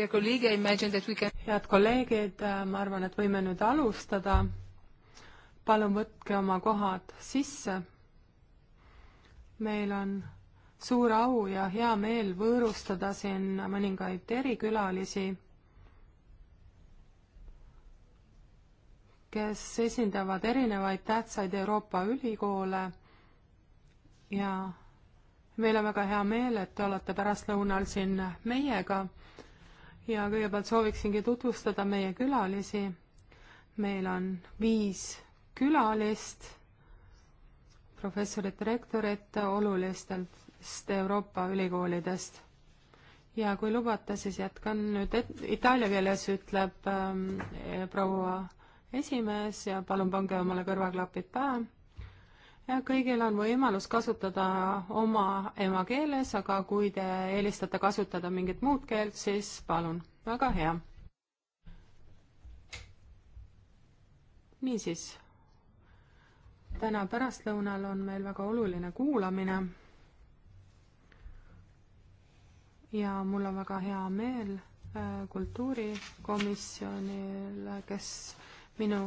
head kolleegid, äh, ma arvan, et võime nüüd alustada. palun võtke oma kohad sisse. meil on suur au ja hea meel võõrustada siin mõningaid erikülalisi, kes esindavad erinevaid tähtsaid Euroopa ülikoole ja meil on väga hea meel, et te olete pärastlõunal siin meiega ja kõigepealt sooviksingi tutvustada meie külalisi. meil on viis külalist, professorit, rektorit olulistest Euroopa ülikoolidest. ja kui lubate, siis jätkan nüüd et, itaalia keeles, ütleb ähm, proua esimees ja palun pange omale kõrvaklapid pähe ja kõigil on võimalus kasutada oma emakeeles, aga kui te eelistate kasutada mingit muud keelt, siis palun, väga hea. niisiis, täna pärastlõunal on meil väga oluline kuulamine. ja mul on väga hea meel äh, kultuurikomisjonile, kes minu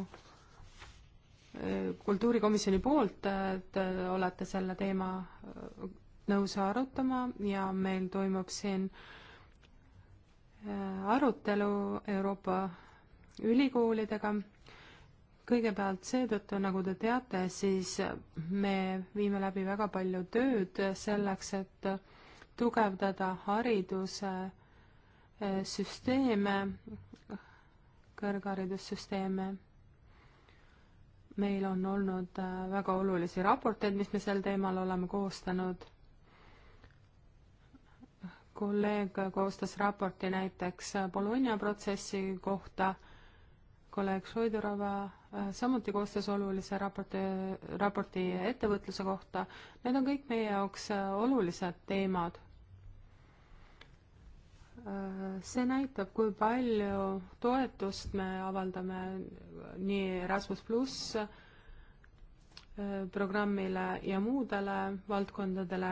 kultuurikomisjoni poolt, et äh, olete selle teema äh, nõus arutama ja meil toimub siin äh, arutelu Euroopa ülikoolidega. kõigepealt seetõttu, nagu te teate, siis me viime läbi väga palju tööd selleks, et tugevdada hariduse süsteeme, kõrgharidussüsteeme meil on olnud äh, väga olulisi raporteid, mis me sel teemal oleme koostanud. kolleeg koostas raporti näiteks äh, Bologna protsessi kohta, kolleeg Šoidurova äh, samuti koostas olulise raporti, raporti ettevõtluse kohta. Need on kõik meie jaoks olulised teemad see näitab, kui palju toetust me avaldame nii Erasmus pluss äh, programmile ja muudele valdkondadele,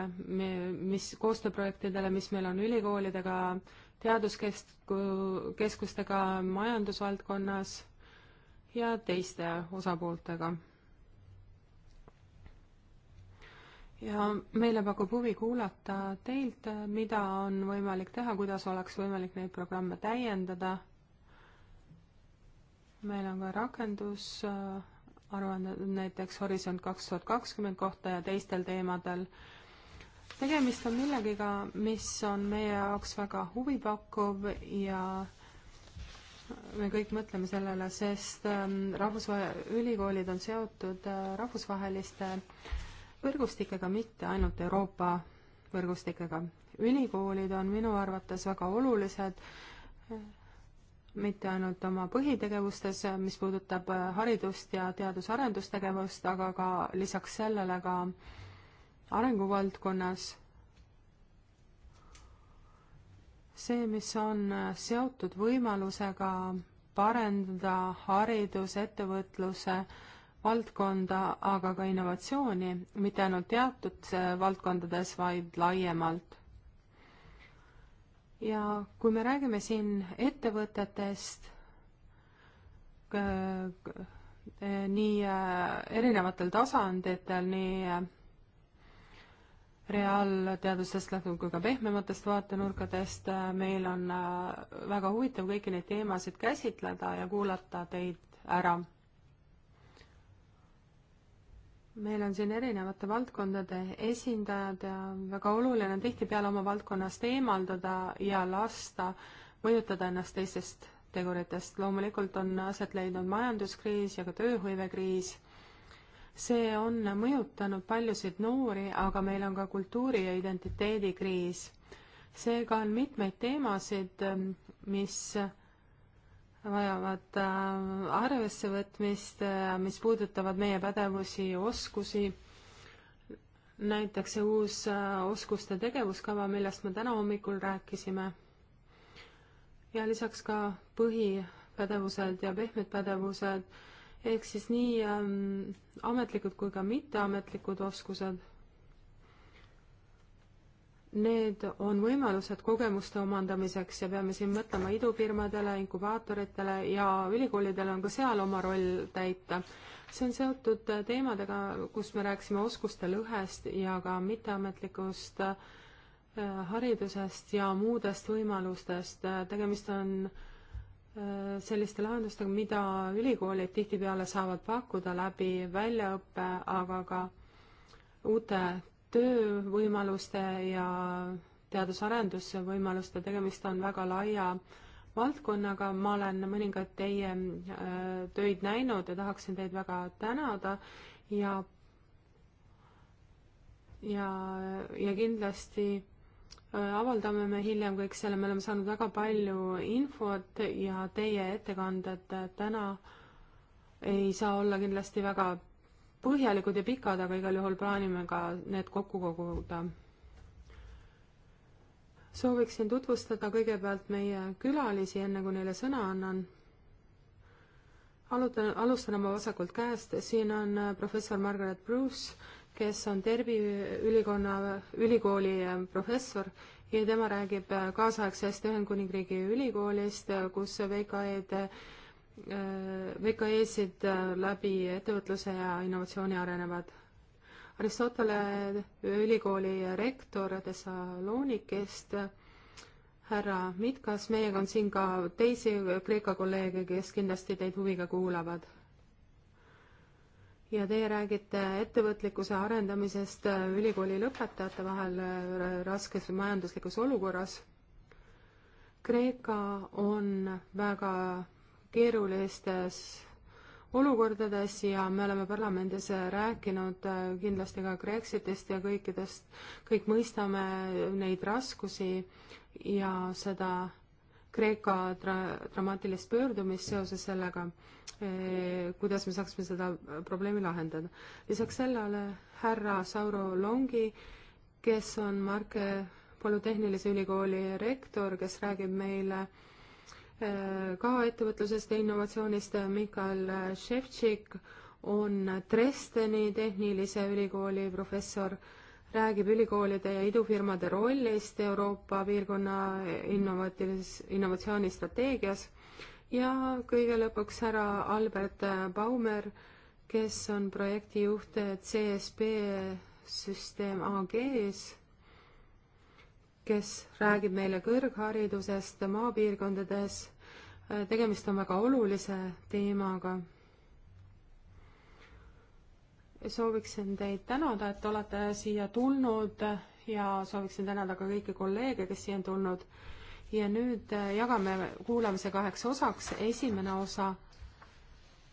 mis, koostööprojektidele, mis meil on ülikoolidega, teaduskesku-, keskustega majandusvaldkonnas ja teiste osapooltega ja meile pakub huvi kuulata teilt, mida on võimalik teha, kuidas oleks võimalik neid programme täiendada. meil on ka rakendusaruanded äh, näiteks Horisont kaks tuhat kakskümmend kohta ja teistel teemadel. tegemist on millegiga, mis on meie jaoks väga huvipakkuv ja me kõik mõtleme sellele, sest ähm, rahvusvahe-, ülikoolid on seotud äh, rahvusvaheliste äh, võrgustikega, mitte ainult Euroopa võrgustikega. ülikoolid on minu arvates väga olulised, mitte ainult oma põhitegevustes, mis puudutab haridust ja teadus-arendustegevust, aga ka lisaks sellele ka arenguvaldkonnas see, mis on seotud võimalusega parendada haridus, ettevõtluse äh, valdkonda, aga ka innovatsiooni, mitte ainult teatud äh, valdkondades, vaid laiemalt. ja kui me räägime siin ettevõtetest, äh, nii äh, erinevatel tasanditel, nii reaalteadustest lähtuvalt kui ka pehmematest vaatenurkadest. meil on väga huvitav kõiki neid teemasid käsitleda ja kuulata teid ära meil on siin erinevate valdkondade esindajad ja väga oluline on tihtipeale oma valdkonnast eemaldada ja lasta mõjutada ennast teistest teguritest. loomulikult on aset leidnud majanduskriis ja ka tööhõivekriis. see on mõjutanud paljusid noori, aga meil on ka kultuuri- ja identiteedikriis. seega on mitmeid teemasid, mis vajavad äh, arvesse võtmist, äh, mis puudutavad meie pädevusi ja oskusi. näiteks see uus äh, oskuste tegevuskava, millest me täna hommikul rääkisime. ja lisaks ka põhipädevused ja pehmed pädevused ehk siis nii ähm, ametlikud kui ka mitteametlikud oskused Need on võimalused kogemuste omandamiseks ja peame siin mõtlema idufirmadele, inkubaatoritele ja ülikoolidel on ka seal oma roll täita. see on seotud teemadega, kus me rääkisime oskuste lõhest ja ka mitteametlikust äh, haridusest ja muudest võimalustest. tegemist on äh, selliste lahendustega, mida ülikoolid tihtipeale saavad pakkuda läbi väljaõppe, aga ka uute töövõimaluste ja teadus-arendusvõimaluste, tegemist on väga laia valdkonnaga, ma olen mõningaid teie äh, töid näinud ja tahaksin teid väga tänada ja ja, ja kindlasti äh, avaldame me hiljem kõik selle, me oleme saanud väga palju infot ja teie ettekanded äh, täna ei saa olla kindlasti väga põhjalikud ja pikad, aga igal juhul plaanime ka need kokku koguda. sooviksin tutvustada kõigepealt meie külalisi, enne kui neile sõna annan. alutan, alustan oma vasakult käest, siin on äh, professor Margaret Bruce, kes on Tervi ülikonna, ülikooli äh, professor ja tema räägib äh, kaasaegsest Ühendkuningriigi ülikoolist, kus VKE-d VKE-sid äh, läbi ettevõtluse ja innovatsiooni arenevad. Aristotele ülikooli rektor Thessalonikest härra Mitkas, meiega on siin ka teisi Kreeka kolleege, kes kindlasti teid huviga kuulavad. ja teie räägite ettevõtlikkuse arendamisest äh, ülikooli lõpetajate vahel äh, raskes majanduslikus olukorras. Kreeka on väga keerulistes olukordades ja me oleme parlamendis rääkinud äh, kindlasti ka Brexitist ja kõikidest, kõik mõistame neid raskusi ja seda Kreeka dra-, dramaatilist pöördumist seoses sellega, e, kuidas me saaksime seda probleemi lahendada. lisaks sellele härra Sauro Longi, kes on Marke Polütehnilise Ülikooli rektor, kes räägib meile äh, ka ettevõtlusest ja innovatsioonist, Mikael Ševtšik on Dresdeni Tehnilise Ülikooli professor, räägib ülikoolide ja idufirmade rollist Euroopa piirkonna innovatiivses, innovatsioonistrateegias ja kõige lõpuks härra Albert Baumer, kes on projektijuht CSP süsteem AG-s kes räägib meile kõrgharidusest maapiirkondades. tegemist on väga olulise teemaga. sooviksin teid tänada, et olete siia tulnud ja sooviksin tänada ka kõiki kolleege, kes siia on tulnud. ja nüüd äh, jagame kuulamise kaheks osaks. esimene osa,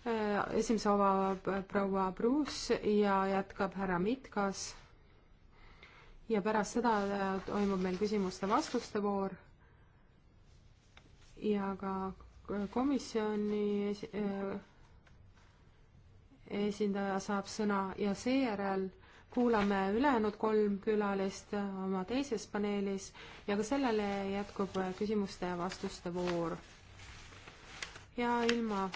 äh, esimese osa proua Bruus ja jätkab härra Mitkas ja pärast seda äh, toimub meil küsimuste-vastuste voor ja ka komisjoni äh, esindaja saab sõna ja seejärel kuulame ülejäänud kolm külalist äh, oma teises paneelis ja ka sellele jätkub küsimuste ja vastuste voor. ja ilma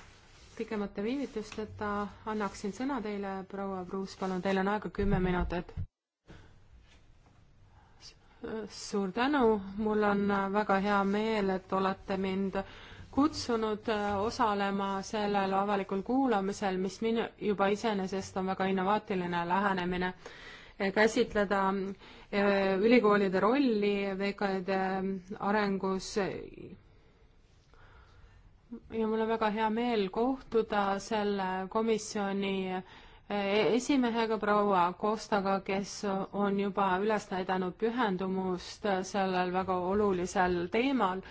pikemate viivitusteta annaksin sõna teile, proua Pruus, palun, teil on aega kümme minutit suur tänu, mul on väga hea meel, et olete mind kutsunud äh, osalema sellel avalikul kuulamisel, mis minu, juba iseenesest on väga innovaatiline lähenemine, käsitleda äh, ülikoolide rolli VKD arengus. ja mul on väga hea meel kohtuda selle komisjoni esimehega, proua Kostaga, kes on juba üles näidanud pühendumust sellel väga olulisel teemal,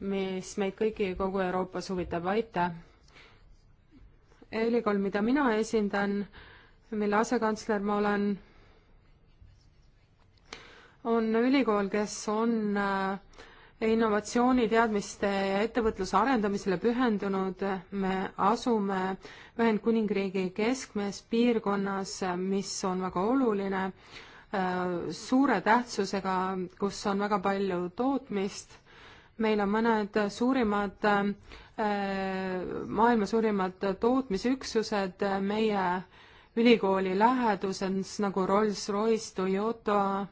mis meid kõiki kogu Euroopas huvitab, aitäh! ülikool, mida mina esindan, mille asekantsler ma olen, on ülikool, kes on äh, innovatsiooni, teadmiste ja ettevõtluse arendamisele pühendunud. me asume Ühendkuningriigi keskmes piirkonnas, mis on väga oluline, äh, suure tähtsusega, kus on väga palju tootmist. meil on mõned suurimad, äh, maailma suurimad tootmisüksused meie ülikooli läheduses, nagu Rolls-Royce, Toyota,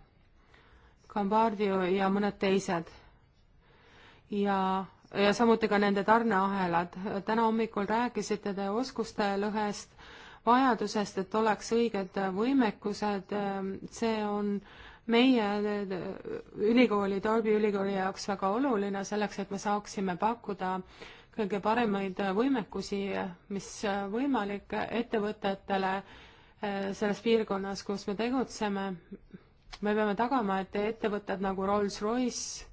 Cambardio ja mõned teised ja, ja samuti ka nende tarneahelad. täna hommikul rääkisite te oskuste lõhest, vajadusest, et oleks õiged võimekused, see on meie ülikooli, Tarbi ülikooli jaoks väga oluline, selleks et me saaksime pakkuda kõige paremaid võimekusi, mis võimalik ettevõtetele eh, selles piirkonnas, kus me tegutseme. me peame tagama, et ettevõtted nagu Rolls-Royce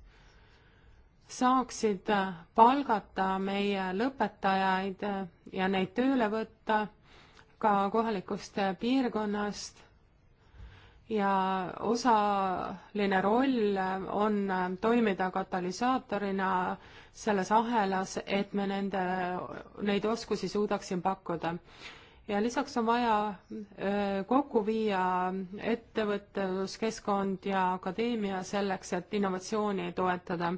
saaksid äh, palgata meie lõpetajaid äh, ja neid tööle võtta ka kohalikust äh, piirkonnast ja osaline roll on toimida katalüsaatorina selles ahelas, et me nende, neid oskusi suudaksime pakkuda. ja lisaks on vaja kokku viia ettevõtluskeskkond ja akadeemia selleks, et innovatsiooni toetada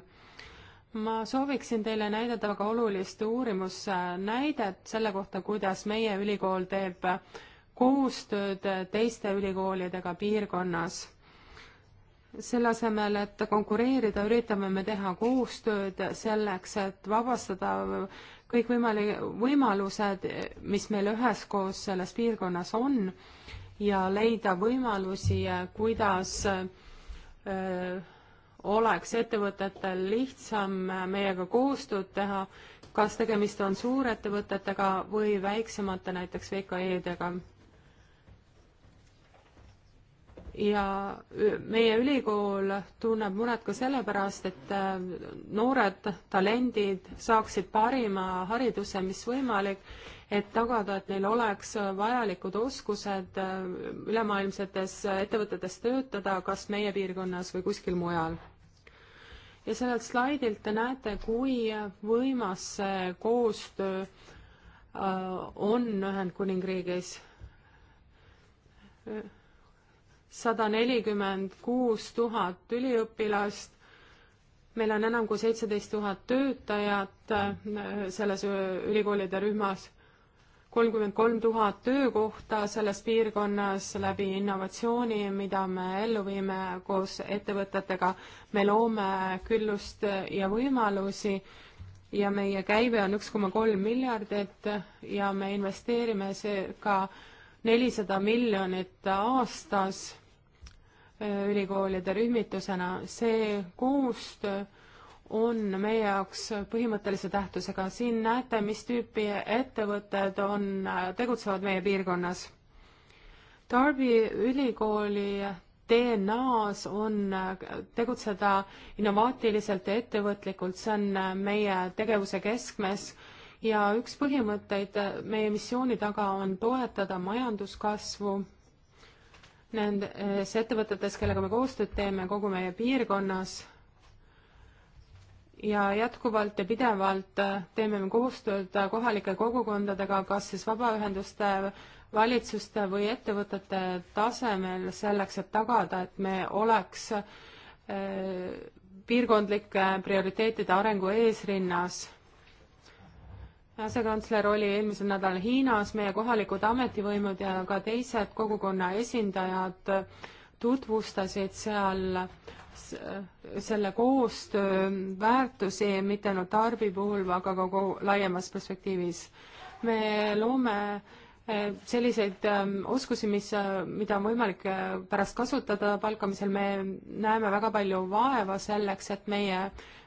ma sooviksin teile näidata väga olulist uurimusnäidet selle kohta, kuidas meie ülikool teeb koostööd teiste ülikoolidega piirkonnas. selle asemel, et konkureerida, üritame me teha koostööd selleks, et vabastada kõikvõimalik-, võimalused, mis meil üheskoos selles piirkonnas on ja leida võimalusi, kuidas öö, äh, oleks ettevõtetel lihtsam meiega koostööd teha, kas tegemist on suurettevõtetega või väiksemate, näiteks VKE-dega. ja meie ülikool tunneb muret ka sellepärast, et äh, noored talendid saaksid parima hariduse, mis võimalik, et tagada, et neil oleks vajalikud oskused äh, ülemaailmsetes ettevõtetes töötada, kas meie piirkonnas või kuskil mujal ja sellelt slaidilt te näete, kui võimas see koostöö äh, on Ühendkuningriigis. sada nelikümmend kuus tuhat üliõpilast, meil on enam kui seitseteist tuhat töötajat äh, selles äh, ülikoolide rühmas kolmkümmend kolm tuhat töökohta selles piirkonnas läbi innovatsiooni, mida me ellu viime koos ettevõtetega. me loome küllust ja võimalusi ja meie käive on üks koma kolm miljardit ja me investeerime ka nelisada miljonit aastas äh, ülikoolide rühmitusena. see koostöö on meie jaoks põhimõttelise tähtsusega. siin näete, mis tüüpi ettevõtted on, äh, tegutsevad meie piirkonnas. Darby ülikooli DNA-s on äh, tegutseda innovaatiliselt ja ettevõtlikult, see on äh, meie tegevuse keskmes ja üks põhimõtteid meie missiooni taga on toetada majanduskasvu nendes ettevõtetes, kellega me koostööd teeme kogu meie piirkonnas ja jätkuvalt ja pidevalt äh, teeme me koostööd äh, kohalike kogukondadega, kas siis vabaühenduste, valitsuste või ettevõtete tasemel selleks, et tagada, et me oleks äh, piirkondlike prioriteetide arengu eesrinnas. asekantsler oli eelmisel nädalal Hiinas, meie kohalikud ametivõimud ja ka teised kogukonna esindajad tutvustasid seal selle koostöö väärtusi mitte ainult tarbi puhul, aga ka kogu laiemas perspektiivis. me loome eh, selliseid eh, oskusi, mis, eh, mida on võimalik pärast kasutada palkamisel, me näeme väga palju vaeva selleks, et meie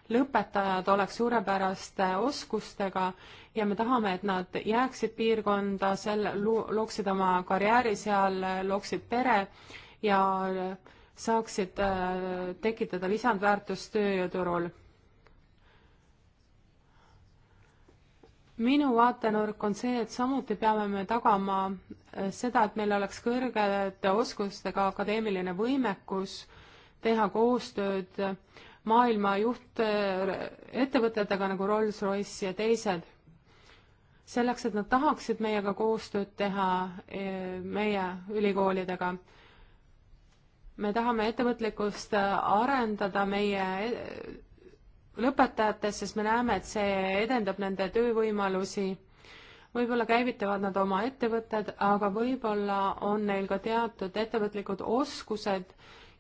lõpetajad oleks suurepäraste oskustega ja me tahame, et nad jääksid piirkonda, selle, looksid oma karjääri seal, looksid pere ja saaksid äh, tekitada lisandväärtust tööjõuturul. minu vaatenurk on see, et samuti peame me tagama äh, seda, et meil oleks kõrgete oskustega akadeemiline võimekus teha koostööd maailma juhtettevõtetega nagu Rolls-Royce ja teised. selleks, et nad tahaksid meiega koostööd teha, äh, meie ülikoolidega me tahame ettevõtlikkust äh, arendada meie äh, lõpetajates, sest me näeme, et see edendab nende töövõimalusi. võib-olla käivitavad nad oma ettevõtted, aga võib-olla on neil ka teatud ettevõtlikud oskused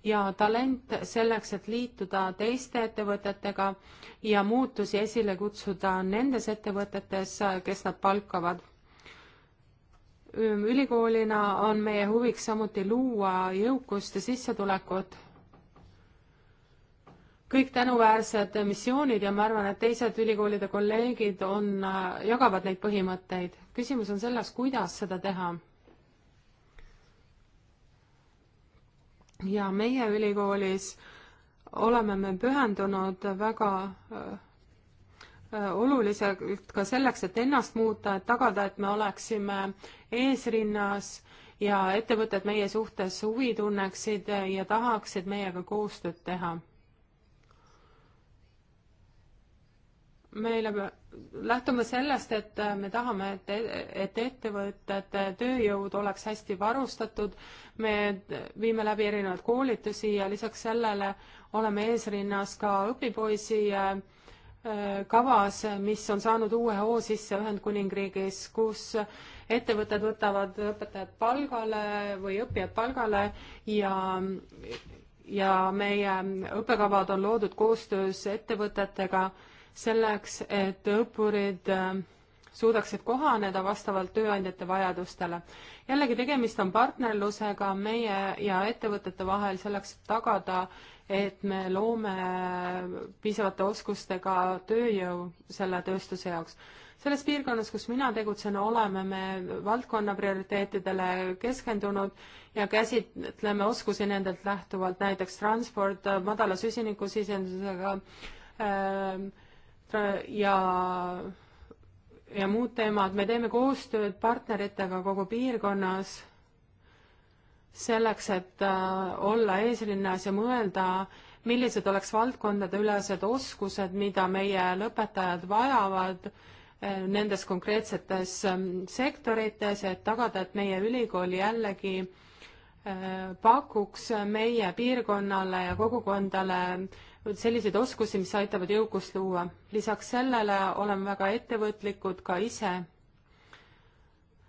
ja talent selleks, et liituda teiste ettevõtetega ja muutusi esile kutsuda nendes ettevõtetes, äh, kes nad palkavad ülikoolina on meie huviks samuti luua jõukust ja sissetulekut. kõik tänuväärsed missioonid ja ma arvan, et teised ülikoolide kolleegid on, äh, jagavad neid põhimõtteid. küsimus on selles, kuidas seda teha. ja meie ülikoolis oleme me pühendunud väga äh, oluliselt ka selleks, et ennast muuta, et tagada, et me oleksime eesrinnas ja ettevõtted meie suhtes huvi tunneksid ja tahaksid meiega koostööd teha. meile, lähtume sellest, et me tahame, et, e-, et ettevõtete tööjõud oleks hästi varustatud, me viime läbi erinevaid koolitusi ja lisaks sellele oleme eesrinnas ka õpipoisi äh, Äh, kavas, mis on saanud uue hoo sisse Ühendkuningriigis, kus ettevõtted võtavad õpetajad palgale või õppijad palgale ja ja meie õppekavad on loodud koostöös ettevõtetega selleks, et õppurid äh, suudaksid kohaneda vastavalt tööandjate vajadustele. jällegi, tegemist on partnerlusega meie ja ettevõtete vahel selleks, et tagada et me loome piisavate oskustega tööjõu selle tööstuse jaoks. selles piirkonnas, kus mina tegutsen, oleme me valdkonna prioriteetidele keskendunud ja käsitleme oskusi nendelt lähtuvalt, näiteks transport, madala süsinikusisendusega ähm, ja ja muud teemad, me teeme koostööd partneritega kogu piirkonnas selleks, et äh, olla eesrinnas ja mõelda, millised oleks valdkondadeülesed oskused, mida meie lõpetajad vajavad äh, nendes konkreetsetes ähm, sektorites, et tagada, et meie ülikool jällegi äh, pakuks meie piirkonnale ja kogukondale selliseid oskusi, mis aitavad jõukust luua. lisaks sellele oleme väga ettevõtlikud ka ise.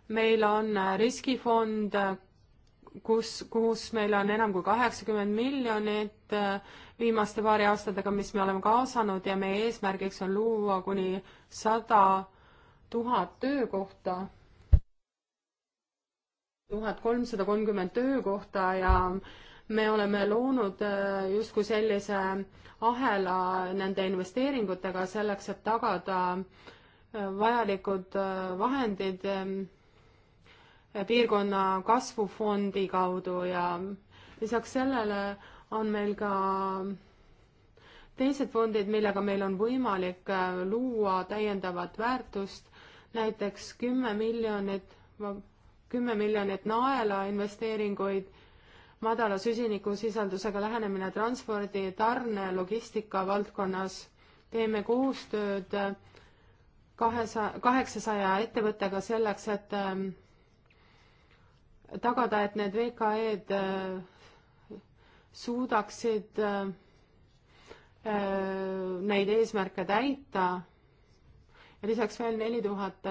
meil on riskifond kus, kus meil on enam kui kaheksakümmend miljonit äh, viimaste paari aastatega, mis me oleme kaasanud ja meie eesmärgiks on luua kuni sada tuhat töökohta, tuhat kolmsada kolmkümmend töökohta ja me oleme loonud äh, justkui sellise ahela nende investeeringutega selleks, et tagada äh, vajalikud vahendid ähm, piirkonna kasvufondi kaudu ja lisaks sellele on meil ka teised fondid, millega meil on võimalik äh, luua täiendavat väärtust, näiteks kümme miljonit, kümme miljonit naela investeeringuid, madala süsinikusisaldusega lähenemine transpordi, tarne, logistika valdkonnas. teeme koostööd äh, kahesaja, kaheksasaja ettevõttega selleks, et ähm, tagada, et need VKE-d äh, suudaksid äh, äh, neid eesmärke täita ja lisaks veel neli tuhat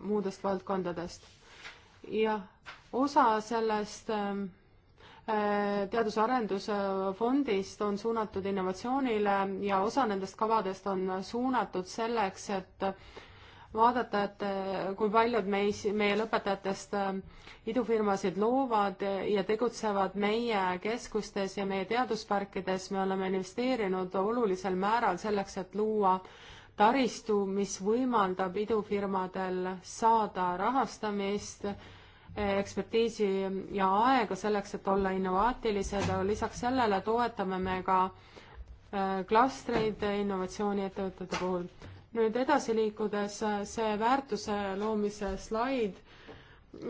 muudest valdkondadest. jah, osa sellest ähm, teadus-arendusfondist on suunatud innovatsioonile ja osa nendest kavadest on suunatud selleks, et vaadata, et äh, kui paljud meis, meie lõpetajatest äh, idufirmasid loovad äh, ja tegutsevad meie keskustes ja meie teadusparkides, me oleme investeerinud olulisel määral selleks, et luua taristu, mis võimaldab idufirmadel saada rahastamist, ekspertiisi ja aega selleks, et olla innovaatilised, aga lisaks sellele toetame me ka klastreid innovatsiooniettevõtete puhul nüüd edasi liikudes, äh, see väärtuse loomise slaid,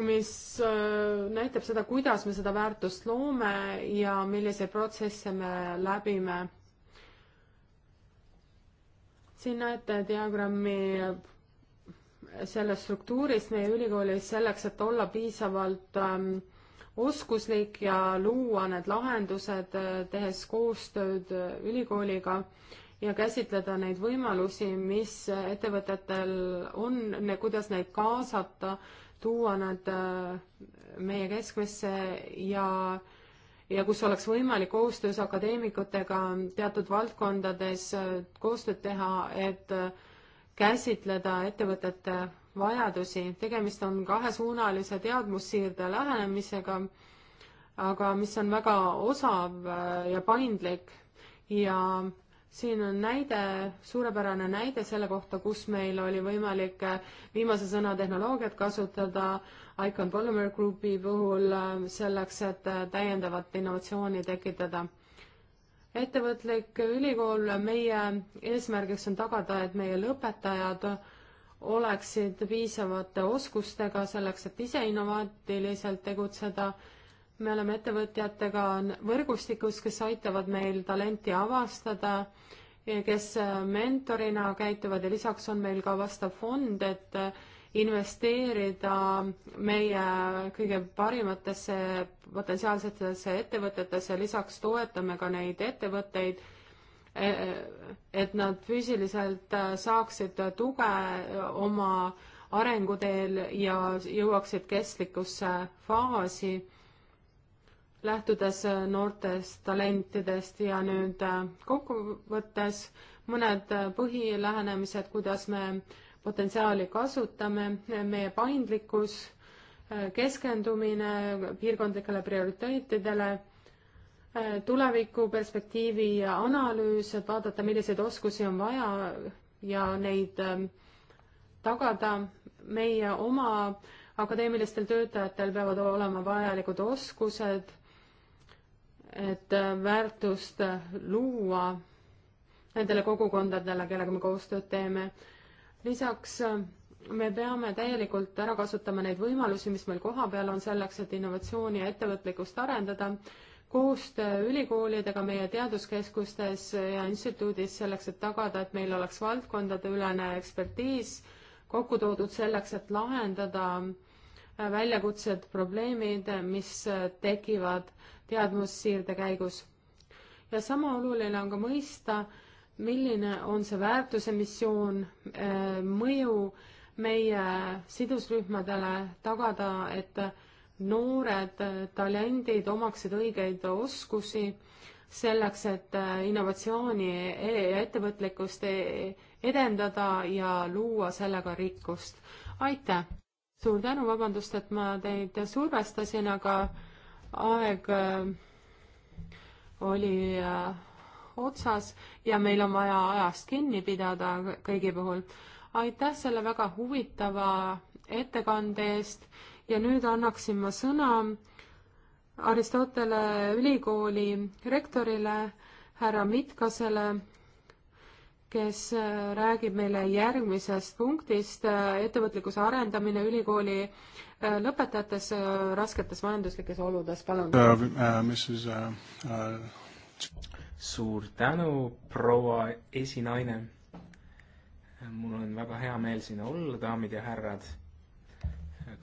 mis äh, näitab seda, kuidas me seda väärtust loome ja milliseid protsesse me läbime. siin näete diagrammi selles struktuuris meie ülikoolis selleks, et olla piisavalt ähm, oskuslik ja luua need lahendused, äh, tehes koostööd ülikooliga ja käsitleda neid võimalusi, mis ettevõtetel on, kuidas neid kaasata, tuua nad äh, meie keskmesse ja, ja kus oleks võimalik koostöös akadeemikutega teatud valdkondades äh, koostööd teha, et äh, käsitleda ettevõtete vajadusi. tegemist on kahesuunalise teadmussiirde lähenemisega, aga mis on väga osav ja paindlik ja siin on näide, suurepärane näide selle kohta, kus meil oli võimalik äh, viimase sõna tehnoloogiat kasutada Icon Polymer Groupi puhul äh, selleks, et äh, täiendavat innovatsiooni tekitada. ettevõtlik ülikool, meie eesmärgiks on tagada, et meie lõpetajad oleksid piisavate oskustega selleks, et ise innovaatiliselt tegutseda me oleme ettevõtjatega võrgustikus, kes aitavad meil talenti avastada, kes äh, mentorina käituvad ja lisaks on meil ka vastav fond, et äh, investeerida meie kõige parimatesse potentsiaalsetesse ettevõtetesse, lisaks toetame ka neid ettevõtteid, e, e, et nad füüsiliselt äh, saaksid tuge oma arenguteel ja jõuaksid kestlikusse faasi lähtudes äh, noortest talentidest ja nüüd äh, kokkuvõttes mõned äh, põhilähenemised, kuidas me potentsiaali kasutame, meie paindlikkus, keskendumine piirkondlikele prioriteetidele, tulevikuperspektiivi analüüs, et vaadata, milliseid oskusi on vaja ja neid ähm, tagada meie oma akadeemilistel töötajatel peavad olema vajalikud oskused et äh, väärtust äh, luua nendele kogukondadele, kellega me koostööd teeme. lisaks äh, me peame täielikult ära kasutama neid võimalusi, mis meil kohapeal on selleks, et innovatsiooni ja ettevõtlikkust arendada. koostöö ülikoolidega meie teaduskeskustes ja instituudis selleks, et tagada, et meil oleks valdkondadeülene ekspertiis kokku toodud selleks, et lahendada väljakutsed, probleemid, mis tekivad teadmussiirde käigus. ja sama oluline on ka mõista, milline on see väärtuse missioon, eh, mõju meie sidusrühmadele, tagada, et noored talendid omaksid õigeid oskusi selleks, et eh, innovatsiooni e-, ja ettevõtlikkust e-, edendada ja luua sellega rikkust. aitäh! suur tänu, vabandust, et ma teid survestasin, aga aeg äh, oli äh, otsas ja meil on vaja ajast kinni pidada kõigi puhul. aitäh selle väga huvitava ettekande eest ja nüüd annaksin ma sõna Aristotele ülikooli rektorile härra Mitkasele kes äh, räägib meile järgmisest punktist, äh, ettevõtlikkuse arendamine ülikooli äh, lõpetajates rasketes majanduslikes oludes, palun uh,. Uh, Mrs, uh, uh, suur tänu, proua esinaine. mul on väga hea meel siin olla, daamid ja härrad,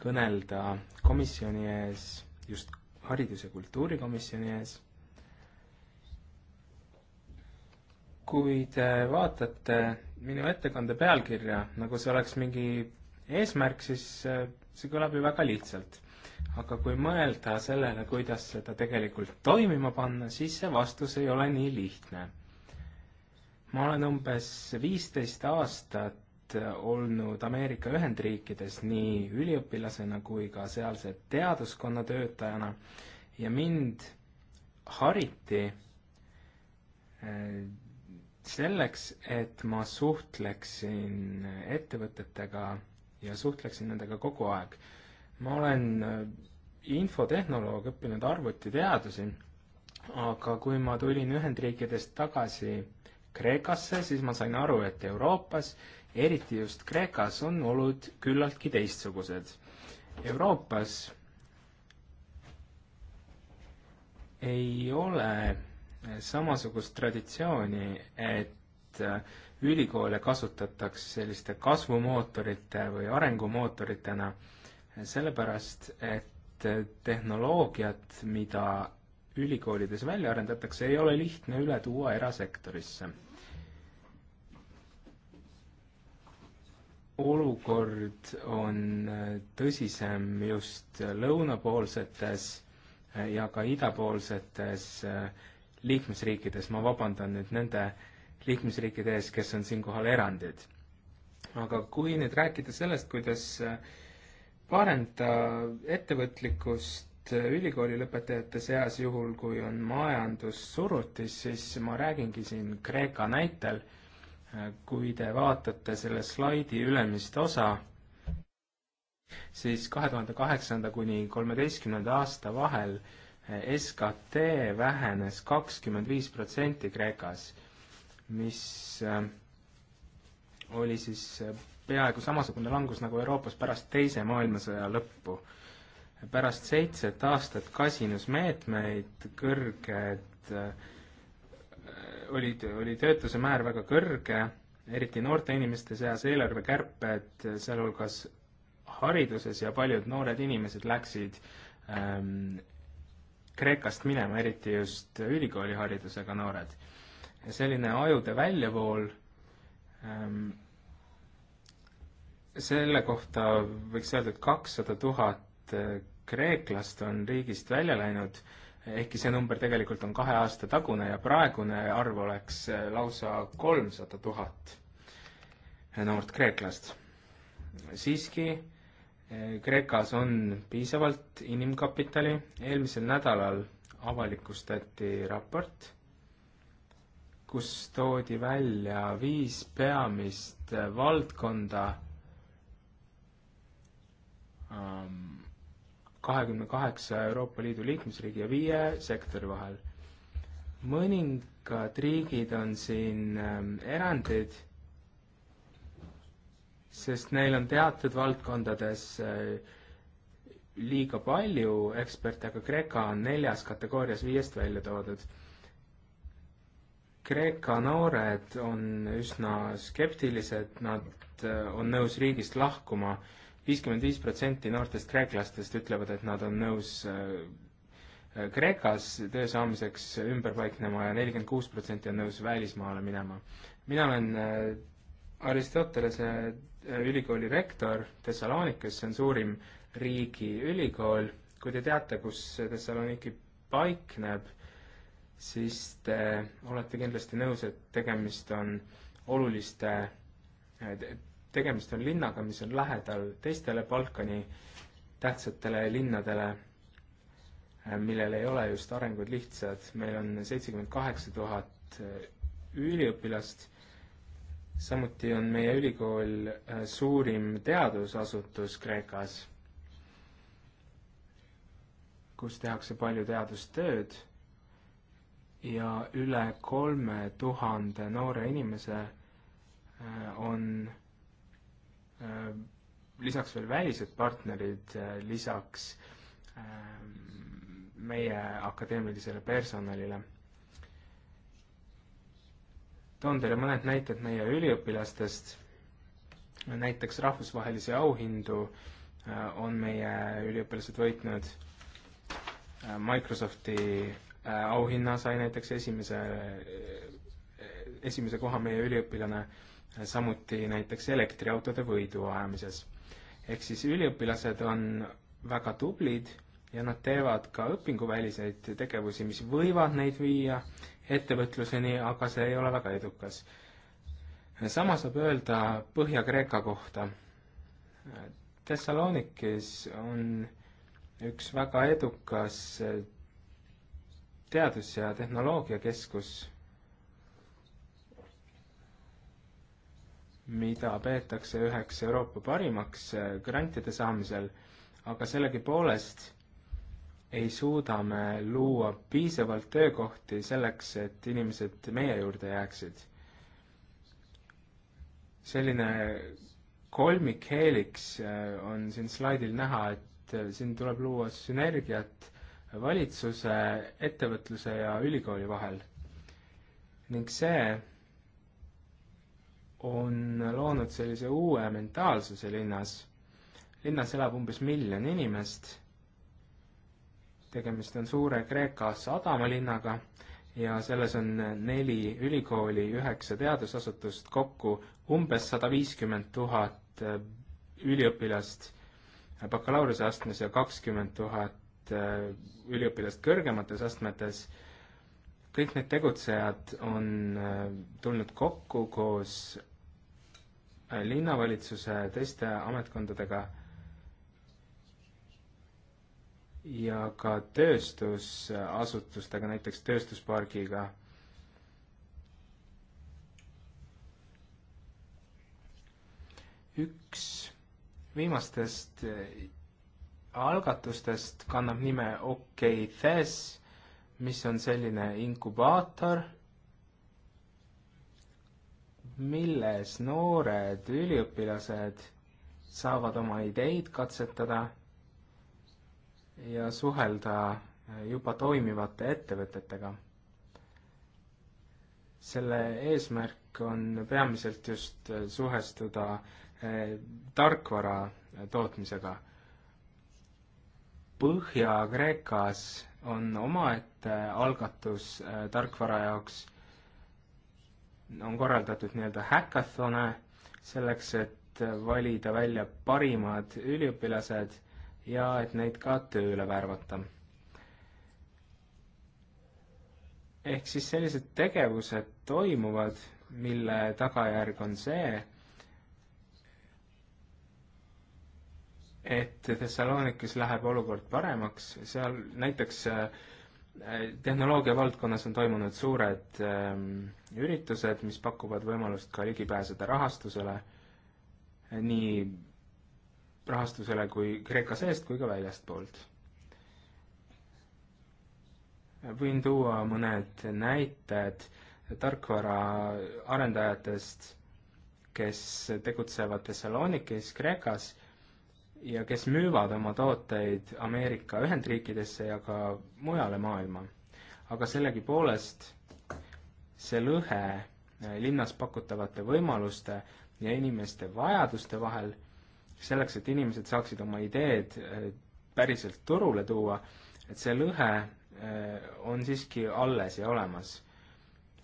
kõnelda komisjoni ees, just haridus- ja kultuurikomisjoni ees kui te vaatate minu ettekande pealkirja, nagu see oleks mingi eesmärk, siis äh, see kõlab ju väga lihtsalt. aga kui mõelda sellele, kuidas seda tegelikult toimima panna, siis see vastus ei ole nii lihtne. ma olen umbes viisteist aastat olnud Ameerika Ühendriikides nii üliõpilasena kui ka sealse teaduskonna töötajana ja mind hariti äh, selleks, et ma suhtleksin ettevõtetega ja suhtleksin nendega kogu aeg. ma olen äh, infotehnoloog, õppinud arvutiteadusi, aga kui ma tulin Ühendriikidest tagasi Kreekasse, siis ma sain aru, et Euroopas, eriti just Kreekas, on olud küllaltki teistsugused. Euroopas ei ole samasugust traditsiooni, et äh, ülikoole kasutatakse selliste kasvumootorite või arengumootoritena, äh, sellepärast et äh, tehnoloogiat, mida ülikoolides välja arendatakse, ei ole lihtne üle tuua erasektorisse. olukord on tõsisem just lõunapoolsetes ja ka idapoolsetes äh, liikmesriikides, ma vabandan nüüd nende liikmesriikide ees, kes on siinkohal erandid. aga kui nüüd rääkida sellest, kuidas äh, parenda ettevõtlikkust äh, ülikooli lõpetajate seas, juhul kui on majandussurutis, siis ma räägingi siin Kreeka näitel. Äh, kui te vaatate selle slaidi ülemist osa, siis kahe tuhande kaheksanda kuni kolmeteistkümnenda aasta vahel äh, SKT vähenes kakskümmend viis protsenti Kreekas, mis äh, oli siis äh, peaaegu samasugune langus nagu Euroopas pärast Teise maailmasõja lõppu. pärast seitset aastat kasinusmeetmeid kõrged, äh, oli, oli töötuse määr väga kõrge, eriti noorte inimeste seas eelarvekärped, sealhulgas hariduses ja paljud noored inimesed läksid ähm, Kreekast minema, eriti just ülikooliharidusega noored. selline ajude väljavool ähm,, selle kohta võiks öelda, et kakssada tuhat äh, kreeklast on riigist välja läinud, ehkki see number tegelikult on kahe aasta tagune ja praegune arv oleks äh, lausa kolmsada tuhat äh, noort kreeklast. siiski äh, Kreekas on piisavalt inimkapitali, eelmisel nädalal avalikustati raport, kus toodi välja viis peamist valdkonda ähm, kahekümne kaheksa Euroopa Liidu liikmesriigi ja viie sektori vahel. mõningad riigid on siin ähm, erandid sest neil on teatud valdkondades eh, liiga palju eksperte, aga Kreeka on neljas kategoorias viiest välja toodud. Kreeka noored on üsna skeptilised, nad eh, on nõus riigist lahkuma. viiskümmend viis protsenti noortest kreeklastest ütlevad, et nad on nõus eh, Kreekas töö saamiseks ümber paiknema ja nelikümmend kuus protsenti on nõus välismaale minema. mina olen Aristotelese äh, ülikooli rektor Thessalonikes, see on suurim riigiülikool, kui te teate, kus Thessaloniki paikneb, siis te olete kindlasti nõus, et tegemist on oluliste, äh, tegemist on linnaga, mis on lähedal teistele Balkani tähtsatele linnadele, äh, millel ei ole just arengud lihtsad. meil on seitsekümmend kaheksa tuhat üliõpilast samuti on meie ülikool äh, suurim teadusasutus Kreekas, kus tehakse palju teadustööd ja üle kolme tuhande noore inimese äh, on äh, lisaks veel välised partnerid, lisaks meie akadeemilisele personalile toon teile mõned näited meie üliõpilastest. näiteks rahvusvahelisi auhindu äh, on meie üliõpilased võitnud. Äh, Microsofti äh, auhinna sai näiteks esimese, esimese koha meie üliõpilane, samuti näiteks elektriautode võidu ajamises. ehk siis üliõpilased on väga tublid ja nad teevad ka õpinguväliseid tegevusi, mis võivad neid viia ettevõtluseni, aga see ei ole väga edukas. sama saab öelda Põhja-Kreeka kohta. Thessalonikis on üks väga edukas teadus- ja tehnoloogiakeskus, mida peetakse üheks Euroopa parimaks grantide saamisel, aga sellegipoolest ei suuda me luua piisavalt töökohti selleks, et inimesed meie juurde jääksid. selline kolmikheeliks äh, on siin slaidil näha, et äh, siin tuleb luua sünergiat valitsuse, ettevõtluse ja ülikooli vahel. ning see on loonud sellise uue mentaalsuse linnas. linnas elab umbes miljon inimest tegemist on suure Kreeka sadamalinnaga ja selles on neli ülikooli, üheksa teadusasutust, kokku umbes sada viiskümmend tuhat äh, üliõpilast äh, bakalaureuseastmes ja kakskümmend tuhat äh, üliõpilast kõrgemates astmetes. kõik need tegutsejad on tulnud kokku koos linnavalitsuse teiste ametkondadega ja ka tööstusasutustega, näiteks tööstuspargiga. üks viimastest eh, algatustest kannab nime OK Thes, mis on selline inkubaator, milles noored üliõpilased saavad oma ideid katsetada ja suhelda äh, juba toimivate ettevõtetega. selle eesmärk on peamiselt just äh, suhestuda äh, tarkvara tootmisega. Põhja-Kreekas on omaette algatus tarkvara jaoks, on korraldatud nii-öelda häkathone selleks, et valida välja parimad üliõpilased ja et neid ka tööle värvata. ehk siis sellised tegevused toimuvad, mille tagajärg on see, et Thessalonikis läheb olukord paremaks, seal näiteks äh, tehnoloogia valdkonnas on toimunud suured ähm, üritused, mis pakuvad võimalust ka ligi pääseda rahastusele nii rahastusele kui Kreeka seest kui ka väljastpoolt. võin tuua mõned näited tarkvaraarendajatest, kes tegutsevad Thessalonikis, Kreekas ja kes müüvad oma tooteid Ameerika Ühendriikidesse ja ka mujale maailma. aga sellegipoolest see lõhe linnas pakutavate võimaluste ja inimeste vajaduste vahel selleks, et inimesed saaksid oma ideed äh, päriselt turule tuua, et see lõhe äh, on siiski alles ja olemas.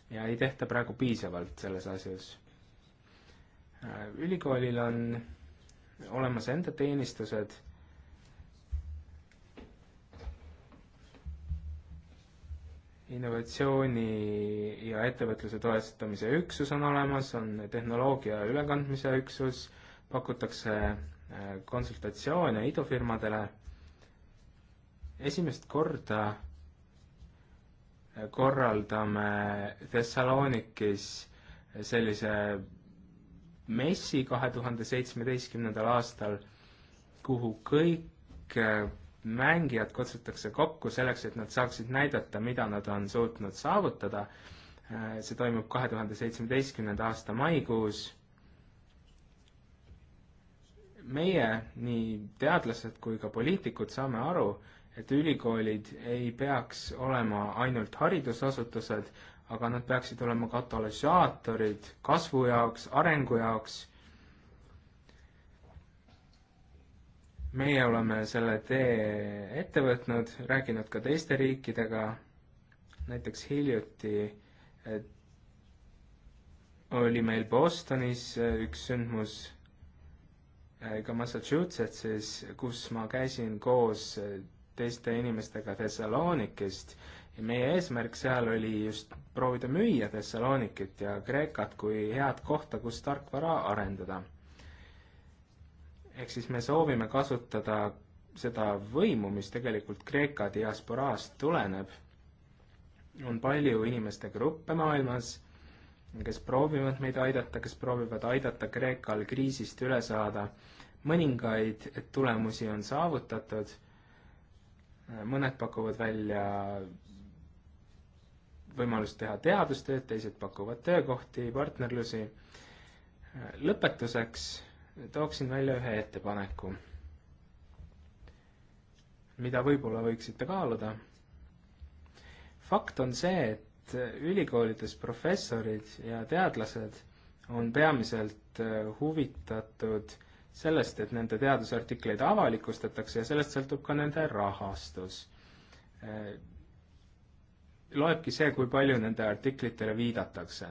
ja ei tehta praegu piisavalt selles asjas. Äh, ülikoolil on olemas enda teenistused innovatsiooni ja ettevõtluse toestamise üksus on olemas, on tehnoloogia ülekandmise üksus, pakutakse äh, konsultatsioone idufirmadele. esimest korda äh, korraldame Thessalonikis sellise messi kahe tuhande seitsmeteistkümnendal aastal, kuhu kõik äh, mängijad kutsutakse kokku selleks, et nad saaksid näidata, mida nad on suutnud saavutada. see toimub kahe tuhande seitsmeteistkümnenda aasta maikuus meie, nii teadlased kui ka poliitikud, saame aru, et ülikoolid ei peaks olema ainult haridusasutused, aga nad peaksid olema katalüsaatorid kasvu jaoks, arengu jaoks. meie oleme selle tee ette võtnud, rääkinud ka teiste riikidega, näiteks hiljuti oli meil Bostonis eh, üks sündmus Äh, ka Massachusettsis, kus ma käisin koos äh, teiste inimestega Thessalonikist ja meie eesmärk seal oli just proovida müüa Thessalonikit ja Kreekat kui head kohta, kus tarkvara arendada. ehk siis me soovime kasutada seda võimu, mis tegelikult Kreeka diasporaast tuleneb. on palju inimeste gruppe maailmas kes proovivad meid aidata, kes proovivad aidata Kreekal kriisist üle saada. mõningaid tulemusi on saavutatud, mõned pakuvad välja võimalust teha teadustööd, teised pakuvad töökohti, partnerlusi. lõpetuseks tooksin välja ühe ettepaneku, mida võib-olla võiksite kaaluda. fakt on see, et et ülikoolides professorid ja teadlased on peamiselt äh, huvitatud sellest, et nende teadusartikleid avalikustatakse ja sellest sõltub ka nende rahastus. Äh, loebki see, kui palju nende artiklitele viidatakse.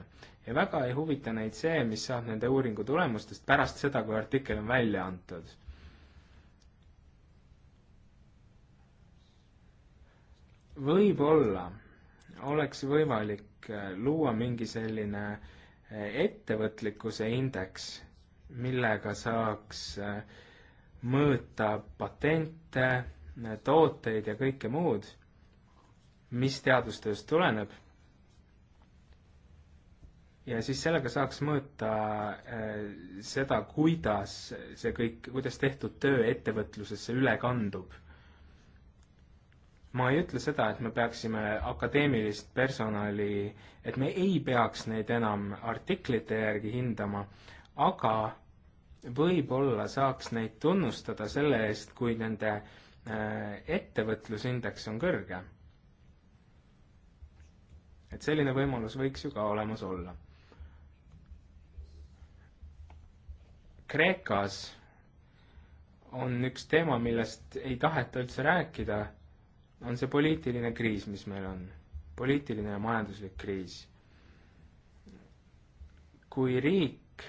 ja väga ei huvita neid see, mis saab nende uuringu tulemustest pärast seda, kui artikkel on välja antud. võib-olla oleks võimalik äh, luua mingi selline äh, ettevõtlikkuse indeks, millega saaks äh, mõõta patente, tooteid ja kõike muud, mis teadustööst tuleneb. ja siis sellega saaks mõõta seda, kuidas see kõik, kuidas tehtud töö ettevõtlusesse üle kandub ma ei ütle seda, et me peaksime akadeemilist personali, et me ei peaks neid enam artiklite järgi hindama, aga võib-olla saaks neid tunnustada selle eest, kui nende äh, ettevõtlusindeks on kõrge. et selline võimalus võiks ju ka olemas olla. Kreekas on üks teema, millest ei taheta üldse rääkida on see poliitiline kriis, mis meil on. poliitiline ja majanduslik kriis. kui riik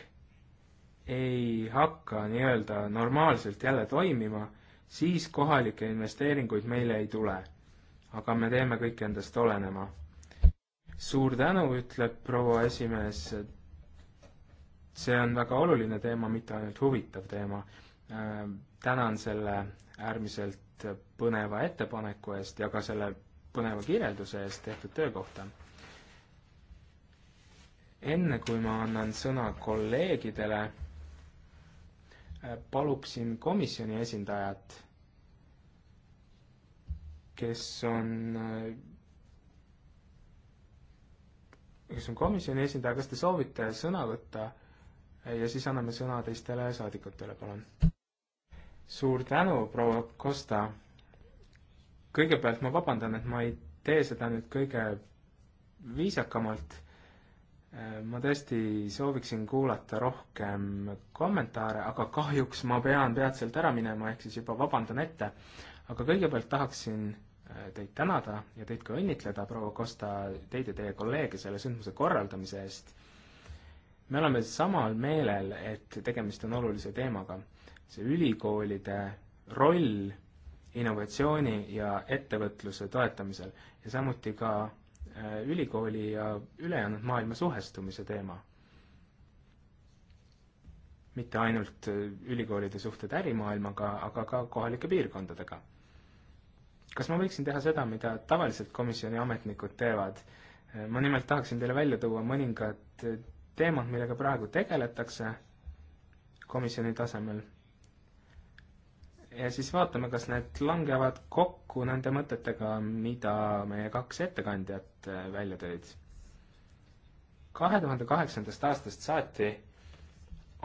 ei hakka nii-öelda normaalselt jälle toimima, siis kohalikke investeeringuid meile ei tule. aga me teeme kõik endast olenema. suur tänu, ütleb proua esimees. see on väga oluline teema, mitte ainult huvitav teema. Äh, tänan selle äärmiselt põneva ettepaneku eest ja ka selle põneva kirjelduse eest tehtud töö kohta. enne kui ma annan sõna kolleegidele, äh, paluksin komisjoni esindajat, kes on, äh, kes on komisjoni esindaja, kas te soovite sõna võtta ja siis anname sõna teistele saadikutele, palun. suur tänu, proua Kosta kõigepealt ma vabandan, et ma ei tee seda nüüd kõige viisakamalt. Äh, ma tõesti sooviksin kuulata rohkem kommentaare, aga kahjuks ma pean peatselt ära minema, ehk siis juba vabandan ette. aga kõigepealt tahaksin äh, teid tänada ja teid ka õnnitleda, proua Kosta, teid ja teie kolleege selle sündmuse korraldamise eest. me oleme samal meelel, et tegemist on olulise teemaga. see ülikoolide roll innovatsiooni ja ettevõtluse toetamisel ja samuti ka äh, ülikooli ja ülejäänud maailma suhestumise teema. mitte ainult äh, ülikoolide suhted ärimaailmaga, aga ka kohalike piirkondadega. kas ma võiksin teha seda, mida tavaliselt komisjoni ametnikud teevad? Äh, ma nimelt tahaksin teile välja tuua mõningad teemad, millega praegu tegeletakse komisjoni tasemel ja siis vaatame, kas need langevad kokku nende mõtetega, mida meie kaks ettekandjat äh, välja tõid. kahe tuhande kaheksandast aastast saati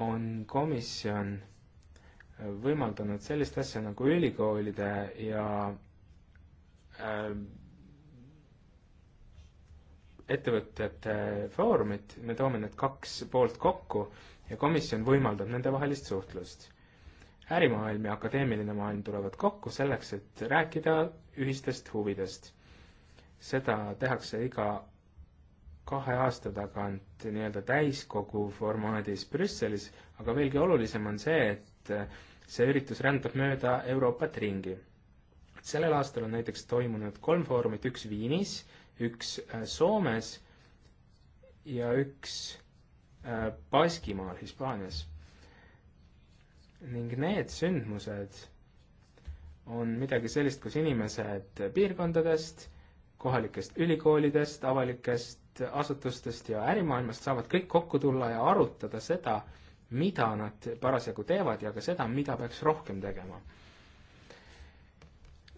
on komisjon võimaldanud sellist asja nagu ülikoolide ja äh, ettevõtjate foorumit, me toome need kaks poolt kokku ja komisjon võimaldab nendevahelist suhtlust ärimaailm ja akadeemiline maailm tulevad kokku selleks, et rääkida ühistest huvidest. seda tehakse iga kahe aasta tagant nii-öelda täiskogu formaadis Brüsselis, aga veelgi olulisem on see, et see üritus rändab mööda Euroopat ringi. sellel aastal on näiteks toimunud kolm foorumit, üks Viinis, üks äh, Soomes ja üks äh, Baskimaal Hispaanias ning need sündmused on midagi sellist, kus inimesed piirkondadest, kohalikest ülikoolidest, avalikest asutustest ja ärimaailmast saavad kõik kokku tulla ja arutada seda, mida nad parasjagu teevad ja ka seda, mida peaks rohkem tegema.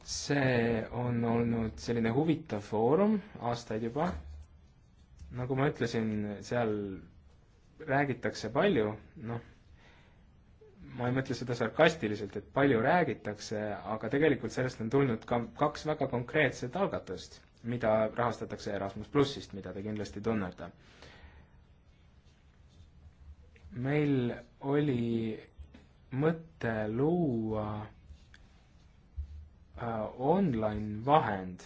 see on olnud selline huvitav foorum aastaid juba. nagu ma ütlesin, seal räägitakse palju, noh ma ei mõtle seda sarkastiliselt, et palju räägitakse, aga tegelikult sellest on tulnud ka kaks väga konkreetset algatust, mida rahastatakse Erasmus plussist, mida te kindlasti tunnete. meil oli mõte luua äh, online-vahend,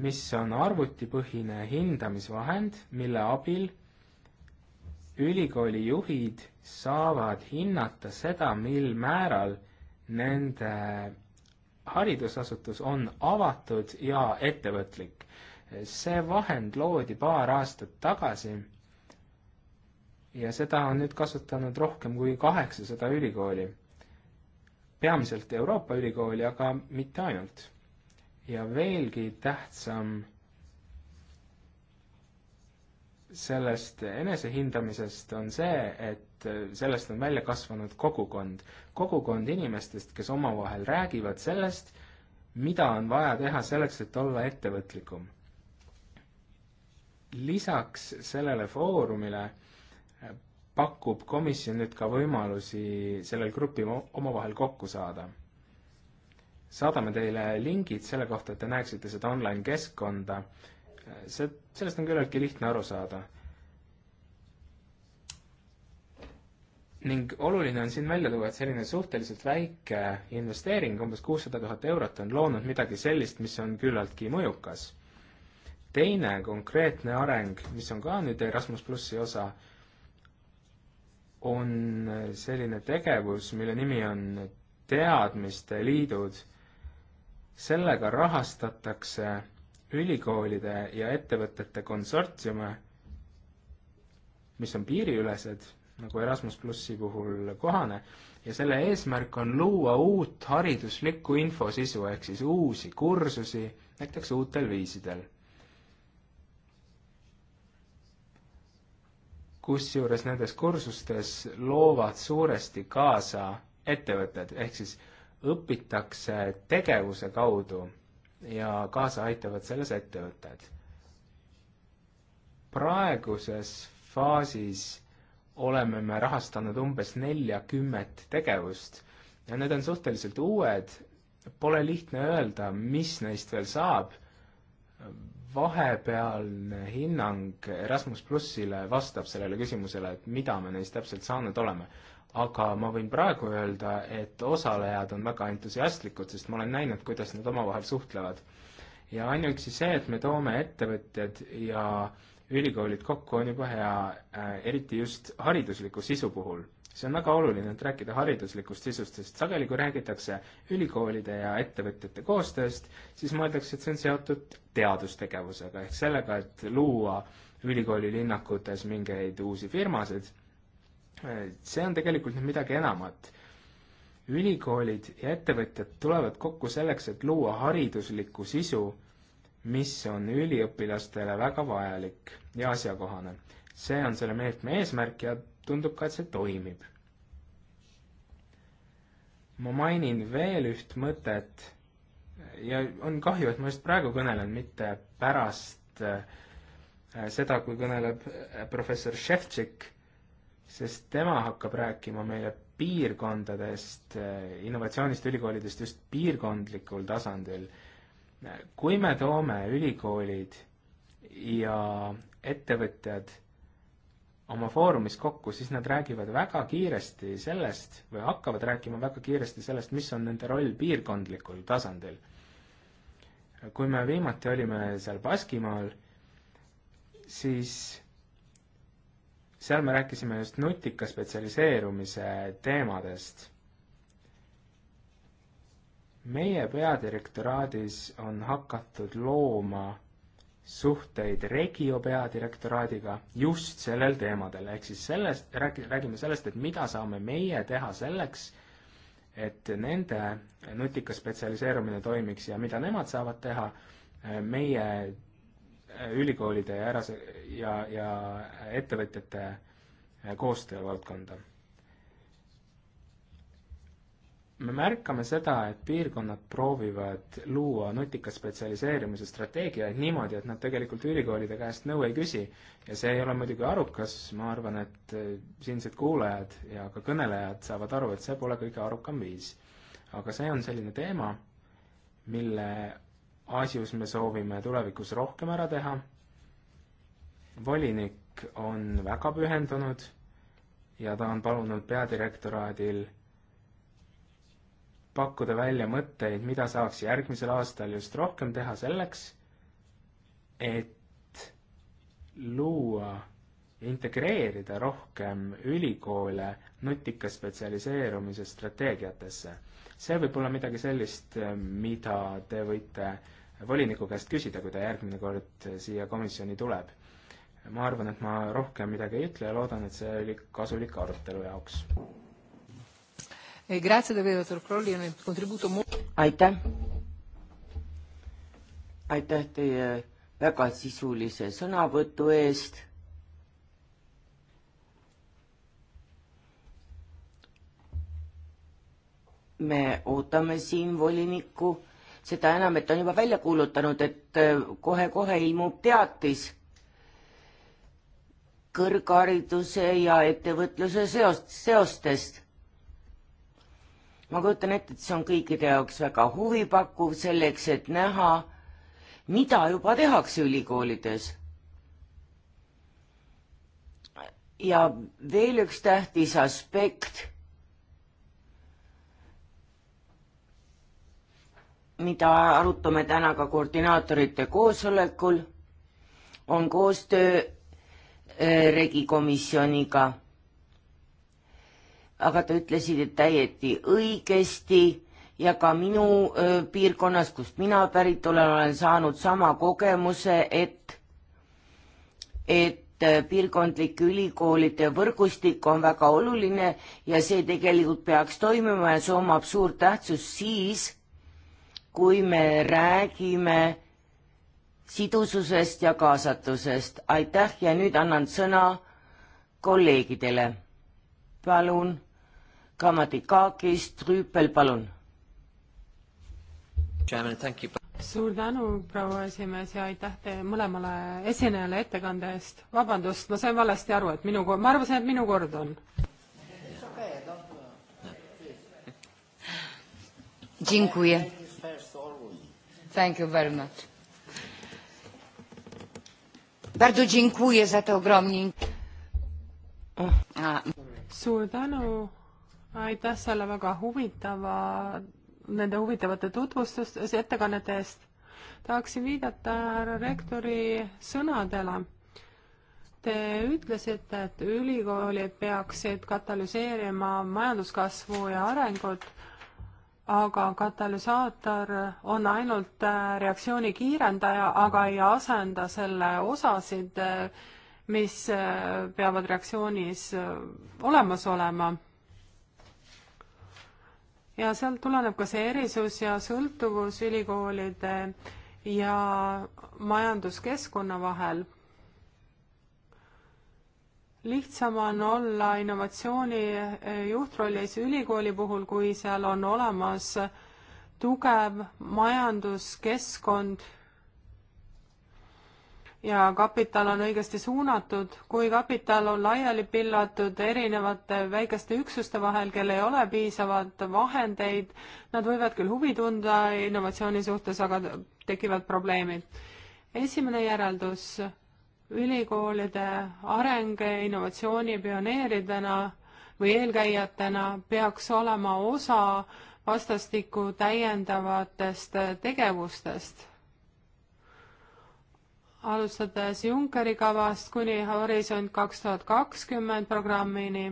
mis on arvutipõhine hindamisvahend, mille abil ülikooli juhid saavad hinnata seda, mil määral nende haridusasutus on avatud ja ettevõtlik. see vahend loodi paar aastat tagasi ja seda on nüüd kasutanud rohkem kui kaheksasada ülikooli. peamiselt Euroopa ülikooli, aga mitte ainult. ja veelgi tähtsam sellest enesehindamisest on see, et äh, sellest on välja kasvanud kogukond. kogukond inimestest, kes omavahel räägivad sellest, mida on vaja teha selleks, et olla ettevõtlikum. lisaks sellele foorumile äh, pakub komisjon nüüd ka võimalusi sellel grupil omavahel kokku saada. saadame teile lingid selle kohta, et te näeksite seda online keskkonda see, sellest on küllaltki lihtne aru saada. ning oluline on siin välja tuua, et selline suhteliselt väike investeering, umbes kuussada tuhat eurot, on loonud midagi sellist, mis on küllaltki mõjukas. teine konkreetne areng, mis on ka nüüd Erasmus plussi osa, on selline tegevus, mille nimi on teadmiste liidud. sellega rahastatakse ülikoolide ja ettevõtete konsortsiume, mis on piiriülesed, nagu Erasmus plussi puhul kohane, ja selle eesmärk on luua uut hariduslikku infosisu, ehk siis uusi kursusi, näiteks uutel viisidel. kusjuures nendes kursustes loovad suuresti kaasa ettevõtted, ehk siis õpitakse tegevuse kaudu ja kaasa aitavad selles ettevõtted. praeguses faasis oleme me rahastanud umbes neljakümmet tegevust ja need on suhteliselt uued, pole lihtne öelda, mis neist veel saab, vahepealne hinnang Erasmus plussile vastab sellele küsimusele, et mida me neist täpselt saanud oleme aga ma võin praegu öelda, et osalejad on väga entusiastlikud, sest ma olen näinud, kuidas nad omavahel suhtlevad. ja ainuüksi see, et me toome ettevõtjad ja ülikoolid kokku, on juba hea, äh, eriti just haridusliku sisu puhul. see on väga oluline, et rääkida hariduslikust sisust, sest sageli, kui räägitakse ülikoolide ja ettevõtjate koostööst, siis mõeldakse, et see on seotud teadustegevusega ehk sellega, et luua ülikoolilinnakutes mingeid uusi firmasid see on tegelikult nüüd midagi enamat. ülikoolid ja ettevõtjad tulevad kokku selleks, et luua hariduslikku sisu, mis on üliõpilastele väga vajalik ja asjakohane. see on selle meetme eesmärk ja tundub ka, et see toimib. ma mainin veel üht mõtet ja on kahju, et ma just praegu kõnelen, mitte pärast äh, seda, kui kõneleb äh, professor Šeftšik sest tema hakkab rääkima meile piirkondadest, innovatsioonist ülikoolidest just piirkondlikul tasandil. kui me toome ülikoolid ja ettevõtjad oma foorumis kokku, siis nad räägivad väga kiiresti sellest või hakkavad rääkima väga kiiresti sellest, mis on nende roll piirkondlikul tasandil. kui me viimati olime seal Baskimaal, siis seal me rääkisime just nutika spetsialiseerumise teemadest. meie peadirektoraadis on hakatud looma suhteid Regio peadirektoraadiga just sellel teemadel, ehk siis sellest, räägi-, räägime sellest, et mida saame meie teha selleks, et nende nutika spetsialiseerumine toimiks ja mida nemad saavad teha meie ülikoolide ja äras- ja, ja ettevõtjate koostöövaldkonda. me märkame seda, et piirkonnad proovivad luua nutika spetsialiseerimise strateegiaid niimoodi, et nad tegelikult ülikoolide käest nõu ei küsi. ja see ei ole muidugi arukas, ma arvan, et äh, siinsed kuulajad ja ka kõnelejad saavad aru, et see pole kõige arukam viis. aga see on selline teema, mille asjus me soovime tulevikus rohkem ära teha. volinik on väga pühendunud ja ta on palunud peadirektoraadil pakkuda välja mõtteid, mida saaks järgmisel aastal just rohkem teha selleks, et luua, integreerida rohkem ülikoole nutika spetsialiseerumise strateegiatesse. see võib olla midagi sellist, mida te võite voliniku käest küsida, kui ta järgmine kord siia komisjoni tuleb. ma arvan, et ma rohkem midagi ei ütle ja loodan, et see oli kasulik arutelu jaoks. Eh, aitäh. aitäh teie väga sisulise sõnavõtu eest me ootame siin volinikku seda enam, et on juba välja kuulutanud, et äh, kohe-kohe ilmub teatis kõrghariduse ja ettevõtluse seost, seostest. ma kujutan ette, et see on kõikide jaoks väga huvipakkuv selleks, et näha, mida juba tehakse ülikoolides. ja veel üks tähtis aspekt mida arutame täna ka koordinaatorite koosolekul, on koostöö äh, regikomisjoniga. aga te ütlesite täieti õigesti ja ka minu öö, äh, piirkonnas, kust mina pärit olen, olen saanud sama kogemuse, et, et äh, piirkondlike ülikoolide võrgustik on väga oluline ja see tegelikult peaks toimima ja see omab suurt tähtsust siis kui me räägime sidususest ja kaasatusest. aitäh ja nüüd annan sõna kolleegidele. palun, Kamatikakis, Trüüpel, palun. suur tänu, proua esimees ja aitäh teile mõlemale esinejale ettekande eest. vabandust, ma sain valesti aru, et minu, ma arvasin, et minu kord on. Dziękuję Thank you very much. Bardzo dziękuję za to ogromnie. suur tänu, aitäh selle väga huvitava, nende huvitavate tutvustuste, ettekannete eest. tahaksin viidata härra rektori sõnadele. Te ütlesite, et ülikoolid peaksid katalüseerima majanduskasvu ja arengut aga katalüsaator on ainult äh, reaktsiooni kiirendaja, aga ei asenda selle osasid, äh, mis äh, peavad reaktsioonis olemas olema. ja sealt tuleneb ka see erisus ja sõltuvus ülikoolide ja majanduskeskkonna vahel lihtsam on olla innovatsiooni eh, juhtrollis ülikooli puhul, kui seal on olemas tugev majanduskeskkond ja kapital on õigesti suunatud, kui kapital on laiali pillatud erinevate väikeste üksuste vahel, kel ei ole piisavalt vahendeid, nad võivad küll huvi tunda innovatsiooni suhtes, aga tekivad probleemid. esimene järeldus ülikoolide areng innovatsiooni pioneeridena või eelkäijatena peaks olema osa vastastikku täiendavatest tegevustest. alustades Junckeri kavast kuni Horisont kaks tuhat kakskümmend programmini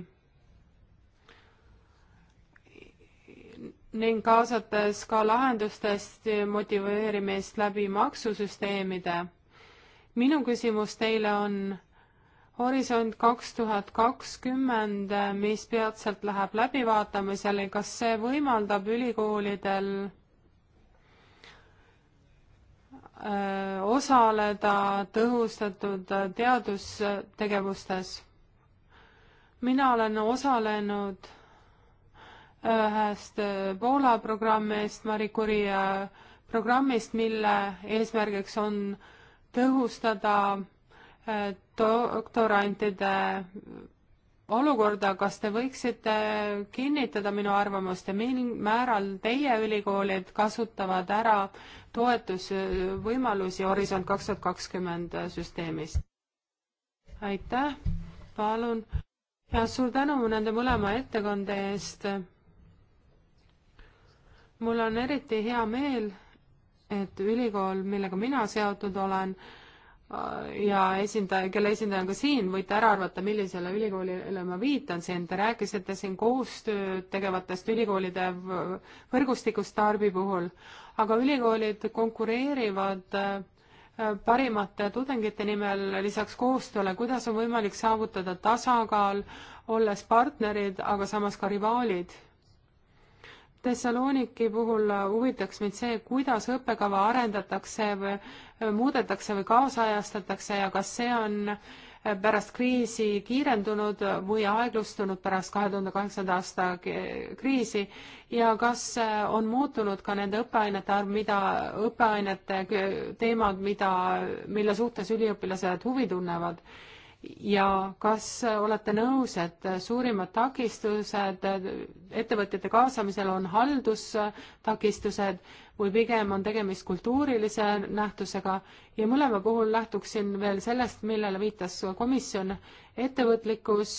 ning kaasates ka lahendustest motiveerimist läbi maksusüsteemide minu küsimus teile on Horisont kaks tuhat kakskümmend, mis peatselt läheb läbivaatamisele, kas see võimaldab ülikoolidel äh, osaleda tõhustatud teadustegevustes? mina olen osalenud ühest äh, Poola programmist, Marie Curie äh, programmist, mille eesmärgiks on äh, tõhustada äh, doktorantide olukorda, kas te võiksite kinnitada minu arvamust ja mil määral teie ülikoolid kasutavad ära toetusvõimalusi Horisont kaks tuhat kakskümmend süsteemist? aitäh, palun ja suur tänu nende mõlema ettekande eest. mul on eriti hea meel et ülikool, millega mina seotud olen äh, ja esindaja, kelle esindaja on ka siin, võite ära arvata, millisele ülikoolile ma viitan siin, te rääkisite siin koostööd tegevatest ülikoolide võrgustikust Tarbi puhul, aga ülikoolid konkureerivad äh, parimate tudengite nimel lisaks koostööle, kuidas on võimalik saavutada tasakaal, olles partnerid, aga samas ka rivaalid Thessaloniki puhul huvitaks mind see, kuidas õppekava arendatakse, äh, muudetakse või kaasajastatakse ja kas see on äh, pärast kriisi kiirendunud või aeglustunud pärast kahe tuhande kaheksanda aasta kriisi ja kas äh, on muutunud ka nende õppeainete arv, mida, õppeainete teemad, mida, mille suhtes üliõpilased huvi tunnevad ja kas olete nõus, et suurimad takistused ettevõtjate kaasamisel on haldustakistused või pigem on tegemist kultuurilise nähtusega ja mõlema puhul lähtuksin veel sellest, millele viitas komisjon, ettevõtlikkus,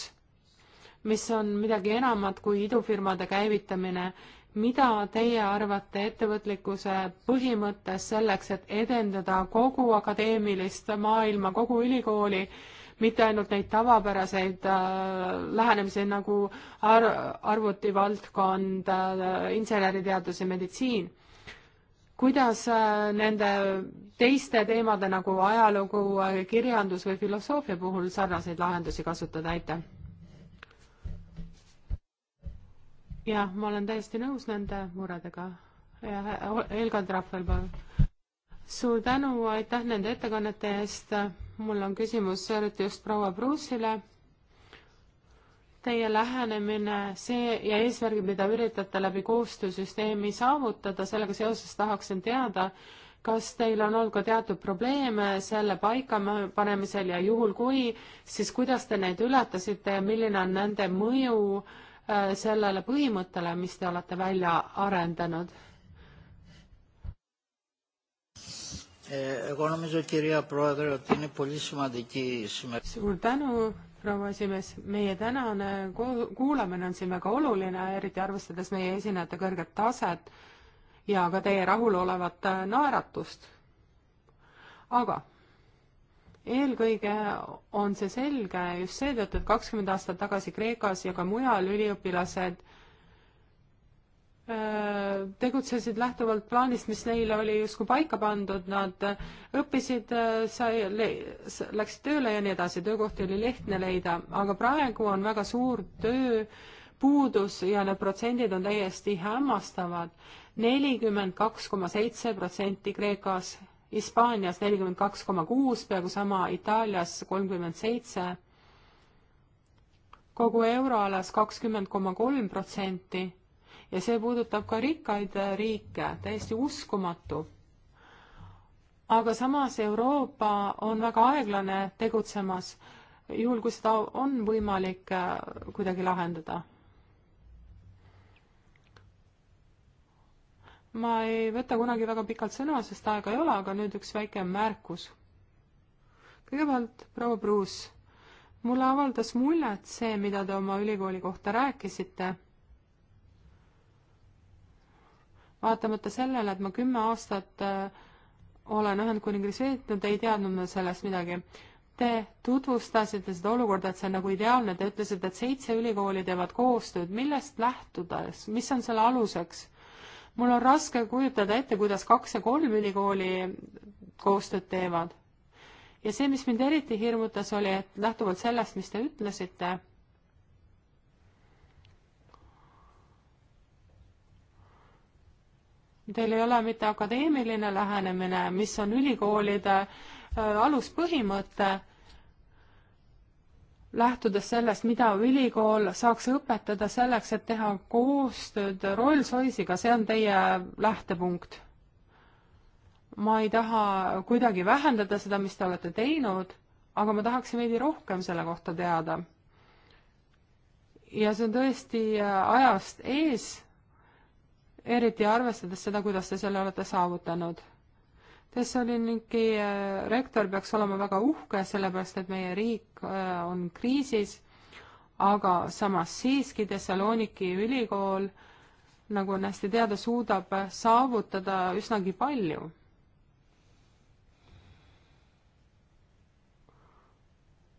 mis on midagi enamat kui idufirmade käivitamine. mida teie arvate ettevõtlikkuse põhimõttes selleks, et edendada kogu akadeemilist maailma, kogu ülikooli, mitte ainult neid tavapäraseid äh, lähenemisi nagu ar-, arvutivaldkond, äh, inseneriteadus ja meditsiin. kuidas äh, nende teiste teemade nagu ajalugu, kirjandus või filosoofia puhul sarnaseid lahendusi kasutada, aitäh! jah, ma olen täiesti nõus nende muredega. Helga Trahvel, palun! suur tänu, aitäh nende ettekannete eest! mul on küsimus eriti just proua Bruusile. Teie lähenemine, see ja eesmärgid, mida üritate läbi koostöösüsteemi saavutada, sellega seoses tahaksin teada, kas teil on olnud ka teatud probleeme selle paikapanemisel ja juhul kui, siis kuidas te neid ületasite ja milline on nende mõju äh, sellele põhimõttele, mis te olete välja arendanud? εγώ νομίζω κυρία Πρόεδρε ότι είναι πολύ σημαντική σήμερα. Suur tänu, proua esimees. Meie tänane kuulamine on siin väga oluline, eriti arvestades meie esinejate kõrget taset ja ka teie rahulolevat äh, naeratust. Aga eelkõige on see selge just seetõttu, et kakskümmend aastat tagasi Kreekas ja ka mujal üliõpilased tegutsesid lähtuvalt plaanist, mis neile oli justkui paika pandud, nad õppisid, sai, läksid tööle ja nii edasi, töökohti oli lihtne leida, aga praegu on väga suur tööpuudus ja need protsendid on täiesti hämmastavad. nelikümmend kaks koma seitse protsenti Kreekas, Hispaanias nelikümmend kaks koma kuus, peaaegu sama Itaalias kolmkümmend seitse, kogu euroalas kakskümmend koma kolm protsenti ja see puudutab ka rikkaid riike, täiesti uskumatu. aga samas Euroopa on väga aeglane tegutsemas, juhul kui seda on võimalik äh, kuidagi lahendada. ma ei võta kunagi väga pikalt sõna, sest aega ei ole, aga nüüd üks väike märkus. kõigepealt proua Pruus mulle avaldas muljet see, mida te oma ülikooli kohta rääkisite vaatamata sellele, et ma kümme aastat äh, olen Ühendkuningriigis veetnud, ei teadnud ma sellest midagi. Te tutvustasite seda olukorda, et see on nagu ideaalne, te ütlesite, et seitse ülikooli teevad koostööd, millest lähtudes, mis on selle aluseks? mul on raske kujutada ette, kuidas kaks ja kolm ülikooli koostööd teevad. ja see, mis mind eriti hirmutas, oli, et lähtuvalt sellest, mis te ütlesite, Teil ei ole mitte akadeemiline lähenemine, mis on ülikoolide äh, aluspõhimõte, lähtudes sellest, mida ülikool saaks õpetada selleks, et teha koostööd Rolls-Royce'iga, see on teie lähtepunkt. ma ei taha kuidagi vähendada seda, mis te olete teinud, aga ma tahaksin veidi rohkem selle kohta teada. ja see on tõesti äh, ajast ees eriti arvestades seda, kuidas te selle olete saavutanud. Thessaloniki äh, rektor peaks olema väga uhke, sellepärast et meie riik äh, on kriisis, aga samas siiski Thessaloniki ülikool, nagu on hästi teada, suudab saavutada üsnagi palju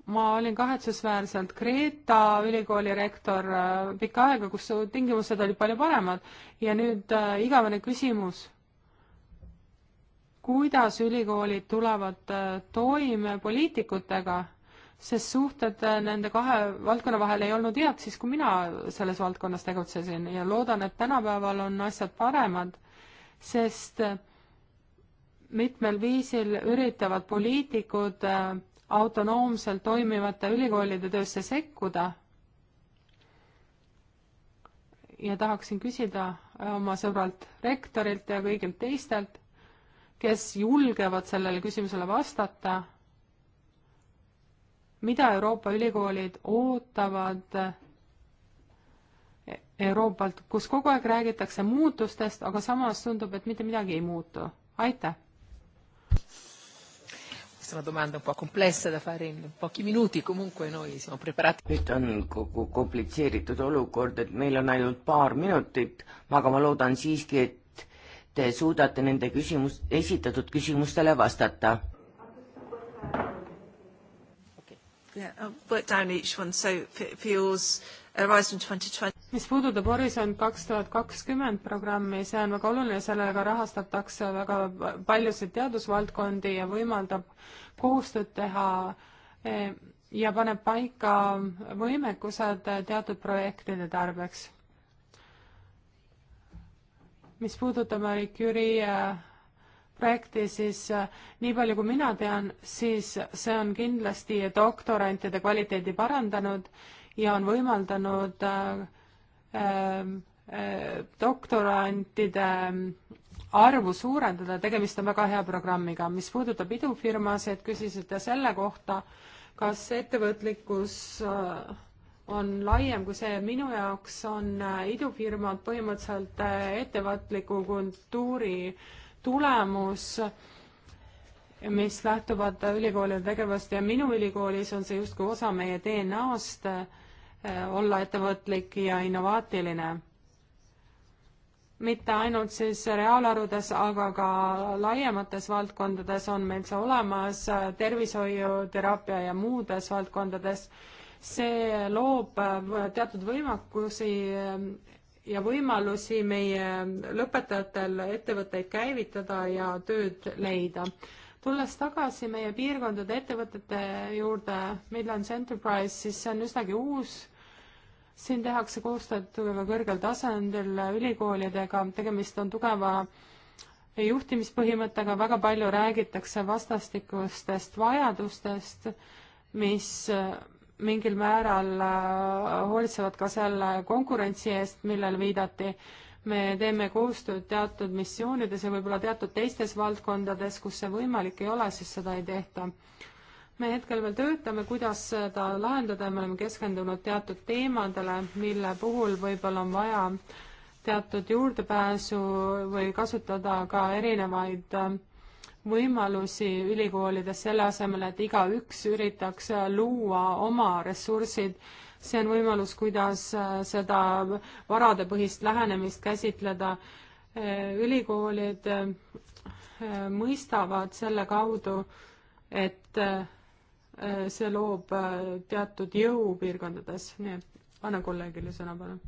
ma olin kahetsusväärselt Kreeta ülikooli rektor äh, pikka aega, kus tingimused olid palju paremad ja nüüd äh, igavene küsimus, kuidas ülikoolid tulevad äh, toime poliitikutega, sest suhted äh, nende kahe valdkonna vahel ei olnud head siis, kui mina selles valdkonnas tegutsesin ja loodan, et tänapäeval on asjad paremad, sest äh, mitmel viisil üritavad poliitikud äh, autonoomselt toimivate ülikoolide töösse sekkuda. ja tahaksin küsida oma sõbralt rektorilt ja kõigilt teistelt, kes julgevad sellele küsimusele vastata, mida Euroopa ülikoolid ootavad Euroopalt, kus kogu aeg räägitakse muutustest, aga samas tundub, et mitte midagi ei muutu. aitäh! Questa è una domanda un po' complessa da fare in pochi minuti, comunque noi siamo preparati. nüüd on kogu komplitseeritud olukord, et meil on ainult paar minutit, aga ma loodan siiski, et te suudate nende küsimus, esitatud küsimustele vastata. Okay. Yeah, I'll work down each one. So for, for yours, mis puudutab Horisont kaks tuhat kakskümmend programmi, see on väga oluline, sellega rahastatakse väga paljusid teadusvaldkondi ja võimaldab koostööd teha e, ja paneb paika võimekused teatud projektide tarbeks. mis puudutab Marie Curie projekti, siis e, nii palju, kui mina tean, siis see on kindlasti doktorantide kvaliteedi parandanud ja on võimaldanud äh, äh, doktorantide arvu suurendada, tegemist on väga hea programmiga. mis puudutab idufirmasid, küsisite selle kohta, kas ettevõtlikkus äh, on laiem kui see, minu jaoks on idufirmad põhimõtteliselt ettevõtliku kultuuri tulemus, mis lähtuvad ülikoolide tegevust ja minu ülikoolis on see justkui osa meie DNA-st Äh, olla ettevõtlik ja innovaatiline. mitte ainult siis reaalarvudes, aga ka laiemates valdkondades on meil see olemas, tervishoiu, teraapia ja muudes valdkondades. see loob äh, teatud võimekusi äh, ja võimalusi meie lõpetajatel ettevõtteid käivitada ja tööd leida tulles tagasi meie piirkondade ettevõtete juurde, Midlands Enterprise, siis see on üsnagi uus siin tehakse koostööd tugeva kõrgel tasandil ülikoolidega, tegemist on tugeva juhtimispõhimõttega, väga palju räägitakse vastastikustest vajadustest, mis äh, mingil määral äh, hoolitsevad ka selle konkurentsi eest, millele viidati. me teeme koostööd teatud missioonides ja võib-olla teatud teistes valdkondades, kus see võimalik ei ole, siis seda ei tehta me hetkel veel töötame, kuidas seda lahendada ja me oleme keskendunud teatud teemadele, mille puhul võib-olla on vaja teatud juurdepääsu või kasutada ka erinevaid äh, võimalusi ülikoolides selle asemel, et igaüks üritaks luua oma ressursid. see on võimalus, kuidas äh, seda varadepõhist lähenemist käsitleda. Äh, ülikoolid mõistavad selle kaudu, et Äh, see loob äh, teatud jõu piirkondades, nii et anna kolleegile sõna, palun.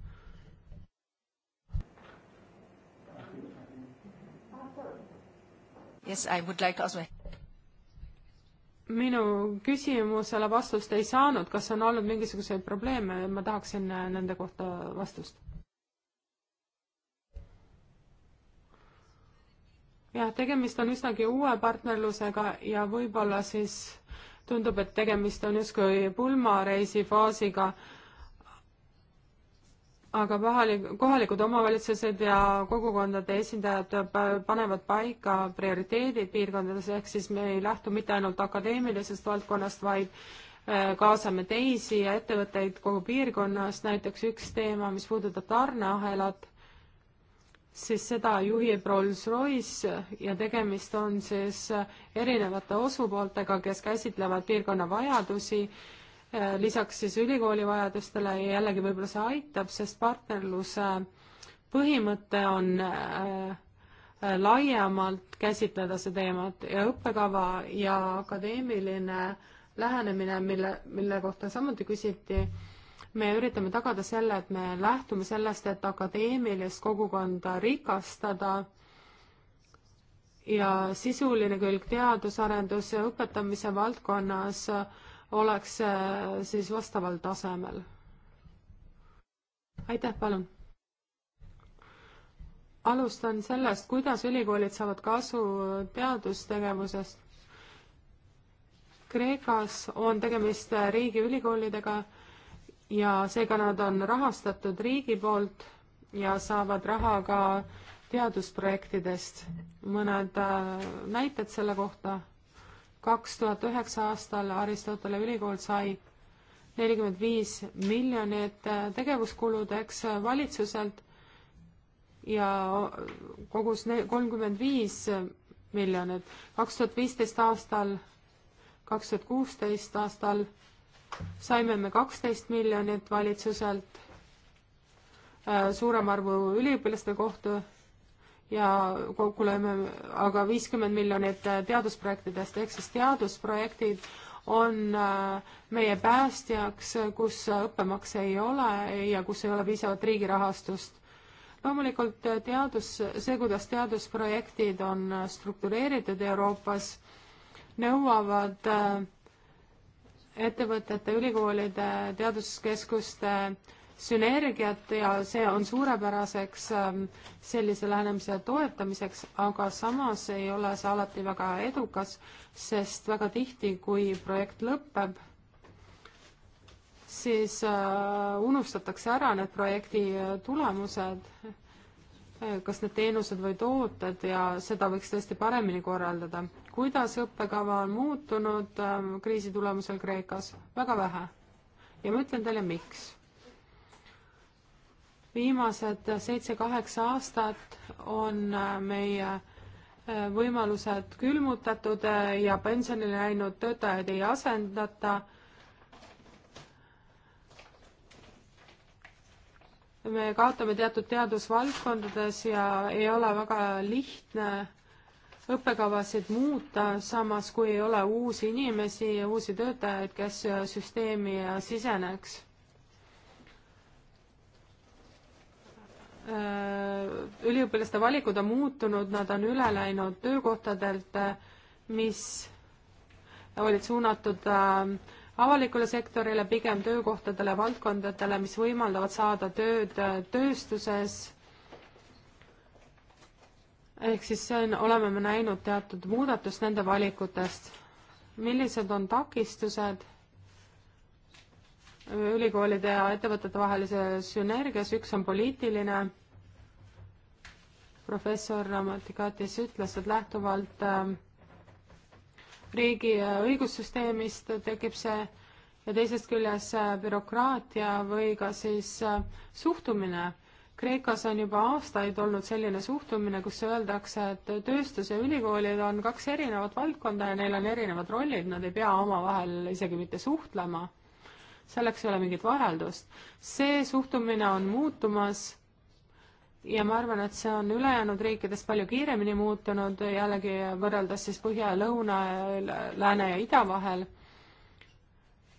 Yes, I would like to ask minu küsimusele vastust ei saanud, kas on olnud mingisuguseid probleeme, ma tahaksin äh, nende kohta vastust. jah, tegemist on üsnagi uue partnerlusega ja võib-olla siis tundub, et tegemist on justkui pulmareisi faasiga, aga pahalik-, kohalikud omavalitsused ja kogukondade esindajad panevad paika prioriteedid piirkondades, ehk siis me ei lähtu mitte ainult akadeemilisest valdkonnast, vaid e, kaasame teisi ettevõtteid kogu piirkonnast, näiteks üks teema, mis puudutab tarneahelat, siis seda juhib Rolls-Royce ja tegemist on siis erinevate osupooltega, kes käsitlevad piirkonna vajadusi, eh, lisaks siis ülikooli vajadustele ja jällegi võib-olla see aitab, sest partnerluse põhimõte on eh, laiemalt käsitleda see teemat ja õppekava ja akadeemiline lähenemine, mille, mille kohta samuti küsiti me üritame tagada selle, et me lähtume sellest, et akadeemilist kogukonda rikastada ja sisuline külg teadusarendus ja õpetamise valdkonnas oleks äh, siis vastaval tasemel. aitäh, palun! alustan sellest, kuidas ülikoolid saavad kasu teadustegevusest. Kreekas on tegemist riigiülikoolidega ja seega nad on rahastatud riigi poolt ja saavad raha ka teadusprojektidest. mõned äh, näited selle kohta. kaks tuhat üheksa aastal Aristotele ülikool sai nelikümmend viis miljonit äh, tegevuskuludeks äh, valitsuselt ja kogus kolmkümmend viis miljonit. kaks tuhat viisteist aastal, kaks tuhat kuusteist aastal saime me kaksteist miljonit valitsuselt äh, suurema arvu üliõpilaste kohta ja kokku lööme aga viiskümmend miljonit äh, teadusprojektidest, ehk siis teadusprojektid on äh, meie päästjaks, kus õppemakse ei ole ja kus ei ole piisavat riigi rahastust. loomulikult teadus, see, kuidas teadusprojektid on struktureeritud Euroopas, nõuavad äh, ettevõtete, ülikoolide, teaduskeskuste sünergiat ja see on suurepäraseks ähm, sellise lähenemise toetamiseks, aga samas ei ole see alati väga edukas, sest väga tihti, kui projekt lõpeb, siis äh, unustatakse ära need projekti äh, tulemused kas need teenused või tooted ja seda võiks tõesti paremini korraldada. kuidas õppekava on muutunud ähm, kriisi tulemusel Kreekas? väga vähe. ja ma ütlen teile, miks. viimased seitse-kaheksa aastat on äh, meie äh, võimalused külmutatud äh, ja pensionile läinud töötajaid ei asendata me kaotame teatud teadusvaldkondades ja ei ole väga lihtne õppekavasid muuta, samas kui ei ole uusi inimesi ja uusi töötajaid, kes süsteemi siseneks äh, üliõpilaste valikud on muutunud, nad on üle läinud töökohtadelt, mis olid suunatud äh, avalikule sektorile, pigem töökohtadele, valdkondadele, mis võimaldavad saada tööd äh, tööstuses. ehk siis see on, oleme me näinud teatud muudatust nende valikutest. millised on takistused? ülikoolide ja ettevõtete vahelise sünergias, üks on poliitiline, professor Ramatikatis ütles, et lähtuvalt äh, riigi äh, õigussüsteemist tekib see ja teisest küljest äh, bürokraatia või ka siis äh, suhtumine. Kreekas on juba aastaid olnud selline suhtumine, kus öeldakse, et tööstus ja ülikoolid on kaks erinevat valdkonda ja neil on erinevad rollid, nad ei pea omavahel isegi mitte suhtlema. selleks ei ole mingit vaheldust. see suhtumine on muutumas ja ma arvan, et see on ülejäänud riikides palju kiiremini muutunud, jällegi võrreldes siis põhja ja lõuna, lääne ja ida vahel.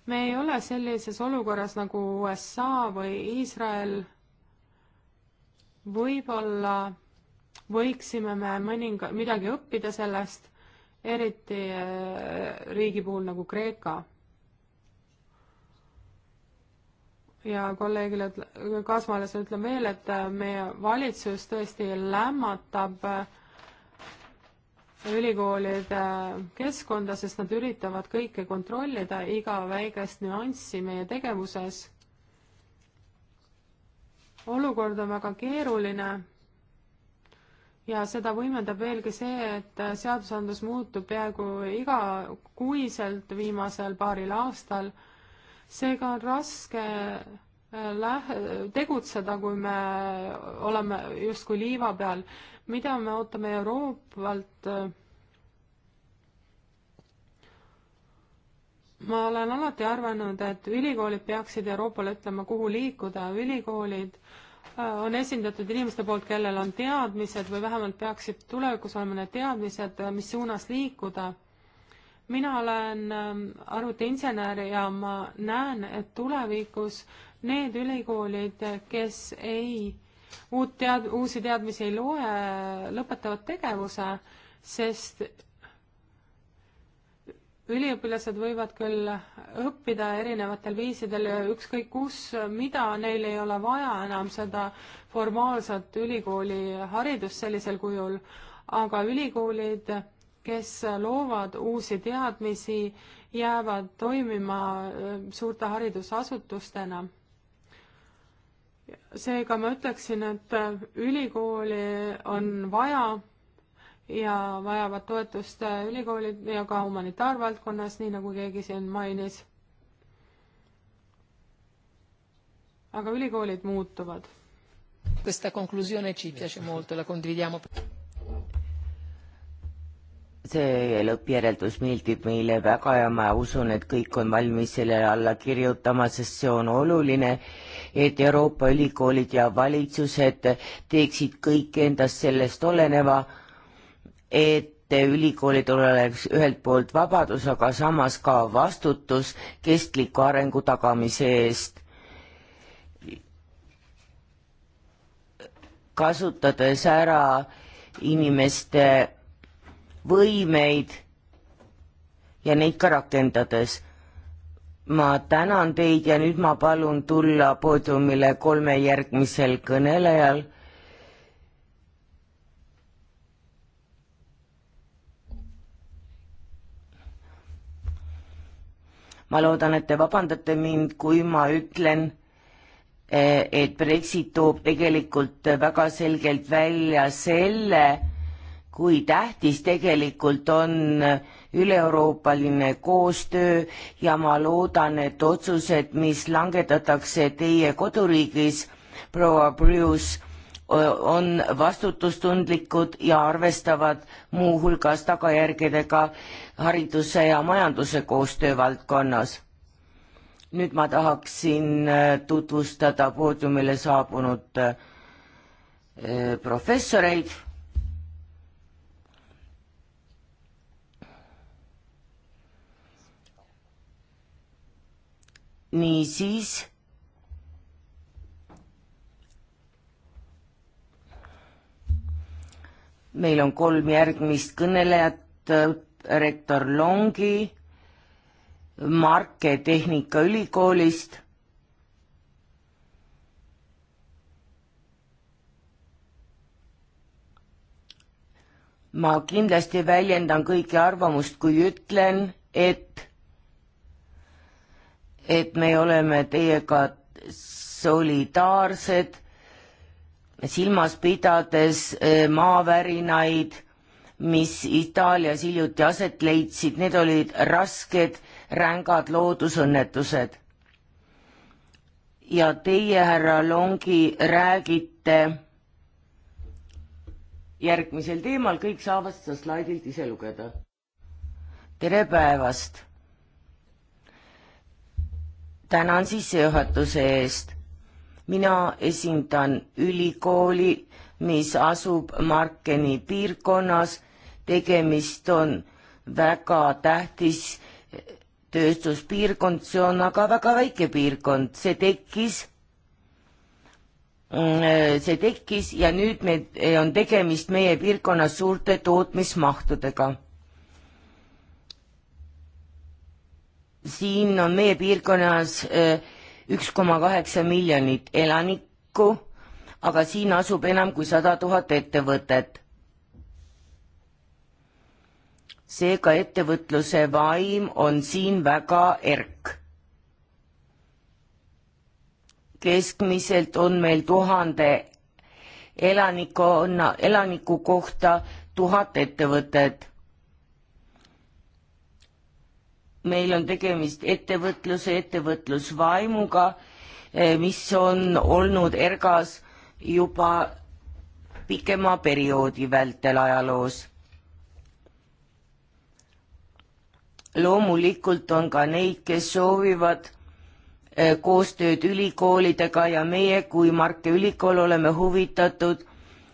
me ei ole sellises olukorras nagu USA või Iisrael. võib-olla võiksime me mõninga, midagi õppida sellest, eriti eh, riigi puhul nagu Kreeka ja kolleegile, kaasmaalasele ütlen veel, et äh, meie valitsus tõesti lämmatab äh, ülikoolide äh, keskkonda, sest nad üritavad kõike kontrollida, iga väikest nüanssi meie tegevuses. olukord on väga keeruline ja seda võimendab veelgi see, et seadusandlus muutub peaaegu igakuiselt viimasel paaril aastal seega on raske äh, lähe-, tegutseda, kui me oleme justkui liiva peal. mida me ootame Euroopalt? ma olen alati arvanud, et ülikoolid peaksid Euroopale ütlema, kuhu liikuda, ülikoolid äh, on esindatud inimeste poolt, kellel on teadmised või vähemalt peaksid tulevikus olema need teadmised, äh, mis suunas liikuda mina olen ähm, arvutiinsener ja ma näen, et tulevikus need ülikoolid, kes ei, uut tead-, uusi teadmisi ei loe, lõpetavad tegevuse, sest üliõpilased võivad küll õppida erinevatel viisidel ja ükskõik kus, mida, neil ei ole vaja enam seda formaalset ülikooliharidust sellisel kujul, aga ülikoolid kes loovad uusi teadmisi, jäävad toimima äh, suurte haridusasutustena. seega ma ütleksin, et äh, ülikooli on vaja ja vajavad toetust äh, ülikoolid ja ka humanitaarvaldkonnas, nii nagu keegi siin mainis. aga ülikoolid muutuvad. Questa conclusione ci piace molto, la condividiamo see lõppjäreldus meeldib meile väga ja ma usun, et kõik on valmis sellele alla kirjutama, sest see on oluline, et Euroopa ülikoolid ja valitsused teeksid kõik endast sellest oleneva, et ülikoolidel oleks ühelt poolt vabadus, aga samas ka vastutus kestliku arengu tagamise eest. kasutades ära inimeste võimeid ja neid ka rakendades. ma tänan teid ja nüüd ma palun tulla poodiumile kolme järgmisel kõnelejal ma loodan, et te vabandate mind, kui ma ütlen, eh, et Brexit toob tegelikult väga selgelt välja selle, kui tähtis tegelikult on üleeuroopaline koostöö ja ma loodan, et otsused, mis langetatakse teie koduriigis, proua Prius, on vastutustundlikud ja arvestavad muuhulgas tagajärgedega hariduse ja majanduse koostöö valdkonnas. nüüd ma tahaksin äh, tutvustada poodiumile saabunud äh, professoreid niisiis meil on kolm järgmist kõnelejat, rektor Longi, Marke Tehnikaülikoolist, ma kindlasti väljendan kõigi arvamust, kui ütlen, et et me oleme teiega solidaarsed, silmas pidades eh, maavärinaid, mis Itaalias hiljuti aset leidsid, need olid rasked, rängad loodusõnnetused. ja teie, härra Longi, räägite järgmisel teemal, kõik saavad seda slaidilt ise lugeda. tere päevast tänan sissejuhatuse eest. mina esindan ülikooli, mis asub Markeni piirkonnas. tegemist on väga tähtis tööstuspiirkond, see on aga väga väike piirkond, see tekkis, mm, see tekkis ja nüüd me, on tegemist meie piirkonnas suurte tootmismahtudega siin on meie piirkonnas äh, üks koma kaheksa miljonit elanikku, aga siin asub enam kui sada tuhat ettevõtet. seega ettevõtluse vaim on siin väga erk. keskmiselt on meil tuhande elaniku, elaniku kohta tuhat ettevõtet meil on tegemist ettevõtluse, ettevõtlusvaimuga, eh, mis on olnud ergas juba pikema perioodi vältel ajaloos. loomulikult on ka neid, kes soovivad eh, koostööd ülikoolidega ja meie kui Marte Ülikool oleme huvitatud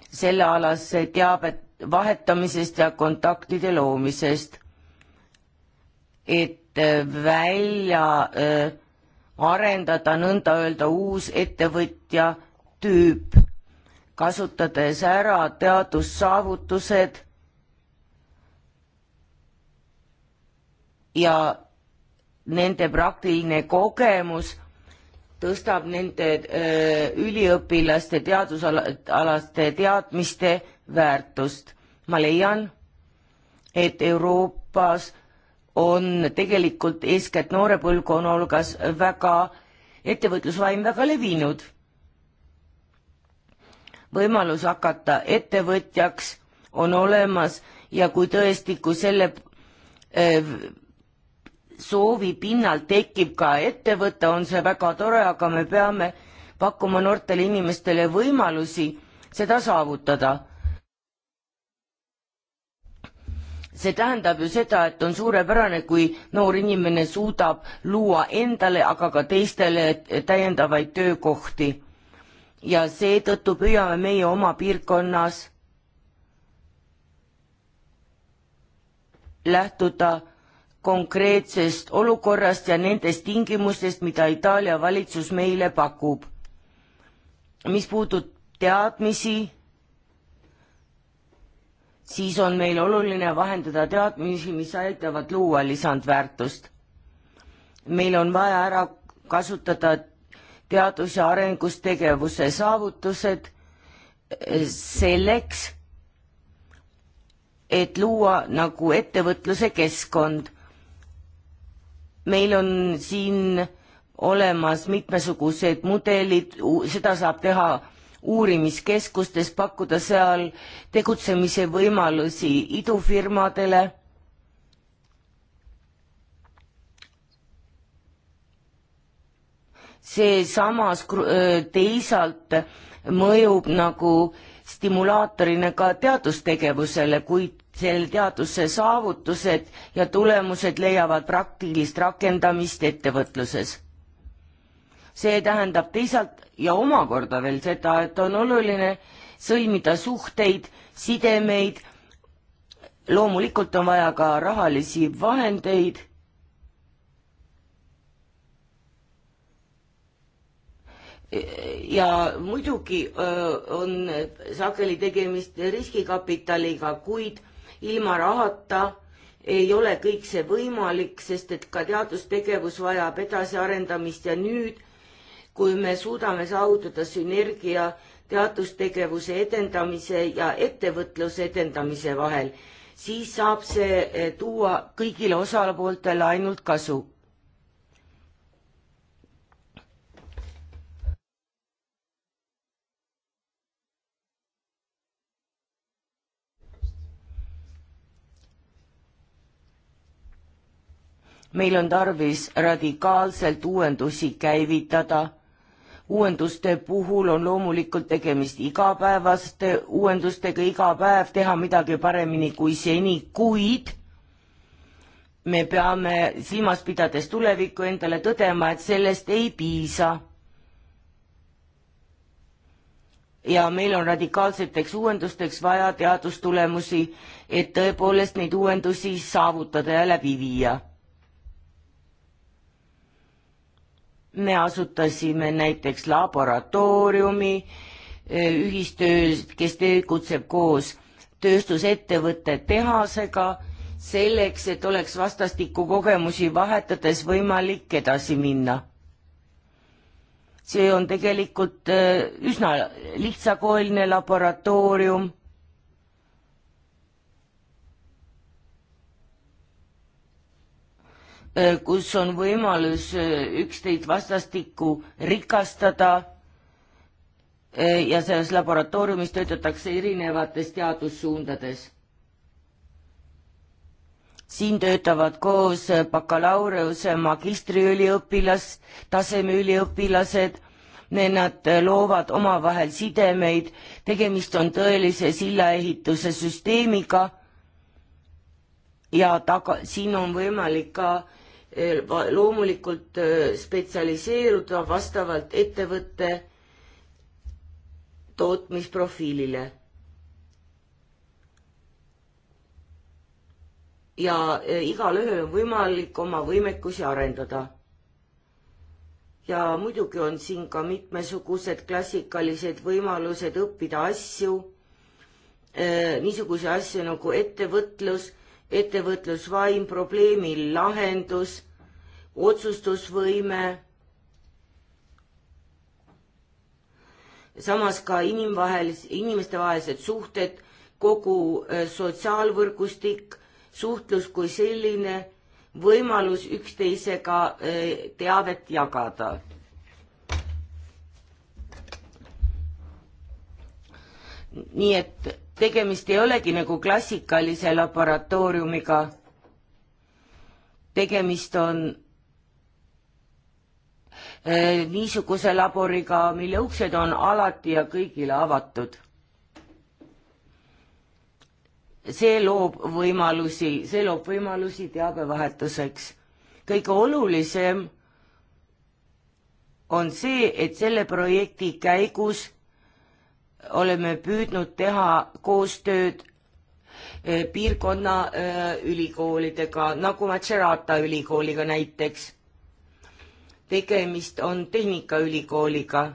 sellealase teabe vahetamisest ja kontaktide loomisest et äh, välja äh, arendada nõnda-öelda uus ettevõtja tüüp, kasutades ära teadussaavutused ja nende praktiline kogemus tõstab nende öö, äh, üliõpilaste teadusalaste teadmiste väärtust. ma leian, et Euroopas on tegelikult eeskätt noore põlvkonna hulgas väga, ettevõtlusvaim väga levinud. võimalus hakata ettevõtjaks on olemas ja kui tõesti, kui selle öö, eh, soovi pinnalt tekib ka ettevõte, on see väga tore, aga me peame pakkuma noortele inimestele võimalusi seda saavutada. see tähendab ju seda, et on suurepärane, kui noor inimene suudab luua endale, aga ka teistele täiendavaid töökohti. ja seetõttu püüame meie oma piirkonnas lähtuda konkreetsest olukorrast ja nendest tingimustest, mida Itaalia valitsus meile pakub. mis puudutab teadmisi siis on meil oluline vahendada teadmisi, mis aitavad luua lisandväärtust. meil on vaja ära kasutada teadus- ja arengustegevuse saavutused eh, selleks, et luua nagu ettevõtluse keskkond. meil on siin olemas mitmesugused mudelid, seda saab teha uurimiskeskustes, pakkuda seal tegutsemise võimalusi idufirmadele. see samas teisalt mõjub nagu stimulaatorina ka teadustegevusele, kuid selle teaduse saavutused ja tulemused leiavad praktilist rakendamist ettevõtluses. see tähendab teisalt ja omakorda veel seda, et on oluline sõlmida suhteid, sidemeid, loomulikult on vaja ka rahalisi vahendeid, ja muidugi on sageli tegemist riskikapitaliga, kuid ilma rahata ei ole kõik see võimalik, sest et ka teadustegevus vajab edasiarendamist ja nüüd kui me suudame saavutada sünergia teadustegevuse edendamise ja ettevõtluse edendamise vahel, siis saab see eh, tuua kõigile osapooltele ainult kasu. meil on tarvis radikaalselt uuendusi käivitada uuenduste puhul on loomulikult tegemist igapäevaste uuendustega, iga päev teha midagi paremini kui seni, kuid me peame silmas pidades tulevikku endale tõdema, et sellest ei piisa. ja meil on radikaalseteks uuendusteks vaja teadustulemusi, et tõepoolest neid uuendusi saavutada ja läbi viia me asutasime näiteks laboratooriumi eh, ühistöös, kes tegutseb koos tööstusettevõtte tehasega, selleks, et oleks vastastikku kogemusi vahetades võimalik edasi minna. see on tegelikult eh, üsna lihtsakoeline laboratoorium Äh, kus on võimalus äh, üksteid vastastikku rikastada äh, ja selles laboratooriumis töötatakse erinevates teadussuundades. siin töötavad koos bakalaureuse, magistriüliõpilas, tasemeüliõpilased, nad loovad omavahel sidemeid, tegemist on tõelise sillaehituse süsteemiga ja taga, siin on võimalik ka äh, Eh, loomulikult eh, spetsialiseeruda vastavalt ettevõtte tootmisprofiilile. ja eh, igalühel on võimalik oma võimekusi arendada. ja muidugi on siin ka mitmesugused klassikalised võimalused õppida asju, niisuguseid asju nagu ettevõtlus, ettevõtlusvaim, probleemi lahendus otsustusvõime, samas ka inimvahelis-, inimestevahelised suhted, kogu äh, sotsiaalvõrgustik, suhtlus kui selline, võimalus üksteisega äh, teavet jagada nii et tegemist ei olegi nagu klassikalise laboratooriumiga. tegemist on Eh, niisuguse laboriga, mille uksed on alati ja kõigile avatud. see loob võimalusi, see loob võimalusi teabevahetuseks. kõige olulisem on see, et selle projekti käigus oleme püüdnud teha koostööd eh, piirkonna öö, eh, ülikoolidega, nagu Macerata ülikooliga näiteks tegemist on Tehnikaülikooliga.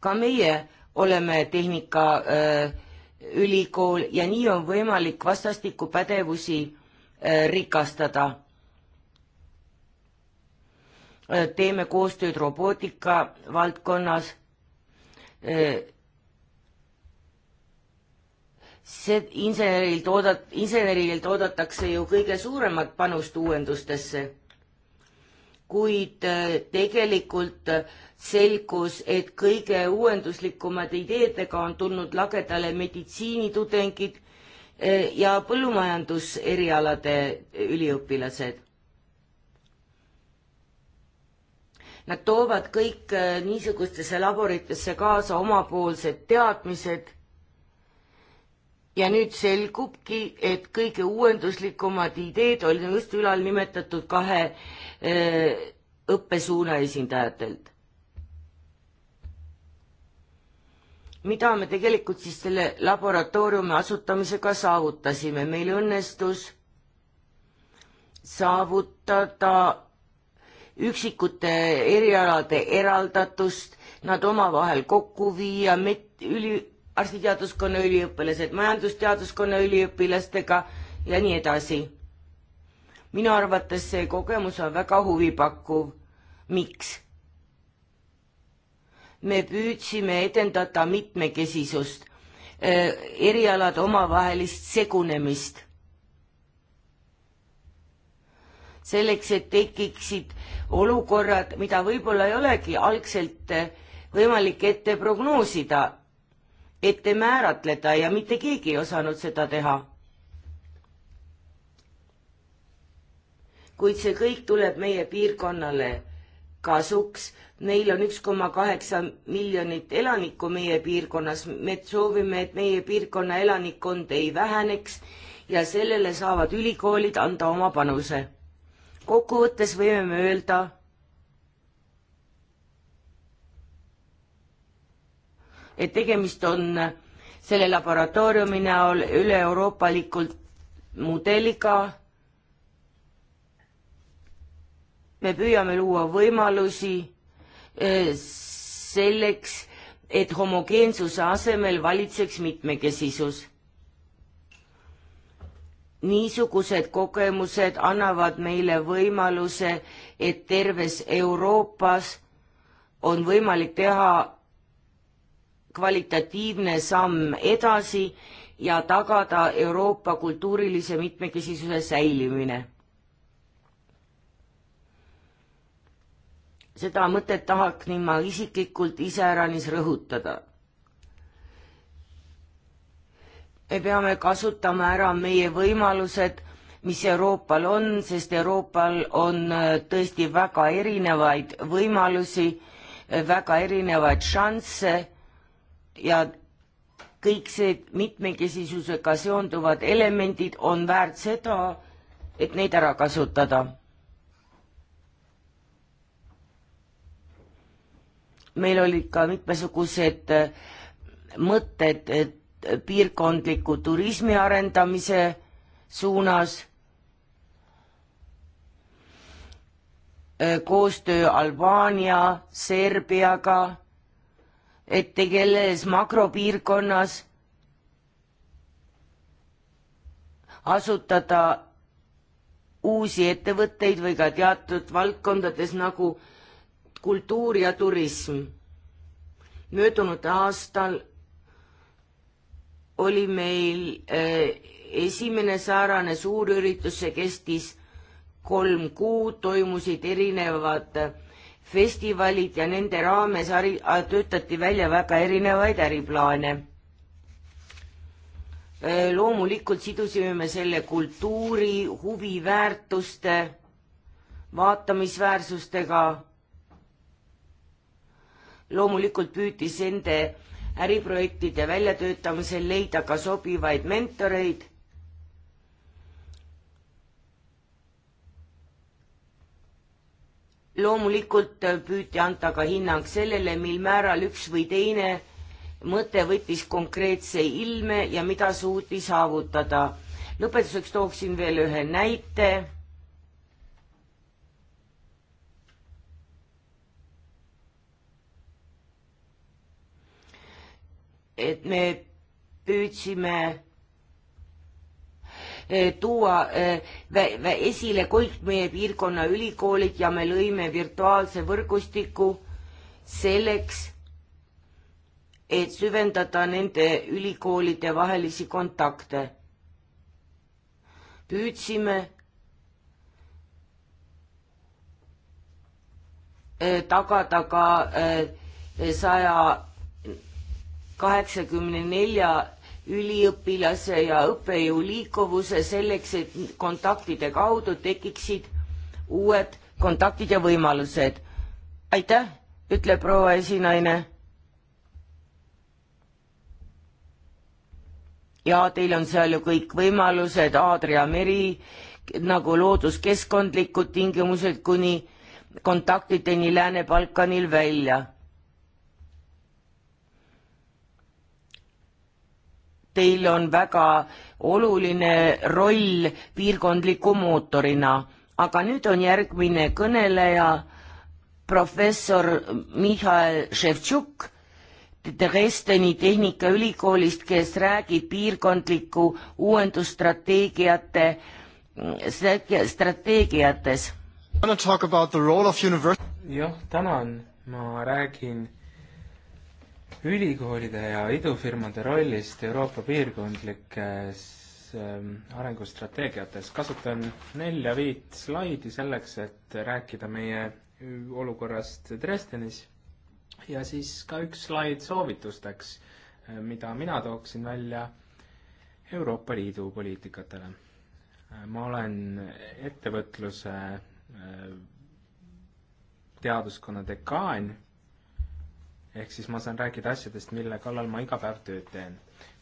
ka meie oleme Tehnikaülikool äh, ja nii on võimalik vastastikku pädevusi öö, äh, rikastada. Äh, teeme koostööd robootika valdkonnas. see insenerilt oodat-, insenerilt oodatakse ju kõige suuremat panust uuendustesse kuid äh, tegelikult äh, selgus, et kõige uuenduslikumad ideedega on tulnud lagedale meditsiinitudengid äh, ja põllumajanduserialade üliõpilased. Nad toovad kõik niisugustesse laboritesse kaasa omapoolsed teadmised ja nüüd selgubki, et kõige uuenduslikumad ideed on just ülalnimetatud kahe Äh, õppesuuna esindajatelt. mida me tegelikult siis selle laboratooriumi asutamisega saavutasime, meil õnnestus saavutada üksikute erialade eraldatust, nad omavahel kokku viia, met-, üli, arstiteaduskonna üliõpilased majandusteaduskonna üliõpilastega ja nii edasi minu arvates see kogemus on väga huvipakkuv. miks? me püüdsime edendada mitmekesisust, äh, erialade omavahelist segunemist. selleks, et tekiksid olukorrad, mida võib-olla ei olegi algselt äh, võimalik ette prognoosida, ette määratleda ja mitte keegi ei osanud seda teha kuid see kõik tuleb meie piirkonnale kasuks. Neil on üks koma kaheksa miljonit elanikku meie piirkonnas, me soovime, et meie piirkonna elanikkond ei väheneks ja sellele saavad ülikoolid anda oma panuse. kokkuvõttes võime me öelda, et tegemist on selle laboratooriumi näol üle-euroopalikult mudeliga me püüame luua võimalusi eh, selleks, et homogeensuse asemel valitseks mitmekesisus. niisugused kogemused annavad meile võimaluse, et terves Euroopas on võimalik teha kvalitatiivne samm edasi ja tagada Euroopa kultuurilise mitmekesisuse säilimine seda mõtet tahaksin ma isiklikult iseäranis rõhutada. me peame kasutama ära meie võimalused, mis Euroopal on, sest Euroopal on äh, tõesti väga erinevaid võimalusi, äh, väga erinevaid šansse ja kõik see mitmekesisusega seonduvad elemendid on väärt seda, et neid ära kasutada meil olid ka mitmesugused äh, mõtted äh, piirkondliku turismi arendamise suunas, äh, koostöö Albaania, Serbiaga, et tegeledes makropiirkonnas asutada uusi ettevõtteid või ka teatud valdkondades nagu äh, kultuur ja turism. möödunud aastal oli meil eh, esimene säärane suurüritus, see kestis kolm kuud, toimusid erinevad festivalid ja nende raames hari-, töötati välja väga erinevaid äriplaane. Eh, loomulikult sidusime me selle kultuuri, huviväärtuste, vaatamisväärsustega loomulikult püüdis nende äriprojektide väljatöötamisel leida ka sobivaid mentoreid. loomulikult püüti anda ka hinnang sellele, mil määral üks või teine mõte võttis konkreetse ilme ja mida suuti saavutada. lõpetuseks tooksin veel ühe näite et me püüdsime eh, tuua eh, esile kõik meie piirkonna ülikoolid ja me lõime virtuaalse võrgustiku selleks, et süvendada nende ülikoolide vahelisi kontakte. püüdsime eh, tagada ka saja kaheksakümne nelja üliõpilase ja õppejõu liikuvuse selleks, et kontaktide kaudu tekiksid uued kontaktid ja võimalused. aitäh, ütleb proua esinaine. ja teil on seal ju kõik võimalused, Aadria meri nagu looduskeskkondlikud tingimused kuni kontaktideni Lääne-Balkanil välja teil on väga oluline roll piirkondliku mootorina. aga nüüd on järgmine kõneleja, professor Mihhail Ševtšuk Dresdeni Tehnikaülikoolist, kes räägib piirkondliku uuendusstrateegiate, strateegiates. jah, tänan, ma räägin ülikoolide ja idufirmade rollist Euroopa piirkondlikes ähm, arengustrateegiates. kasutan nelja-viit slaidi selleks, et rääkida meie olukorrast Dresdenis ja siis ka üks slaid soovitusteks, äh, mida mina tooksin välja Euroopa Liidu poliitikatele. Äh, ma olen ettevõtluse äh, teaduskonna dekaan ehk siis ma saan rääkida asjadest, mille kallal ma iga päev tööd teen.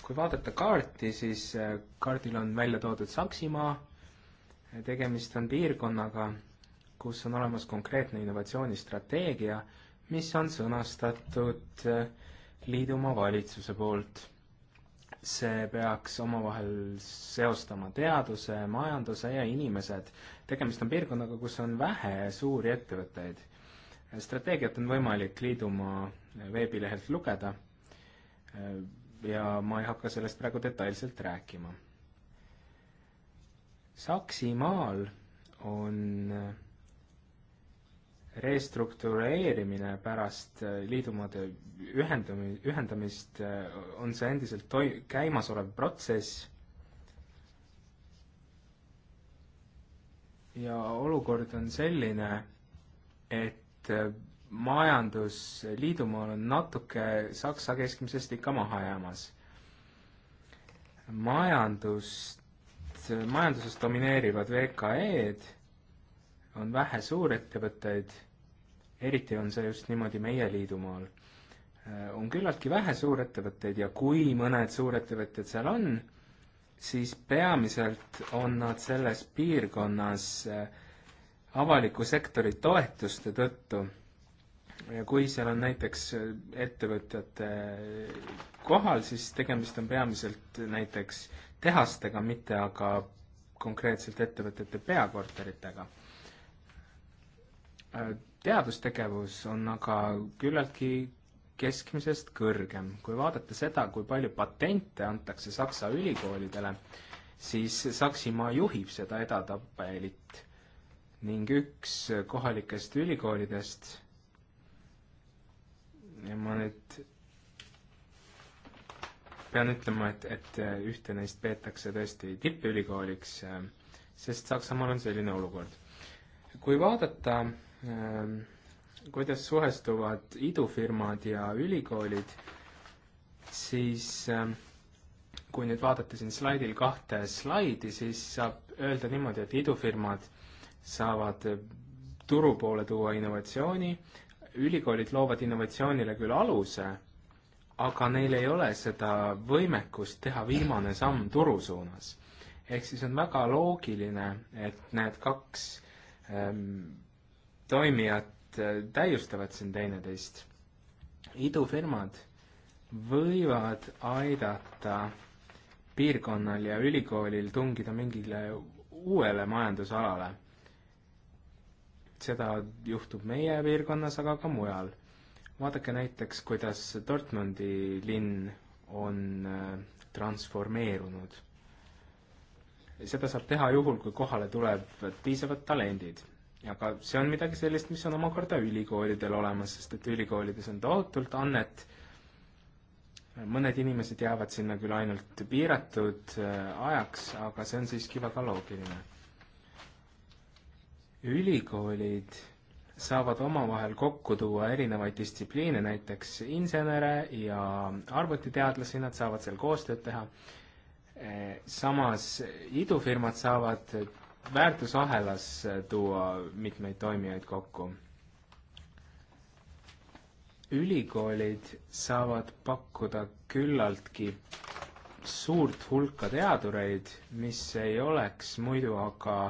kui vaadata kaarti, siis äh, kaardil on välja toodud Saksimaa, tegemist on piirkonnaga, kus on olemas konkreetne innovatsioonistrateegia, mis on sõnastatud äh, liidumaa valitsuse poolt. see peaks omavahel seostama teaduse, majanduse ja inimesed. tegemist on piirkonnaga, kus on vähe suuri ettevõtteid strateegiat on võimalik Liidumaa veebilehelt lugeda ja ma ei hakka sellest praegu detailselt rääkima. Saksimaal on restruktureerimine pärast liidumaade ühendami-, ühendamist, on see endiselt toi-, käimasolev protsess ja olukord on selline, et Äh, majandus liidumaal on natuke Saksa keskmisest ikka maha jäämas. majandust, majanduses domineerivad VKE-d, on vähe suurettevõtteid, eriti on see just niimoodi meie liidumaal äh, on küllaltki vähe suurettevõtteid ja kui mõned suurettevõtted seal on, siis peamiselt on nad selles piirkonnas äh, avaliku sektori toetuste tõttu ja kui seal on näiteks ettevõtjate kohal, siis tegemist on peamiselt näiteks tehastega, mitte aga konkreetselt ettevõtete peakorteritega. teadustegevus on aga küllaltki keskmisest kõrgem. kui vaadata seda, kui palju patente antakse Saksa ülikoolidele, siis Saksimaa juhib seda edetabelit ning üks kohalikest ülikoolidest, ma nüüd pean ütlema, et, et ühte neist peetakse tõesti tippülikooliks, sest Saksamaal on selline olukord. kui vaadata, ähm, kuidas suhestuvad idufirmad ja ülikoolid, siis ähm, kui nüüd vaadata siin slaidil kahte slaidi, siis saab öelda niimoodi, et idufirmad saavad turu poole tuua innovatsiooni, ülikoolid loovad innovatsioonile küll aluse, aga neil ei ole seda võimekust teha viimane samm turu suunas. ehk siis on väga loogiline, et need kaks ähm, toimijat äh, täiustavad siin teineteist. idufirmad võivad aidata piirkonnal ja ülikoolil tungida mingile uuele majandusalale seda juhtub meie piirkonnas, aga ka mujal. vaadake näiteks, kuidas Dortmundi linn on äh, transformeerunud. seda saab teha juhul, kui kohale tulevad piisavad talendid. aga see on midagi sellist, mis on omakorda ülikoolidel olemas, sest et ülikoolides on tohutult annet, mõned inimesed jäävad sinna küll ainult piiratud äh, ajaks, aga see on siiski väga loogiline ülikoolid saavad omavahel kokku tuua erinevaid distsipliine, näiteks insenere ja arvutiteadlasi, nad saavad seal koostööd teha. samas idufirmad saavad väärtusahelas tuua mitmeid toimijaid kokku. ülikoolid saavad pakkuda küllaltki suurt hulka teadureid, mis ei oleks muidu aga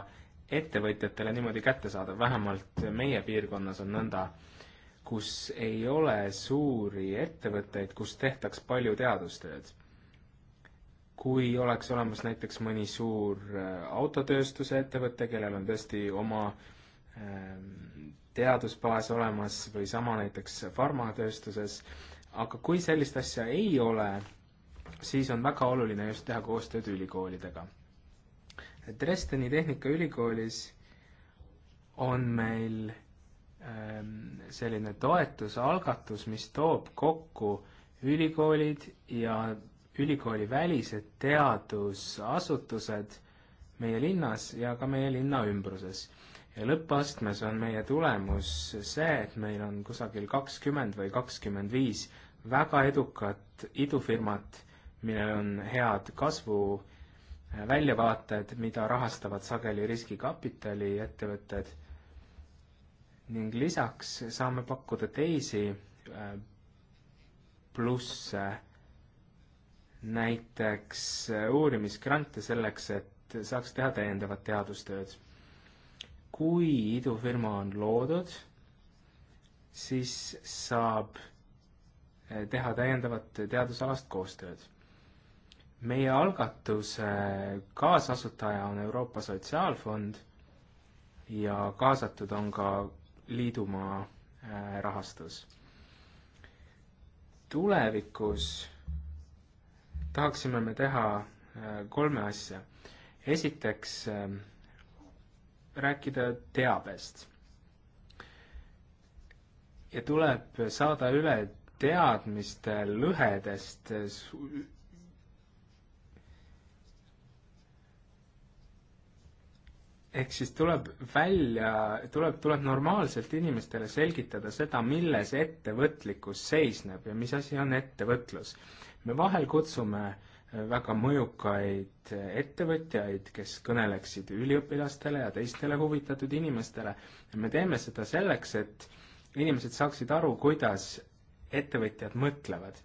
ettevõtjatele niimoodi kättesaadav, vähemalt meie piirkonnas on nõnda, kus ei ole suuri ettevõtteid, kus tehtaks palju teadustööd. kui oleks olemas näiteks mõni suur äh, autotööstuse ettevõte, kellel on tõesti oma ähm, teadusbaas olemas või sama näiteks farmatööstuses, aga kui sellist asja ei ole, siis on väga oluline just teha koostööd ülikoolidega Dresdeni Tehnikaülikoolis on meil ähm, selline toetusalgatus, mis toob kokku ülikoolid ja ülikoolivälised teadusasutused meie linnas ja ka meie linna ümbruses. ja lõppastmes on meie tulemus see, et meil on kusagil kakskümmend või kakskümmend viis väga edukat idufirmat, millel on head kasvu äh, väljavaated, mida rahastavad sageli riskikapitali ettevõtted ning lisaks saame pakkuda teisi äh, plusse, näiteks äh, uurimisgrante selleks, et saaks teha täiendavat teadustööd. kui idufirma on loodud, siis saab äh, teha täiendavat teadusalast koostööd meie algatuse kaasasutaja on Euroopa Sotsiaalfond ja kaasatud on ka liidumaa äh, rahastus. tulevikus tahaksime me teha äh, kolme asja. esiteks äh, rääkida teabest. ja tuleb saada üle teadmiste lõhedest ehk siis tuleb välja, tuleb, tuleb normaalselt inimestele selgitada seda, milles ettevõtlikkus seisneb ja mis asi on ettevõtlus. me vahel kutsume eh, väga mõjukaid eh, ettevõtjaid, kes kõneleksid üliõpilastele ja teistele huvitatud inimestele ja me teeme seda selleks, et inimesed saaksid aru, kuidas ettevõtjad mõtlevad.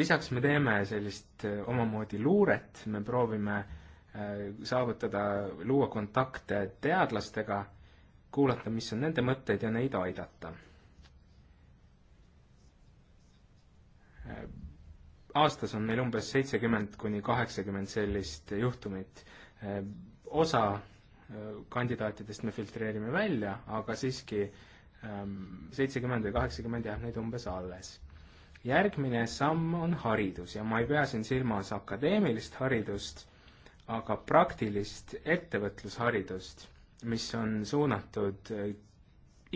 lisaks me teeme sellist eh, omamoodi luuret, me proovime äh, Äh, saavutada, luua kontakte teadlastega, kuulata, mis on nende mõtteid ja neid aidata. Äh, aastas on meil umbes seitsekümmend kuni kaheksakümmend sellist juhtumit. Äh, osa kandidaatidest me filtreerime välja, aga siiski ähm, seitsekümmend või kaheksakümmend jääb neid umbes alles järgmine samm on haridus ja ma ei pea siin silmas akadeemilist haridust, aga praktilist ettevõtlusharidust, mis on suunatud äh,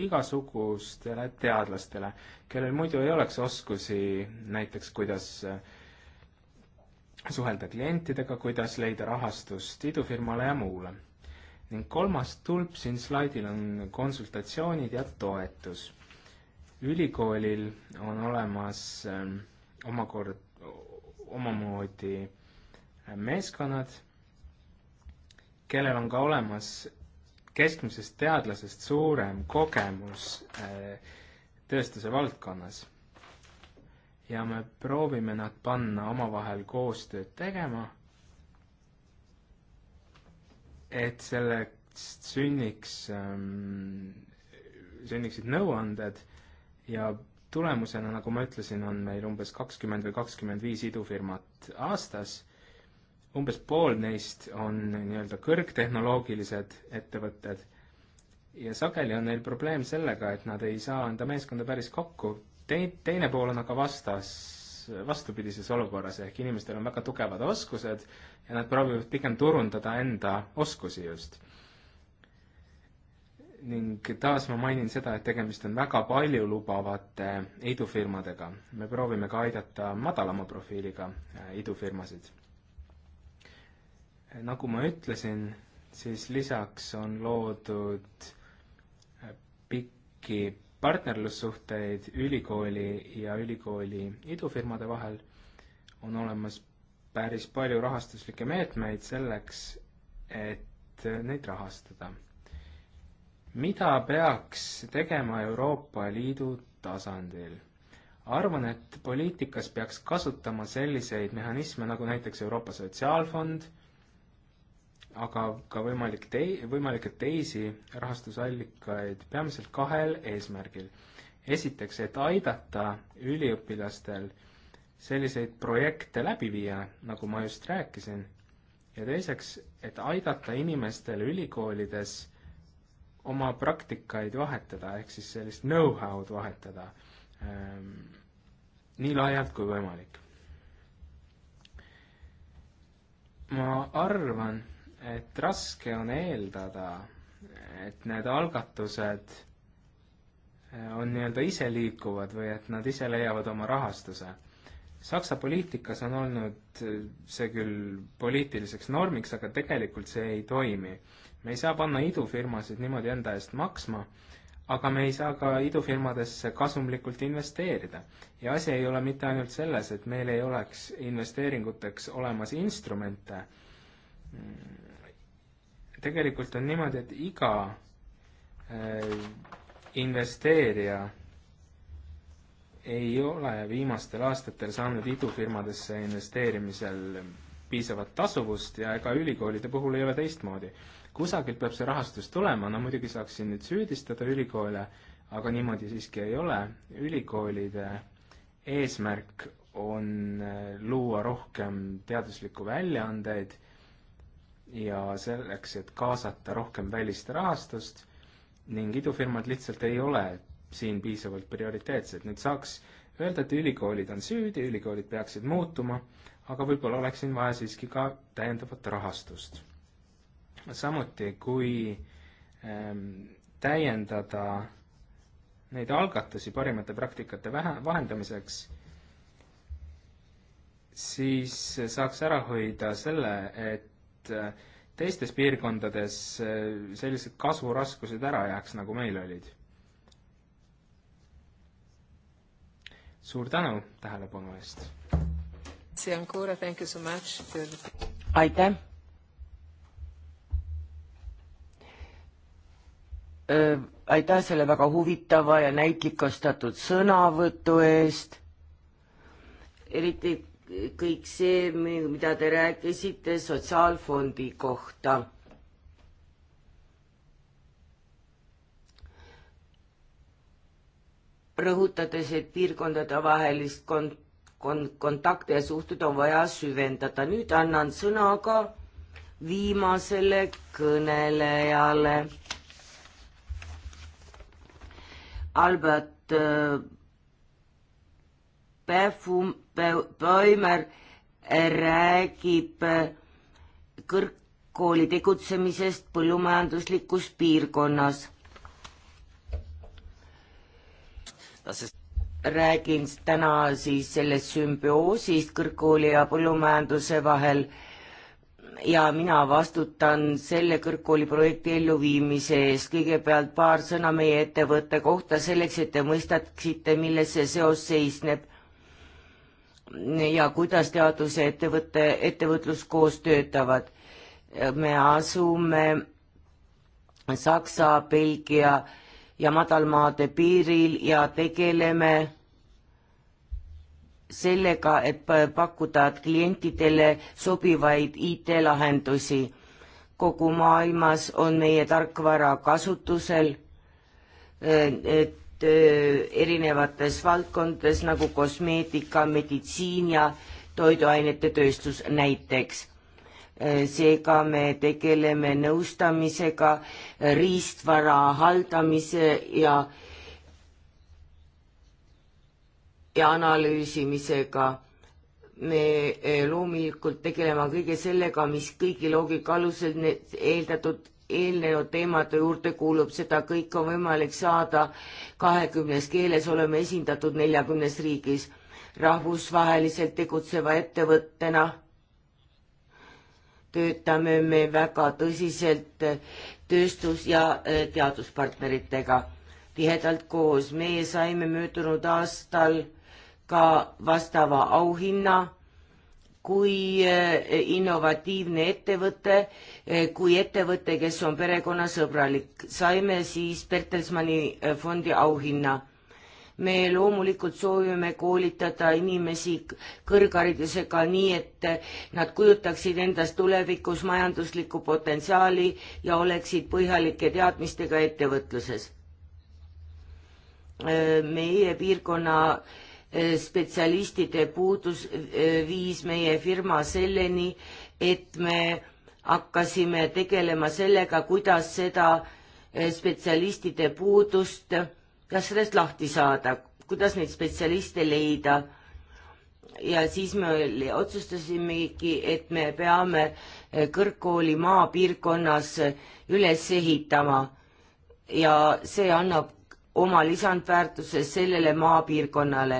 igasugustele teadlastele, kellel muidu ei oleks oskusi näiteks, kuidas äh, suhelda klientidega, kuidas leida rahastust idufirmale ja muule. ning kolmas tulp siin slaidil on konsultatsioonid ja toetus. ülikoolil on olemas äh, omakord, omamoodi meeskonnad kellel on ka olemas keskmisest teadlasest suurem kogemus äh, tööstuse valdkonnas. ja me proovime nad panna omavahel koostööd tegema, et sellest sünniks, ähm, sünniksid nõuanded ja tulemusena, nagu ma ütlesin, on meil umbes kakskümmend või kakskümmend viis idufirmat aastas umbes pool neist on nii-öelda kõrgtehnoloogilised ettevõtted ja sageli on neil probleem sellega, et nad ei saa enda meeskonda päris kokku. Tei-, teine pool on aga vastas, vastupidises olukorras, ehk inimestel on väga tugevad oskused ja nad proovivad pigem turundada enda oskusi just. ning taas ma mainin seda, et tegemist on väga paljulubavate idufirmadega. me proovime ka aidata madalama profiiliga äh, idufirmasid nagu ma ütlesin, siis lisaks on loodud äh, pikki partnerlussuhteid ülikooli ja ülikooli idufirmade vahel, on olemas päris palju rahastuslikke meetmeid selleks, et äh, neid rahastada. mida peaks tegema Euroopa Liidu tasandil? arvan, et poliitikas peaks kasutama selliseid mehhanisme nagu näiteks Euroopa Sotsiaalfond, aga ka võimalik tei-, võimalikke teisi rahastusallikaid peamiselt kahel eesmärgil. esiteks, et aidata üliõpilastel selliseid projekte läbi viia, nagu ma just rääkisin, ja teiseks, et aidata inimestel ülikoolides oma praktikaid vahetada, ehk siis sellist know-how'd vahetada ehm, nii laialt kui võimalik. ma arvan et raske on eeldada, et need algatused eh, on nii-öelda iseliikuvad või et nad ise leiavad oma rahastuse. Saksa poliitikas on olnud eh, see küll poliitiliseks normiks, aga tegelikult see ei toimi. me ei saa panna idufirmasid niimoodi enda eest maksma, aga me ei saa ka idufirmadesse kasumlikult investeerida. ja asi ei ole mitte ainult selles, et meil ei oleks investeeringuteks olemas instrumente, mm, tegelikult on niimoodi, et iga äh, investeerija ei ole viimastel aastatel saanud idufirmadesse investeerimisel piisavat tasuvust ja ega ülikoolide puhul ei ole teistmoodi. kusagilt peab see rahastus tulema, no muidugi saaksin nüüd süüdistada ülikoole, aga niimoodi siiski ei ole, ülikoolide eesmärk on äh, luua rohkem teaduslikku väljaandeid ja selleks, et kaasata rohkem välist rahastust ning idufirmad lihtsalt ei ole siin piisavalt prioriteetsed. nüüd saaks öelda, et ülikoolid on süüdi, ülikoolid peaksid muutuma, aga võib-olla oleks siin vaja siiski ka täiendavat rahastust. samuti, kui ähm, täiendada neid algatusi parimate praktikate vähe, vahendamiseks, siis saaks ära hoida selle, et et äh, teistes piirkondades äh, sellised kasvuraskused ära jääks, nagu meil olid. suur tänu tähelepanu eest! aitäh! aitäh selle väga huvitava ja näitlikustatud sõnavõtu eest, eriti kõik see, mida te rääkisite sotsiaalfondi kohta. rõhutades, et piirkondadevahelist kont-, kon-, kontakte ja suhted on vaja süvendada. nüüd annan sõna ka viimasele kõnelejale. Albert äh, Päfum-, Päimer räägib äh, kõrgkooli tegutsemisest põllumajanduslikus piirkonnas. räägin täna siis sellest sümbioosist kõrgkooli ja põllumajanduse vahel ja mina vastutan selle kõrgkooli projekti elluviimise eest. kõigepealt paar sõna meie ettevõtte kohta selleks, et te mõistaksite, milles see seos seisneb ja kuidas teadusettevõte, ettevõtlus koos töötavad. me asume Saksa, Belgia ja madalmaade piiril ja tegeleme sellega, et pakkuda klientidele sobivaid IT-lahendusi. kogu maailmas on meie tarkvara kasutusel, et erinevates valdkondades nagu kosmeetika, meditsiin ja toiduainete tööstus näiteks. Äh, seega me tegeleme nõustamisega, äh, riistvara haldamise ja ja analüüsimisega. me äh, loomulikult tegeleme kõige sellega, mis kõigi loogika alusel eeldatud eelnenud teemade juurde kuulub, seda kõike on võimalik saada kahekümnes keeles, oleme esindatud neljakümnes riigis rahvusvaheliselt tegutseva ettevõttena töötame me väga tõsiselt tööstus- ja äh, teaduspartneritega tihedalt koos. meie saime möödunud aastal ka vastava auhinna kui eh, innovatiivne ettevõte, eh, kui ettevõte, kes on perekonnasõbralik. saime siis Bertelsmanni eh, fondi auhinna. me loomulikult soovime koolitada inimesi kõrgharidusega nii, et nad kujutaksid endast tulevikus majanduslikku potentsiaali ja oleksid põhjalike teadmistega ettevõtluses. meie piirkonna äh, spetsialistide puudus eh, viis meie firma selleni, et me hakkasime tegelema sellega, kuidas seda eh, spetsialistide puudust, kas sellest lahti saada, kuidas neid spetsialiste leida. ja siis me otsustasimegi, et me peame eh, kõrgkooli maapiirkonnas üles ehitama ja see annab oma lisandväärtuse sellele maapiirkonnale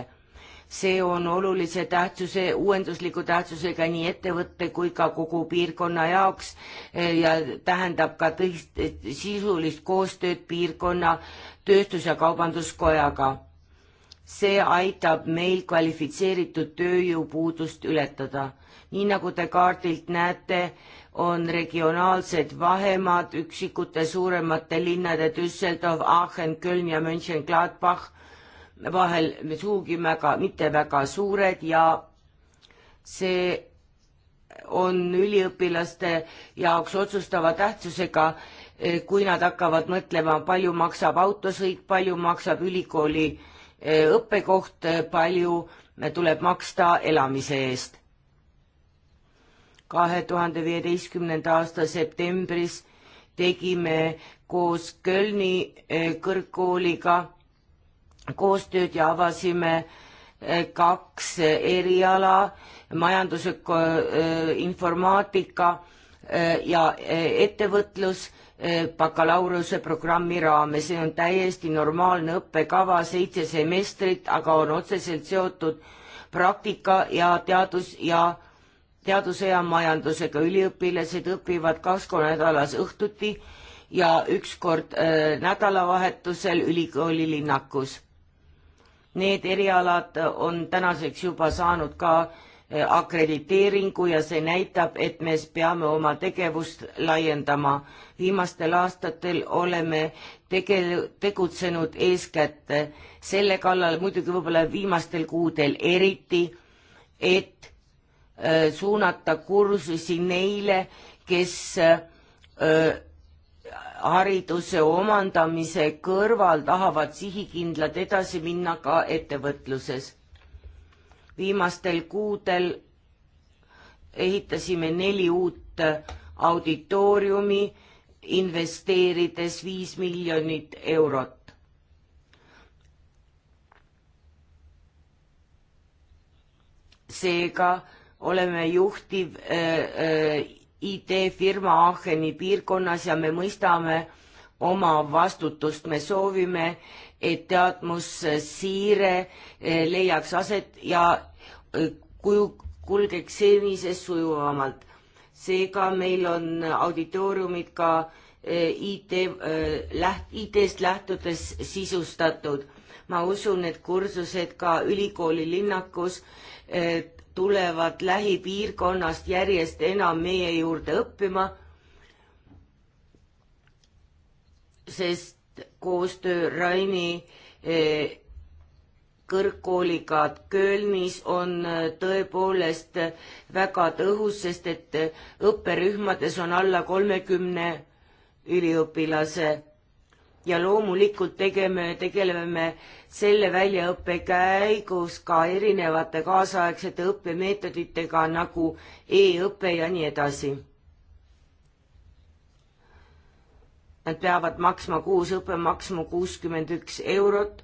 see on olulise tähtsuse, uuendusliku tähtsusega nii ettevõtte kui ka kogu piirkonna jaoks ja tähendab ka tõist, sisulist koostööd piirkonna tööstus- ja kaubanduskojaga. see aitab meil kvalifitseeritud tööjõupuudust ületada. nii nagu te kaardilt näete, on regionaalsed vahemaad üksikute suuremate linnade Düsseldorf, Aachen, Köln ja Mönchengladbach vahel sugugi väga, mitte väga suured ja see on üliõpilaste jaoks otsustava tähtsusega, kui nad hakkavad mõtlema, palju maksab autosõit, palju maksab ülikooli eh, õppekoht, palju tuleb maksta elamise eest. kahe tuhande viieteistkümnenda aasta septembris tegime koos Kölni eh, kõrgkooliga koostööd ja avasime eh, kaks eh, eriala, majandus, eh, informaatika ja ettevõtlus bakalaureuseprogrammi raames, see on täiesti normaalne õppekava, seitse semestrit, aga on otseselt seotud praktika ja teadus ja teaduse ja majandusega. üliõpilased õpivad kaks korda nädalas õhtuti ja üks kord äh, nädalavahetusel ülikooli linnakus. Need erialad on tänaseks juba saanud ka eh, akrediteeringu ja see näitab, et me peame oma tegevust laiendama. viimastel aastatel oleme tege-, tegutsenud eeskätt selle kallal, muidugi võib-olla viimastel kuudel eriti, et eh, suunata kursusi neile, kes öö, eh, hariduse omandamise kõrval tahavad sihikindlad edasi minna ka ettevõtluses. viimastel kuudel ehitasime neli uut auditooriumi, investeerides viis miljonit eurot. seega oleme juhtiv äh, äh, IT-firma Aacheni piirkonnas ja me mõistame oma vastutust, me soovime, et teadmussiire eh, leiaks aset ja eh, kuju, kulgeks senisest sujuvamalt. seega meil on auditooriumid ka eh, IT läht-, IT-st lähtudes sisustatud. ma usun, et kursused ka ülikooli linnakus tulevad lähipiirkonnast järjest enam meie juurde õppima, sest koostöö Raini eh, kõrgkooliga Kölnis on eh, tõepoolest väga tõhus, sest et õpperühmades on alla kolmekümne üliõpilase ja loomulikult tegeme, tegeleme me selle väljaõppe käigus ka erinevate kaasaegsete õppemeetoditega nagu e-õpe ja nii edasi. Nad peavad maksma kuus õppemaksmu kuuskümmend üks eurot,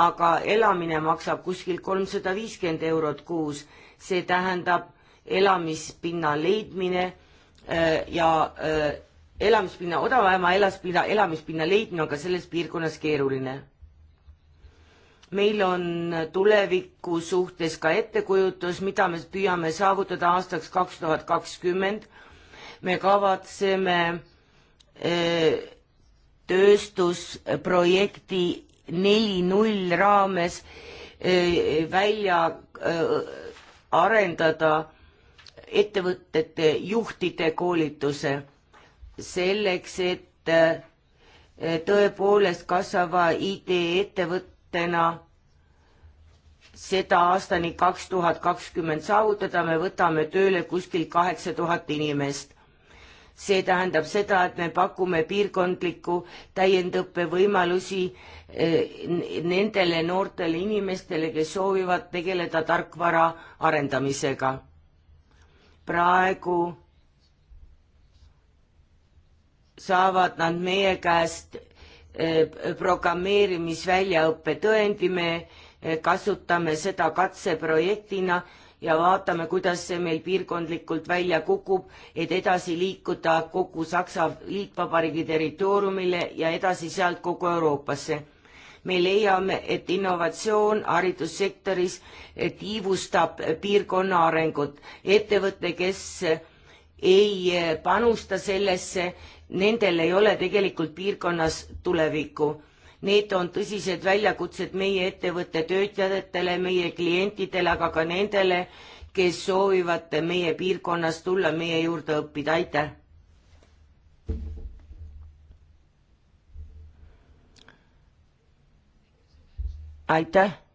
aga elamine maksab kuskil kolmsada viiskümmend eurot kuus, see tähendab elamispinna leidmine äh, ja äh, elamispinna, odavama elaspinna, elamispinna leidmine on ka selles piirkonnas keeruline. meil on tuleviku suhtes ka ettekujutus, mida me püüame saavutada aastaks kaks tuhat kakskümmend. me kavatseme öö, eh, tööstusprojekti neli null raames öö, eh, välja öö, eh, arendada ettevõtete juhtide koolituse selleks, et eh, tõepoolest kasvava IT-ettevõttena seda aastani kaks tuhat kakskümmend saavutada, me võtame tööle kuskil kaheksa tuhat inimest. see tähendab seda, et me pakume piirkondliku täiendõppe võimalusi eh, nendele noortele inimestele, kes soovivad tegeleda tarkvara arendamisega. praegu saavad nad meie käest eh, programmeerimisväljaõppe tõendi, me eh, kasutame seda katseprojektina ja vaatame, kuidas see meil piirkondlikult välja kukub, et edasi liikuda kogu Saksa Liitvabariigi territooriumile ja edasi sealt kogu Euroopasse me leiame, et innovatsioon haridussektoris tiivustab piirkonna arengut. ettevõte, kes ei eh, panusta sellesse, nendel ei ole tegelikult piirkonnas tulevikku. Need on tõsised väljakutsed meie ettevõtte töötajatele, meie klientidele, aga ka nendele, kes soovivad meie piirkonnas tulla meie juurde õppida, aitäh! aitäh!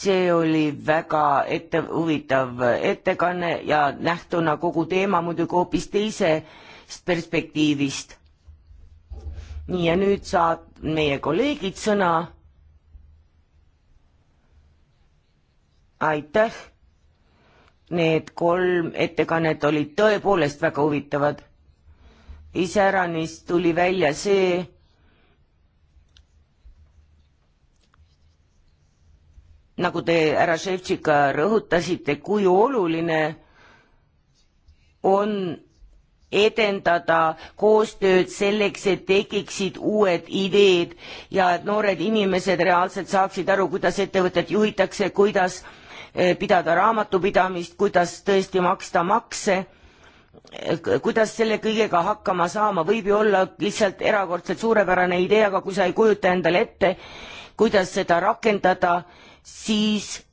see oli väga ette, huvitav ettekanne ja nähtuna kogu teema muidugi hoopis teisest perspektiivist. nii ja nüüd saab meie kolleegid sõna. aitäh. Need kolm ettekannet olid tõepoolest väga huvitavad. iseäranis tuli välja see, nagu te, härra Ševtšik, rõhutasite, kui oluline on edendada koostööd selleks, et tekiksid uued ideed ja et noored inimesed reaalselt saaksid aru, kuidas ettevõtet juhitakse, kuidas eh, pidada raamatupidamist, kuidas tõesti maksta makse, kuidas selle kõigega hakkama saama, võib ju olla lihtsalt erakordselt suurepärane idee, aga kui sa ei kujuta endale ette, kuidas seda rakendada, siis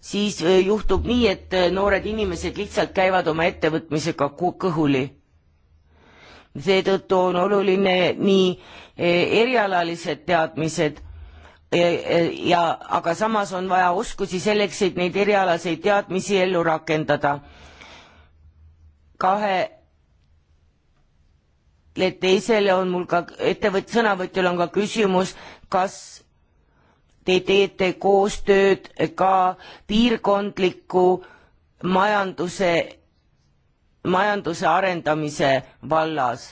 siis äh, juhtub nii, et äh, noored inimesed lihtsalt käivad oma ettevõtmisega kõhuli. seetõttu on oluline nii äh, erialalised teadmised ja, aga samas on vaja oskusi selleks, et neid erialaseid teadmisi ellu rakendada. kahele teisele on mul ka ettevõt-, sõnavõtjal on ka küsimus, kas te teete koostööd ka piirkondliku majanduse, majanduse arendamise vallas.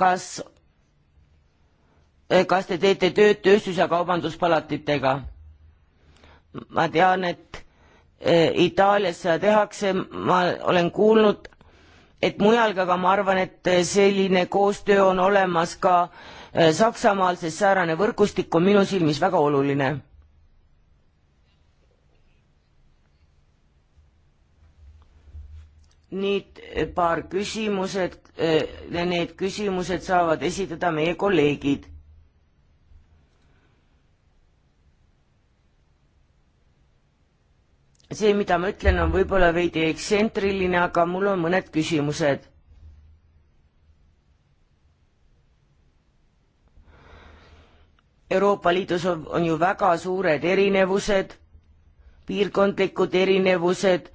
kas, kas te teete tööd tööstus- ja kaubanduspalatitega? ma tean, et e, Itaalias seda tehakse, ma olen kuulnud, et mujalgi, aga ma arvan, et selline koostöö on olemas ka äh, Äh, Saksamaal, sest säärane võrgustik on minu silmis väga oluline nüüd äh, paar küsimused, äh, need küsimused saavad esitada meie kolleegid. see, mida ma ütlen, on võib-olla veidi ekstsentriline, aga mul on mõned küsimused Euroopa Liidus on, on ju väga suured erinevused, piirkondlikud erinevused,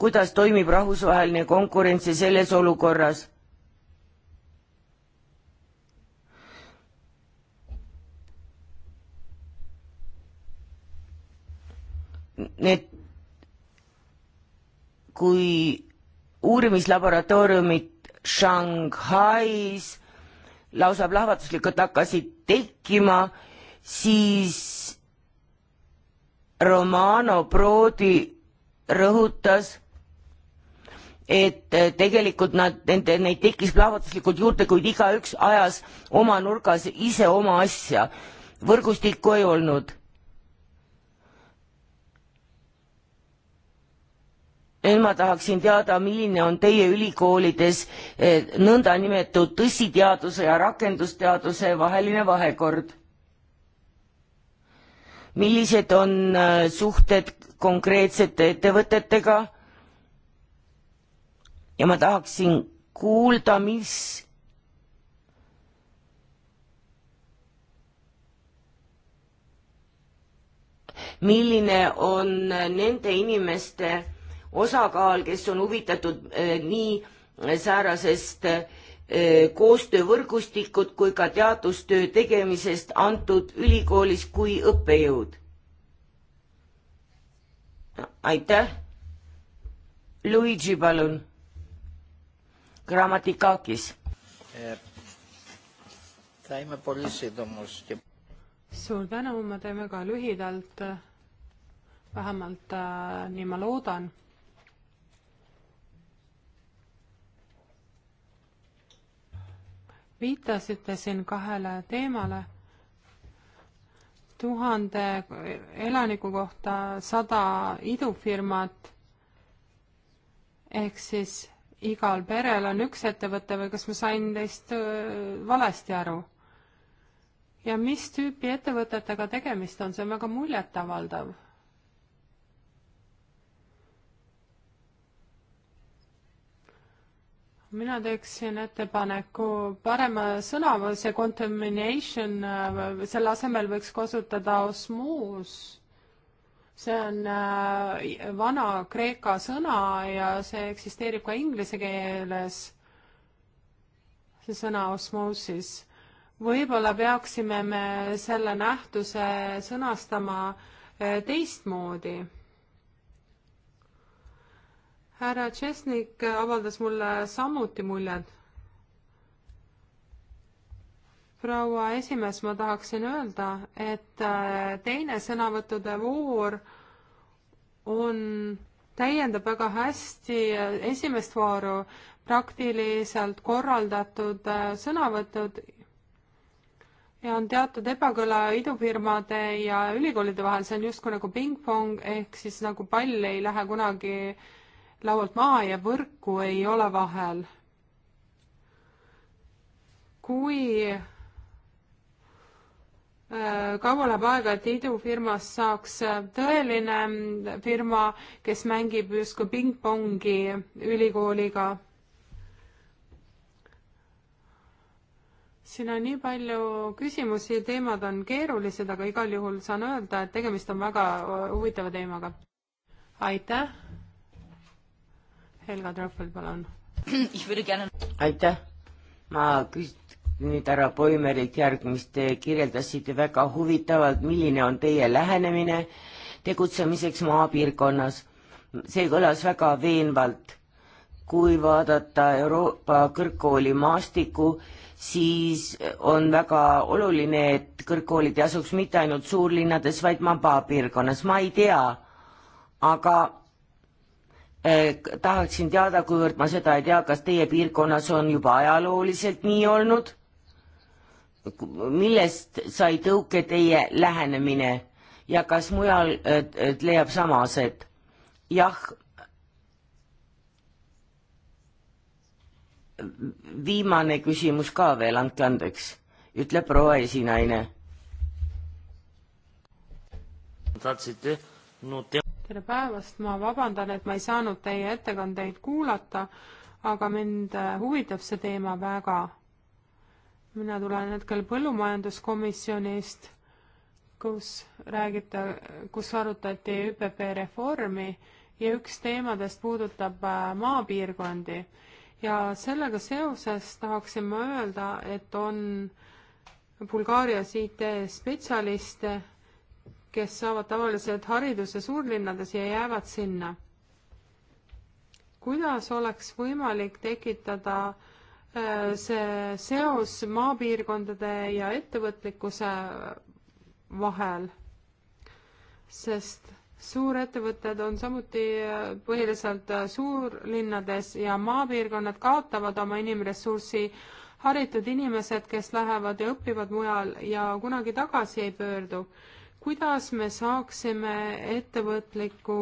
kuidas toimib rahvusvaheline konkurents ja selles olukorras need, kui uurimislaboratooriumid Shanghais lausa plahvatuslikult hakkasid tekkima siis Romano Prodi rõhutas, et eh, tegelikult nad, nende, neid tekkis plahvatuslikult juurde, kuid igaüks ajas oma nurgas ise oma asja. võrgustikku ei olnud. nüüd ma tahaksin teada, milline on teie ülikoolides eh, nõndanimetatud tõsiteaduse ja rakendusteaduse vaheline vahekord millised on äh, suhted konkreetsete ettevõtetega ja ma tahaksin kuulda, mis milline on äh, nende inimeste osakaal, kes on huvitatud äh, nii säärasest äh, Eh, koostöövõrgustikud kui ka teadustöö tegemisest antud ülikoolis kui õppejõud. aitäh. Luigi, palun. grammatikakis. suur tänu, ma teen väga lühidalt, vähemalt äh, nii ma loodan viitasite siin kahele teemale, tuhande elaniku kohta sada idufirmat, ehk siis igal perel on üks ettevõte või kas ma sain teist valesti aru? ja mis tüüpi ettevõtetega tegemist on, see on väga muljetavaldav mina teeksin ettepaneku parema sõna, see contamination, äh, selle asemel võiks kasutada osmoos. see on äh, vana kreeka sõna ja see eksisteerib ka inglise keeles, see sõna osmoosis. võib-olla peaksime me selle nähtuse sõnastama äh, teistmoodi härra Tšesnik avaldas mulle samuti muljet. proua esimees, ma tahaksin öelda, et äh, teine sõnavõttude voor on, täiendab väga hästi äh, esimest vooru, praktiliselt korraldatud äh, sõnavõtud ja on teatud ebakõla idufirmade ja ülikoolide vahel, see on justkui nagu pingpong, ehk siis nagu pall ei lähe kunagi äh, laualt maha ja võrku ei ole vahel. kui äh, kaua läheb aega, et idufirmast saaks äh, tõeline mm, firma, kes mängib justkui pingpongi ülikooliga? siin on nii palju küsimusi, teemad on keerulised, aga igal juhul saan öelda, et tegemist on väga äh, huvitava teemaga. aitäh! Helga Trahvel, palun. aitäh, ma küs-, nüüd härra Poimerilt järgmist, te kirjeldasite väga huvitavalt, milline on teie lähenemine tegutsemiseks maapiirkonnas. see kõlas väga veenvalt. kui vaadata Euroopa kõrgkooli maastikku, siis on väga oluline, et kõrgkoolid ei asuks mitte ainult suurlinnades, vaid maapiirkonnas, ma ei tea, aga Eh, tahaksin teada, kuivõrd ma seda ei tea, kas teie piirkonnas on juba ajalooliselt nii olnud? millest sai tõuke teie lähenemine ja kas mujal et, et leiab sama aset? jah, viimane küsimus ka veel, andke andeks, ütleb proua esinaine. tahtsite, no te tere päevast, ma vabandan, et ma ei saanud teie ettekandeid kuulata, aga mind äh, huvitab see teema väga. mina tulen hetkel põllumajanduskomisjonist, kus räägite, kus arutati ÜPP reformi ja üks teemadest puudutab äh, maapiirkondi. ja sellega seoses tahaksin ma öelda, et on Bulgaarias IT-spetsialiste kes saavad tavaliselt hariduse suurlinnades ja jäävad sinna. kuidas oleks võimalik tekitada äh, see seos maapiirkondade ja ettevõtlikkuse vahel, sest suurettevõtted on samuti äh, põhiliselt äh, suurlinnades ja maapiirkonnad kaotavad oma inimressursi haritud inimesed, kes lähevad ja õpivad mujal ja kunagi tagasi ei pöördu kuidas me saaksime ettevõtlikku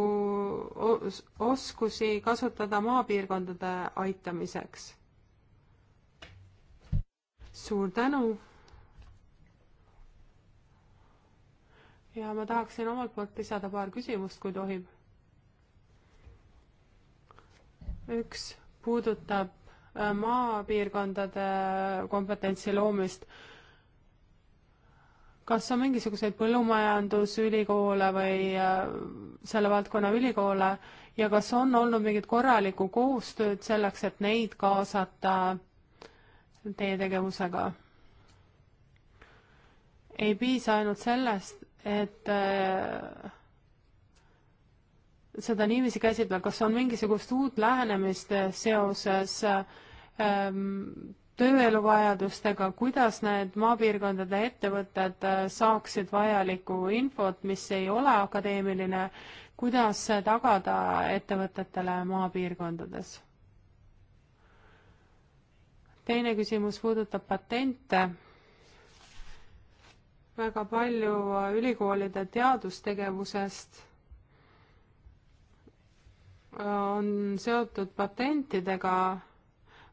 os oskusi kasutada maapiirkondade aitamiseks? suur tänu! ja ma tahaksin omalt poolt lisada paar küsimust, kui tohib. üks puudutab äh, maapiirkondade kompetentsi loomist kas on mingisuguseid põllumajandusülikoole või äh, selle valdkonna ülikoole ja kas on olnud mingit korralikku koostööd selleks, et neid kaasata teie tegevusega? ei piisa ainult sellest, et äh, seda niiviisi käsitleda, kas on mingisugust uut lähenemist äh, seoses ähm, tööeluvajadustega, kuidas need maapiirkondade ettevõtted äh, saaksid vajalikku infot, mis ei ole akadeemiline, kuidas tagada ettevõtetele maapiirkondades? teine küsimus puudutab patente väga palju äh, ülikoolide teadustegevusest äh, on seotud patentidega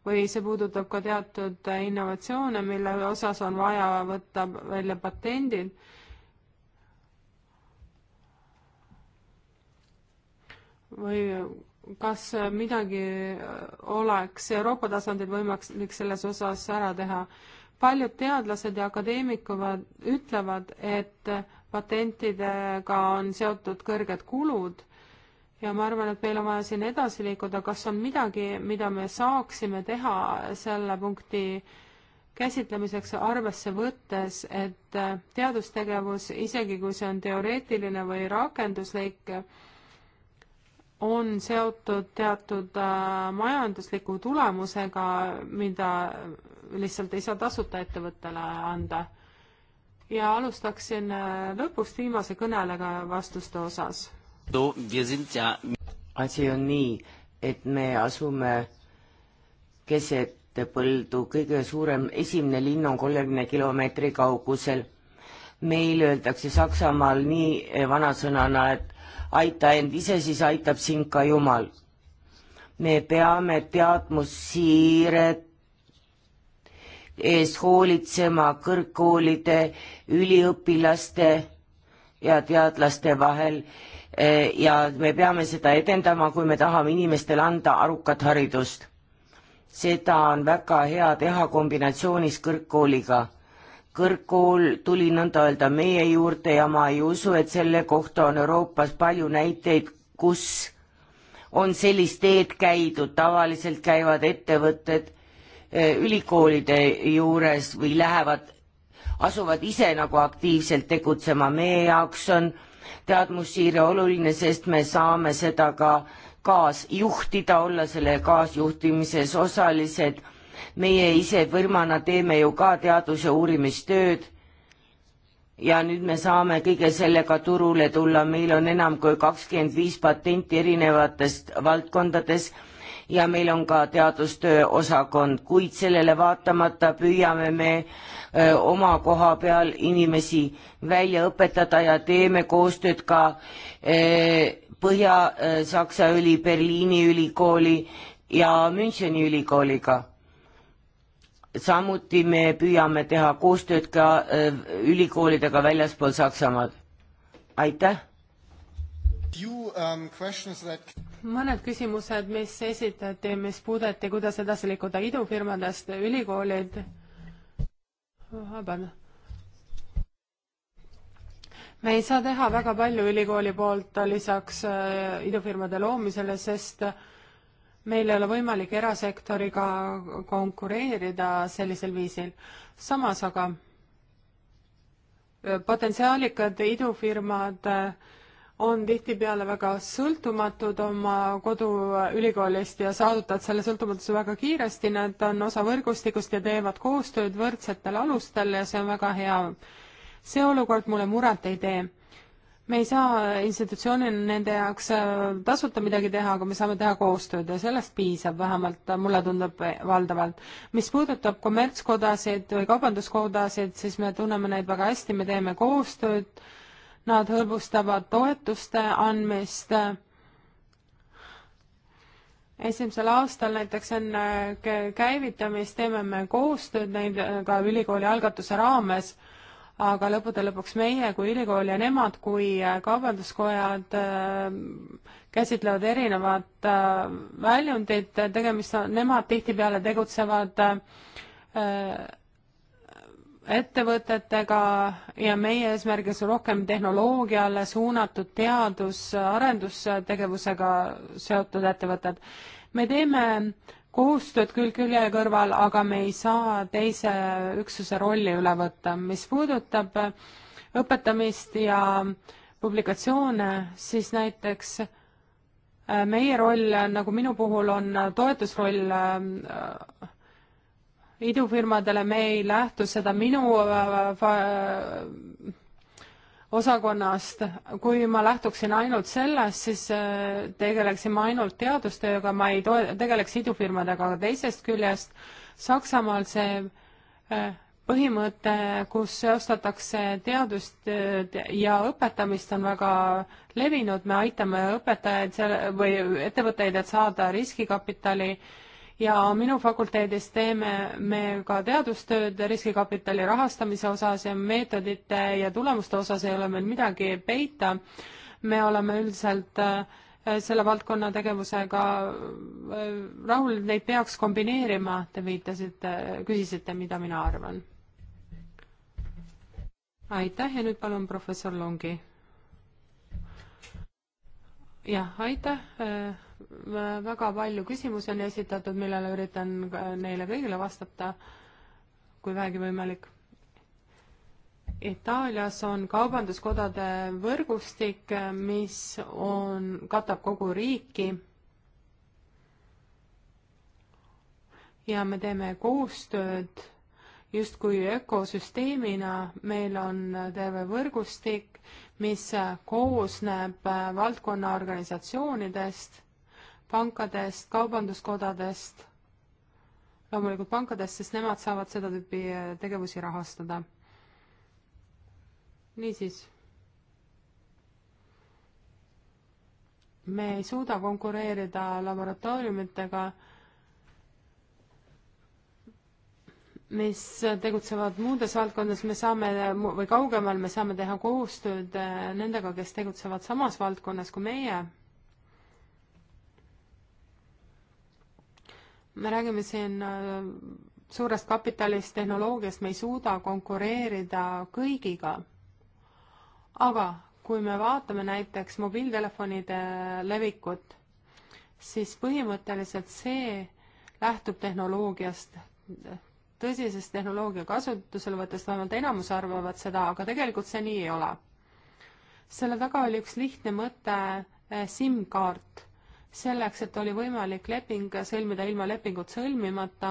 või see puudutab ka teatud innovatsioone, mille osas on vaja võtta välja patendid. või kas midagi oleks Euroopa tasandil võimalik selles osas ära teha? paljud teadlased ja akadeemikud ütlevad, et patentidega on seotud kõrged kulud ja ma arvan, et meil on vaja siin edasi liikuda, kas on midagi, mida me saaksime teha selle punkti käsitlemiseks arvesse võttes, et äh, teadustegevus, isegi kui see on teoreetiline või rakenduslik, on seotud teatud äh, majandusliku tulemusega, mida lihtsalt ei saa tasuta ettevõttele anda. ja alustaksin äh, lõpust viimase kõnelega vastuste osas asi on nii, et me asume keset põldu, kõige suurem, esimene linn on kolmekümne kilomeetri kaugusel. meil öeldakse Saksamaal nii vanasõnana, et aita end ise, siis aitab sind ka Jumal. me peame teadmussiiret eest hoolitsema kõrgkoolide, üliõpilaste ja teadlaste vahel Eh, ja me peame seda edendama, kui me tahame inimestele anda arukat haridust. seda on väga hea teha kombinatsioonis kõrgkooliga. kõrgkool tuli nõnda öelda meie juurde ja ma ei usu, et selle kohta on Euroopas palju näiteid, kus on sellist teed käidud, tavaliselt käivad ettevõtted eh, ülikoolide juures või lähevad, asuvad ise nagu aktiivselt tegutsema, meie jaoks on äh, teadmussiire oluline, sest me saame seda ka kaasjuhtida, olla selle kaasjuhtimises osalised. meie ise firmana teeme ju ka teadus- ja uurimistööd. ja nüüd me saame kõige sellega turule tulla, meil on enam kui kakskümmend viis patenti erinevatest valdkondades ja meil on ka teadustöö osakond, kuid sellele vaatamata püüame me oma koha peal inimesi välja õpetada ja teeme koostööd ka Põhja-Saksa üli, Berliini ülikooli ja Müncheni ülikooliga. samuti me püüame teha koostööd ka ülikoolidega väljaspool Saksamaad. aitäh! Um, mõned küsimused, mis esitati, mis puudeti, kuidas edasi liikuda idufirmadest ülikoolid vaban. me ei saa teha väga palju ülikooli poolt lisaks äh, idufirmade loomisele, sest meil ei ole võimalik erasektoriga konkureerida sellisel viisil. samas aga äh, potentsiaalikad idufirmad äh, on tihtipeale väga sõltumatud oma koduülikoolist ja saavutavad selle sõltumatuse väga kiiresti, nad on osa võrgustikust ja teevad koostööd võrdsetel alustel ja see on väga hea. see olukord mulle muret ei tee. me ei saa institutsioonina nende jaoks äh, tasuta midagi teha, aga me saame teha koostööd ja sellest piisab vähemalt, äh, mulle tundub äh, valdavalt. mis puudutab kommertskodasid või kaubanduskodasid, siis me tunneme neid väga hästi, me teeme koostööd Nad hõlbustavad toetuste andmist. esimesel aastal näiteks enne äh, käivitamist teeme me koostööd nendega äh, ülikooli algatuse raames, aga lõppude lõpuks meie kui ülikool ja nemad kui äh, kaubanduskojad käsitlevad erinevat väljundit, tegemist on, nemad tihtipeale tegutsevad äh, ettevõtetega ja meie eesmärgis rohkem tehnoloogiale suunatud teadus-arendustegevusega seotud ettevõtted. me teeme koostööd küll külje kõrval, aga me ei saa teise üksuse rolli üle võtta. mis puudutab õpetamist ja publikatsioone, siis näiteks äh, meie roll, nagu minu puhul on toetusroll äh, idufirmadele, me ei lähtu seda minu äh, osakonnast, kui ma lähtuksin ainult sellest, siis äh, tegeleksin ma ainult teadustööga, ma ei toe-, tegeleks idufirmadega, aga teisest küljest Saksamaal see äh, põhimõte, kus seostatakse teadust ja õpetamist, on väga levinud, me aitame õpetajaid selle, või ettevõtteid, et saada riskikapitali äh, ja minu fakulteedis teeme me ka teadustööd riskikapitali rahastamise osas ja meetodite ja tulemuste osas ei ole meil midagi peita. me oleme üldiselt äh, selle valdkonna tegevusega äh, rahul, neid peaks kombineerima, te viitasite, küsisite, mida mina arvan. aitäh ja nüüd palun professor Longi. jah, aitäh äh, väga palju küsimusi on esitatud, millele üritan neile kõigile vastata, kui vähegi võimalik. Itaalias on kaubanduskodade võrgustik, mis on, katab kogu riiki. ja me teeme koostööd justkui ökosüsteemina, meil on terve võrgustik, mis koosneb valdkonna organisatsioonidest pankadest, kaubanduskodadest, loomulikult pankadest, sest nemad saavad seda tüüpi eh, tegevusi rahastada. niisiis, me ei suuda konkureerida laboratooriumitega, mis tegutsevad muudes valdkondades, me saame või kaugemal me saame teha koostööd eh, nendega, kes tegutsevad samas valdkonnas kui meie me räägime siin äh, suurest kapitalist, tehnoloogiast, me ei suuda konkureerida kõigiga. aga kui me vaatame näiteks mobiiltelefonide levikut, siis põhimõtteliselt see lähtub tehnoloogiast, tõsisest tehnoloogia kasutuselevõttest, vähemalt enamus arvavad seda, aga tegelikult see nii ei ole. selle taga oli üks lihtne mõte, äh, SIM-kaart selleks, et oli võimalik leping sõlmida ilma lepingut sõlmimata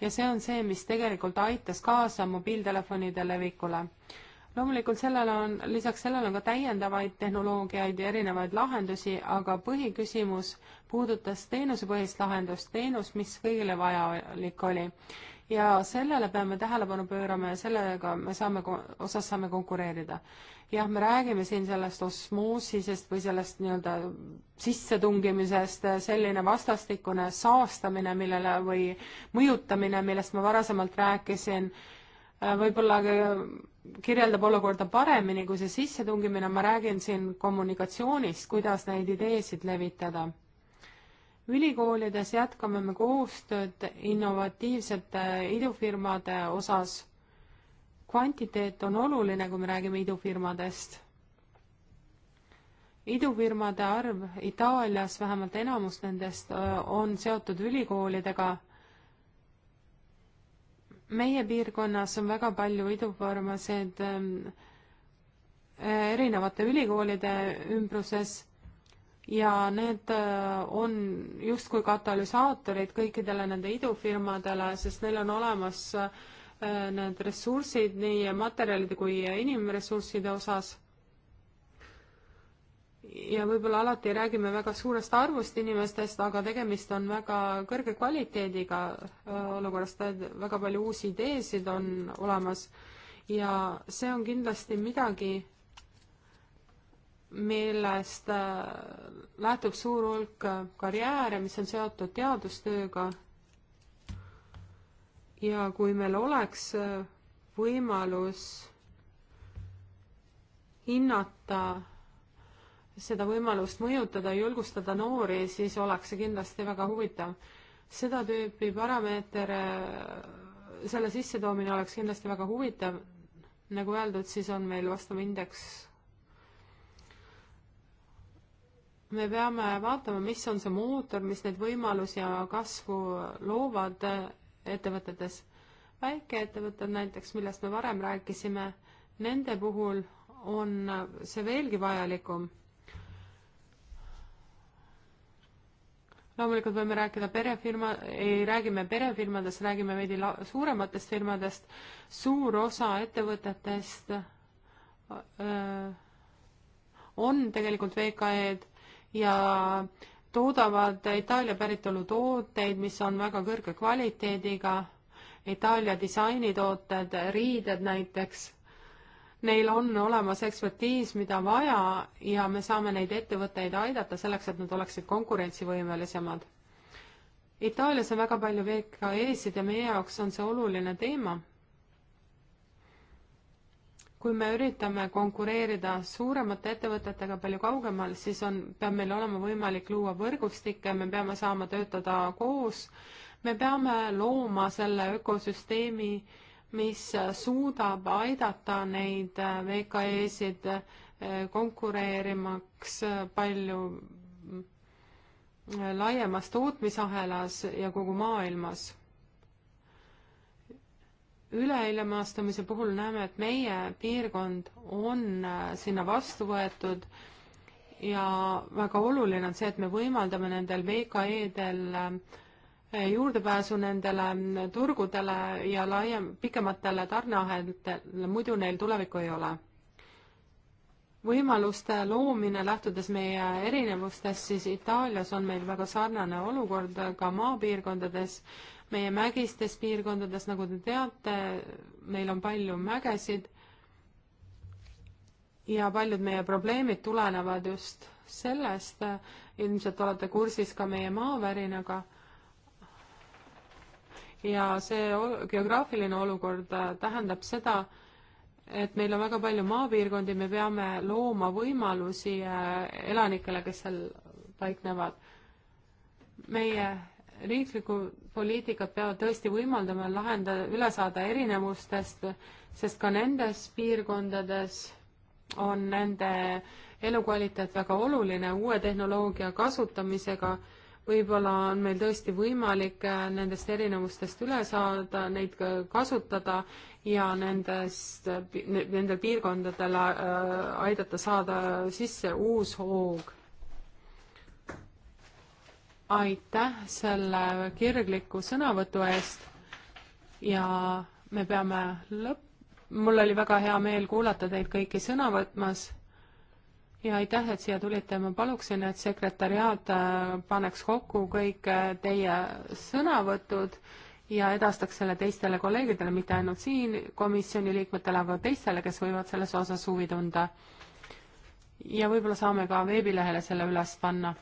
ja see on see, mis tegelikult aitas kaasa mobiiltelefonide levikule. loomulikult sellele on, lisaks sellele on ka täiendavaid tehnoloogiaid ja erinevaid lahendusi, aga põhiküsimus puudutas teenusepõhist lahendust, teenus, mis kõigile vajalik oli ja sellele peame tähelepanu pöörama ja sellega me saame, osas saame konkureerida. jah, me räägime siin sellest osmoosisest või sellest nii-öelda sissetungimisest, selline vastastikune saastamine, millele või mõjutamine, millest ma varasemalt rääkisin, võib-olla kirjeldab olukorda paremini kui see sissetungimine, ma räägin siin kommunikatsioonist, kuidas neid ideesid levitada ülikoolides jätkame me koostööd innovatiivsete idufirmade osas. kvantiteet on oluline, kui me räägime idufirmadest. idufirmade arv Itaalias, vähemalt enamus nendest, on seotud ülikoolidega. meie piirkonnas on väga palju idufirmasid erinevate ülikoolide ümbruses ja need äh, on justkui katalüsaatorid kõikidele nende idufirmadele, sest neil on olemas äh, need ressursid nii materjalide kui inimressursside osas. ja võib-olla alati räägime väga suurest arvust inimestest, aga tegemist on väga kõrge kvaliteediga äh, olukorrast, väga palju uusi ideesid on olemas ja see on kindlasti midagi, millest äh, lähtub suur hulk äh, karjääre, mis on seotud teadustööga. ja kui meil oleks äh, võimalus hinnata seda võimalust mõjutada, julgustada noori, siis oleks see kindlasti väga huvitav. seda tüüpi parameeter, selle sissetoomine oleks kindlasti väga huvitav. nagu öeldud, siis on meil vastav indeks me peame vaatama, mis on see mootor, mis neid võimalusi ja kasvu loovad ettevõtetes. väikeettevõtted näiteks, millest me varem rääkisime, nende puhul on see veelgi vajalikum. loomulikult võime rääkida perefirma, ei räägime perefirmadest, räägime veidi la-, suurematest firmadest, suur osa ettevõtetest öö, on tegelikult VKE-d ja toodavad Itaalia päritolu tooteid, mis on väga kõrge kvaliteediga, Itaalia disainitooted, riided näiteks. Neil on olemas ekspertiis, mida vaja ja me saame neid ettevõtteid aidata selleks, et nad oleksid konkurentsivõimelisemad. Itaalias on väga palju VKE-sid ja meie jaoks on see oluline teema kui me üritame konkureerida suuremate ettevõtetega palju kaugemal, siis on, peab meil olema võimalik luua võrgustikke, me peame saama töötada koos, me peame looma selle ökosüsteemi, mis suudab aidata neid VKE-sid eh, konkureerimaks palju mm, laiemas tootmisahelas ja kogu maailmas üleilmastumise puhul näeme, et meie piirkond on äh, sinna vastu võetud ja väga oluline on see, et me võimaldame nendel VKE-del äh, juurdepääsu nendele äh, turgudele ja laiem, pikematele tarneahelatele, muidu neil tulevikku ei ole. võimaluste loomine, lähtudes meie erinevustest, siis Itaalias on meil väga sarnane olukord ka maapiirkondades meie mägistes piirkondades, nagu te teate, meil on palju mägesid ja paljud meie probleemid tulenevad just sellest, ilmselt olete kursis ka meie maavärinaga ja see ol geograafiline olukord äh, tähendab seda, et meil on väga palju maapiirkondi, me peame looma võimalusi äh, elanikele, kes seal paiknevad. meie riiklikud poliitikad peavad tõesti võimaldama lahenda, üle saada erinevustest, sest ka nendes piirkondades on nende elukvaliteet väga oluline uue tehnoloogia kasutamisega. võib-olla on meil tõesti võimalik äh, nendest erinevustest üle saada, neid ka kasutada ja nendest, äh, nendel piirkondadel äh, aidata saada sisse uus hoog aitäh selle kirgliku sõnavõtu eest ja me peame lõpp, mul oli väga hea meel kuulata teid kõiki sõna võtmas ja aitäh, et siia tulite, ma paluksin, et sekretäriaat äh, paneks kokku kõik äh, teie sõnavõtud ja edastaks selle teistele kolleegidele, mitte ainult siin komisjoni liikmetele, aga teistele, kes võivad selles osas huvi tunda. ja võib-olla saame ka veebilehele selle üles panna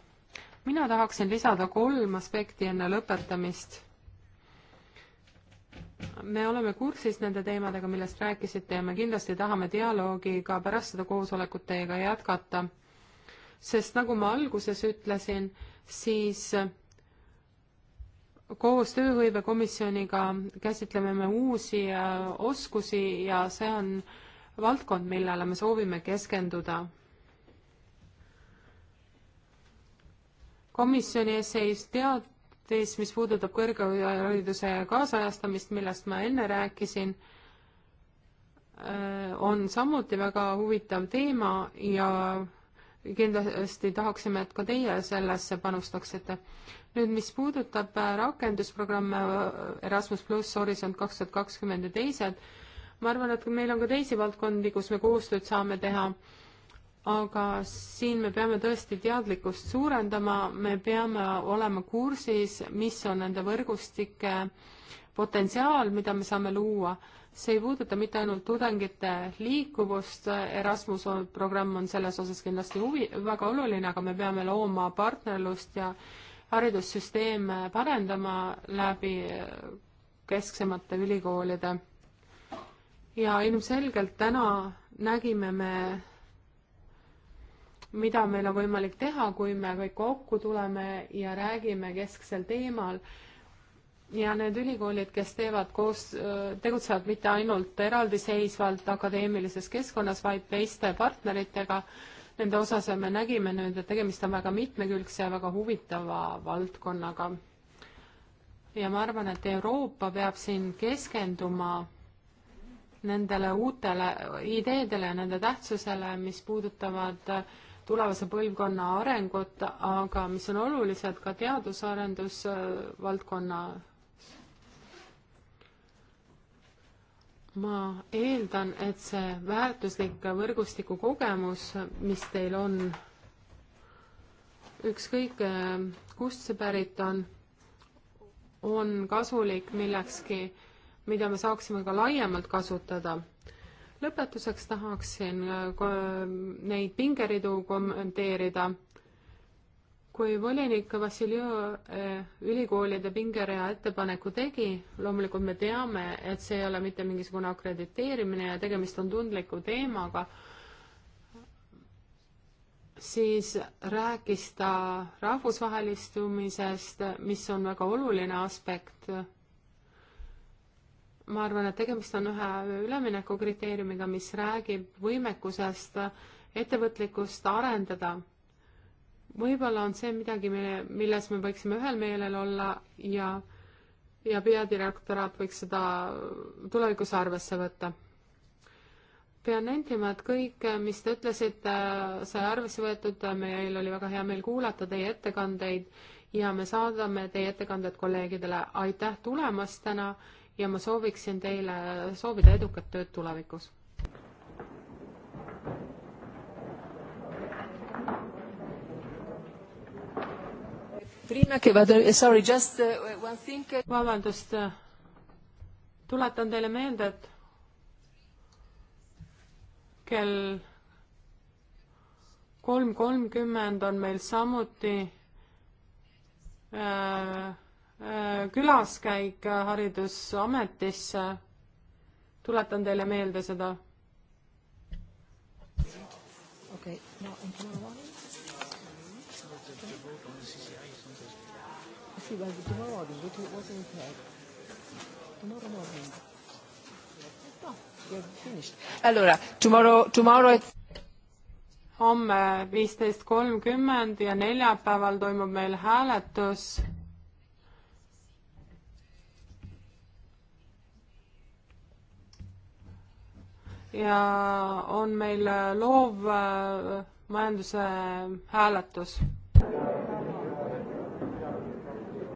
mina tahaksin lisada kolm aspekti enne lõpetamist. me oleme kursis nende teemadega, millest rääkisite ja me kindlasti tahame dialoogi ka pärast seda koosolekut teiega jätkata. sest nagu ma alguses ütlesin, siis koos tööhõivekomisjoniga käsitleme me uusi äh, oskusi ja see on valdkond, millele me soovime keskenduda komisjoni ees seis teatis, mis puudutab kõrghariduse kaasajastamist, millest ma enne rääkisin, äh, on samuti väga huvitav teema ja kindlasti tahaksime, et ka teie sellesse panustaksite. nüüd, mis puudutab äh, rakendusprogramme äh, Erasmus pluss, Horisont kaks tuhat kakskümmend ja teised, ma arvan, et meil on ka teisi valdkondi, kus me koostööd saame teha aga siin me peame tõesti teadlikkust suurendama, me peame olema kursis, mis on nende võrgustike potentsiaal, mida me saame luua. see ei puuduta mitte ainult tudengite liikuvust, Erasmus programm on selles osas kindlasti huvi, väga oluline, aga me peame looma partnerlust ja haridussüsteeme parendama läbi kesksemate ülikoolide. ja ilmselgelt täna nägime me mida meil on võimalik teha, kui me kõik kokku tuleme ja räägime kesksel teemal. ja need ülikoolid, kes teevad koos, tegutsevad mitte ainult eraldiseisvalt akadeemilises keskkonnas, vaid teiste partneritega, nende osas me nägime nüüd, et tegemist on väga mitmekülgse ja väga huvitava valdkonnaga. ja ma arvan, et Euroopa peab siin keskenduma nendele uutele ideedele ja nende tähtsusele, mis puudutavad äh, tulevase põlvkonna arengut, aga mis on olulised ka teadus-arendusvaldkonna ma eeldan, et see väärtuslik võrgustiku kogemus, mis teil on, ükskõik kust see pärit on, on kasulik millekski, mida me saaksime ka laiemalt kasutada lõpetuseks tahaksin äh, neid pingeridu kommenteerida. kui volinik Vassiljev äh, ülikoolide pingerea ettepaneku tegi, loomulikult me teame, et see ei ole mitte mingisugune akrediteerimine ja tegemist on tundliku teemaga, siis rääkis ta rahvusvahelistumisest, mis on väga oluline aspekt ma arvan, et tegemist on ühe üleminekukriteeriumiga, mis räägib võimekusest ettevõtlikkust arendada. võib-olla on see midagi, mille, milles me võiksime ühel meelel olla ja, ja peadirektoraat võiks seda tulevikus arvesse võtta. pean nentima, et kõik, mis te ütlesite, sai arvesse võetud, meil oli väga hea meel kuulata teie ettekandeid ja me saadame teie ettekanded kolleegidele. aitäh tulemast täna ja ma sooviksin teile soovida edukat tööd tulevikus. Eh, eh, vabandust, tuletan teile meelde, et kell kolm kolmkümmend on meil samuti äh, Äh, külaskäik äh, Haridusametisse. tuletan teile meelde seda. okei okay., no on täna vaja. see was tomorrow morning, which wasn't had. Tomorrow morning. No, oh, we have finished. Allora, tomorrow, tomorrow at homme viisteist kolmkümmend ja neljapäeval toimub meil hääletus ja on meil loovmajanduse äh, hääletus.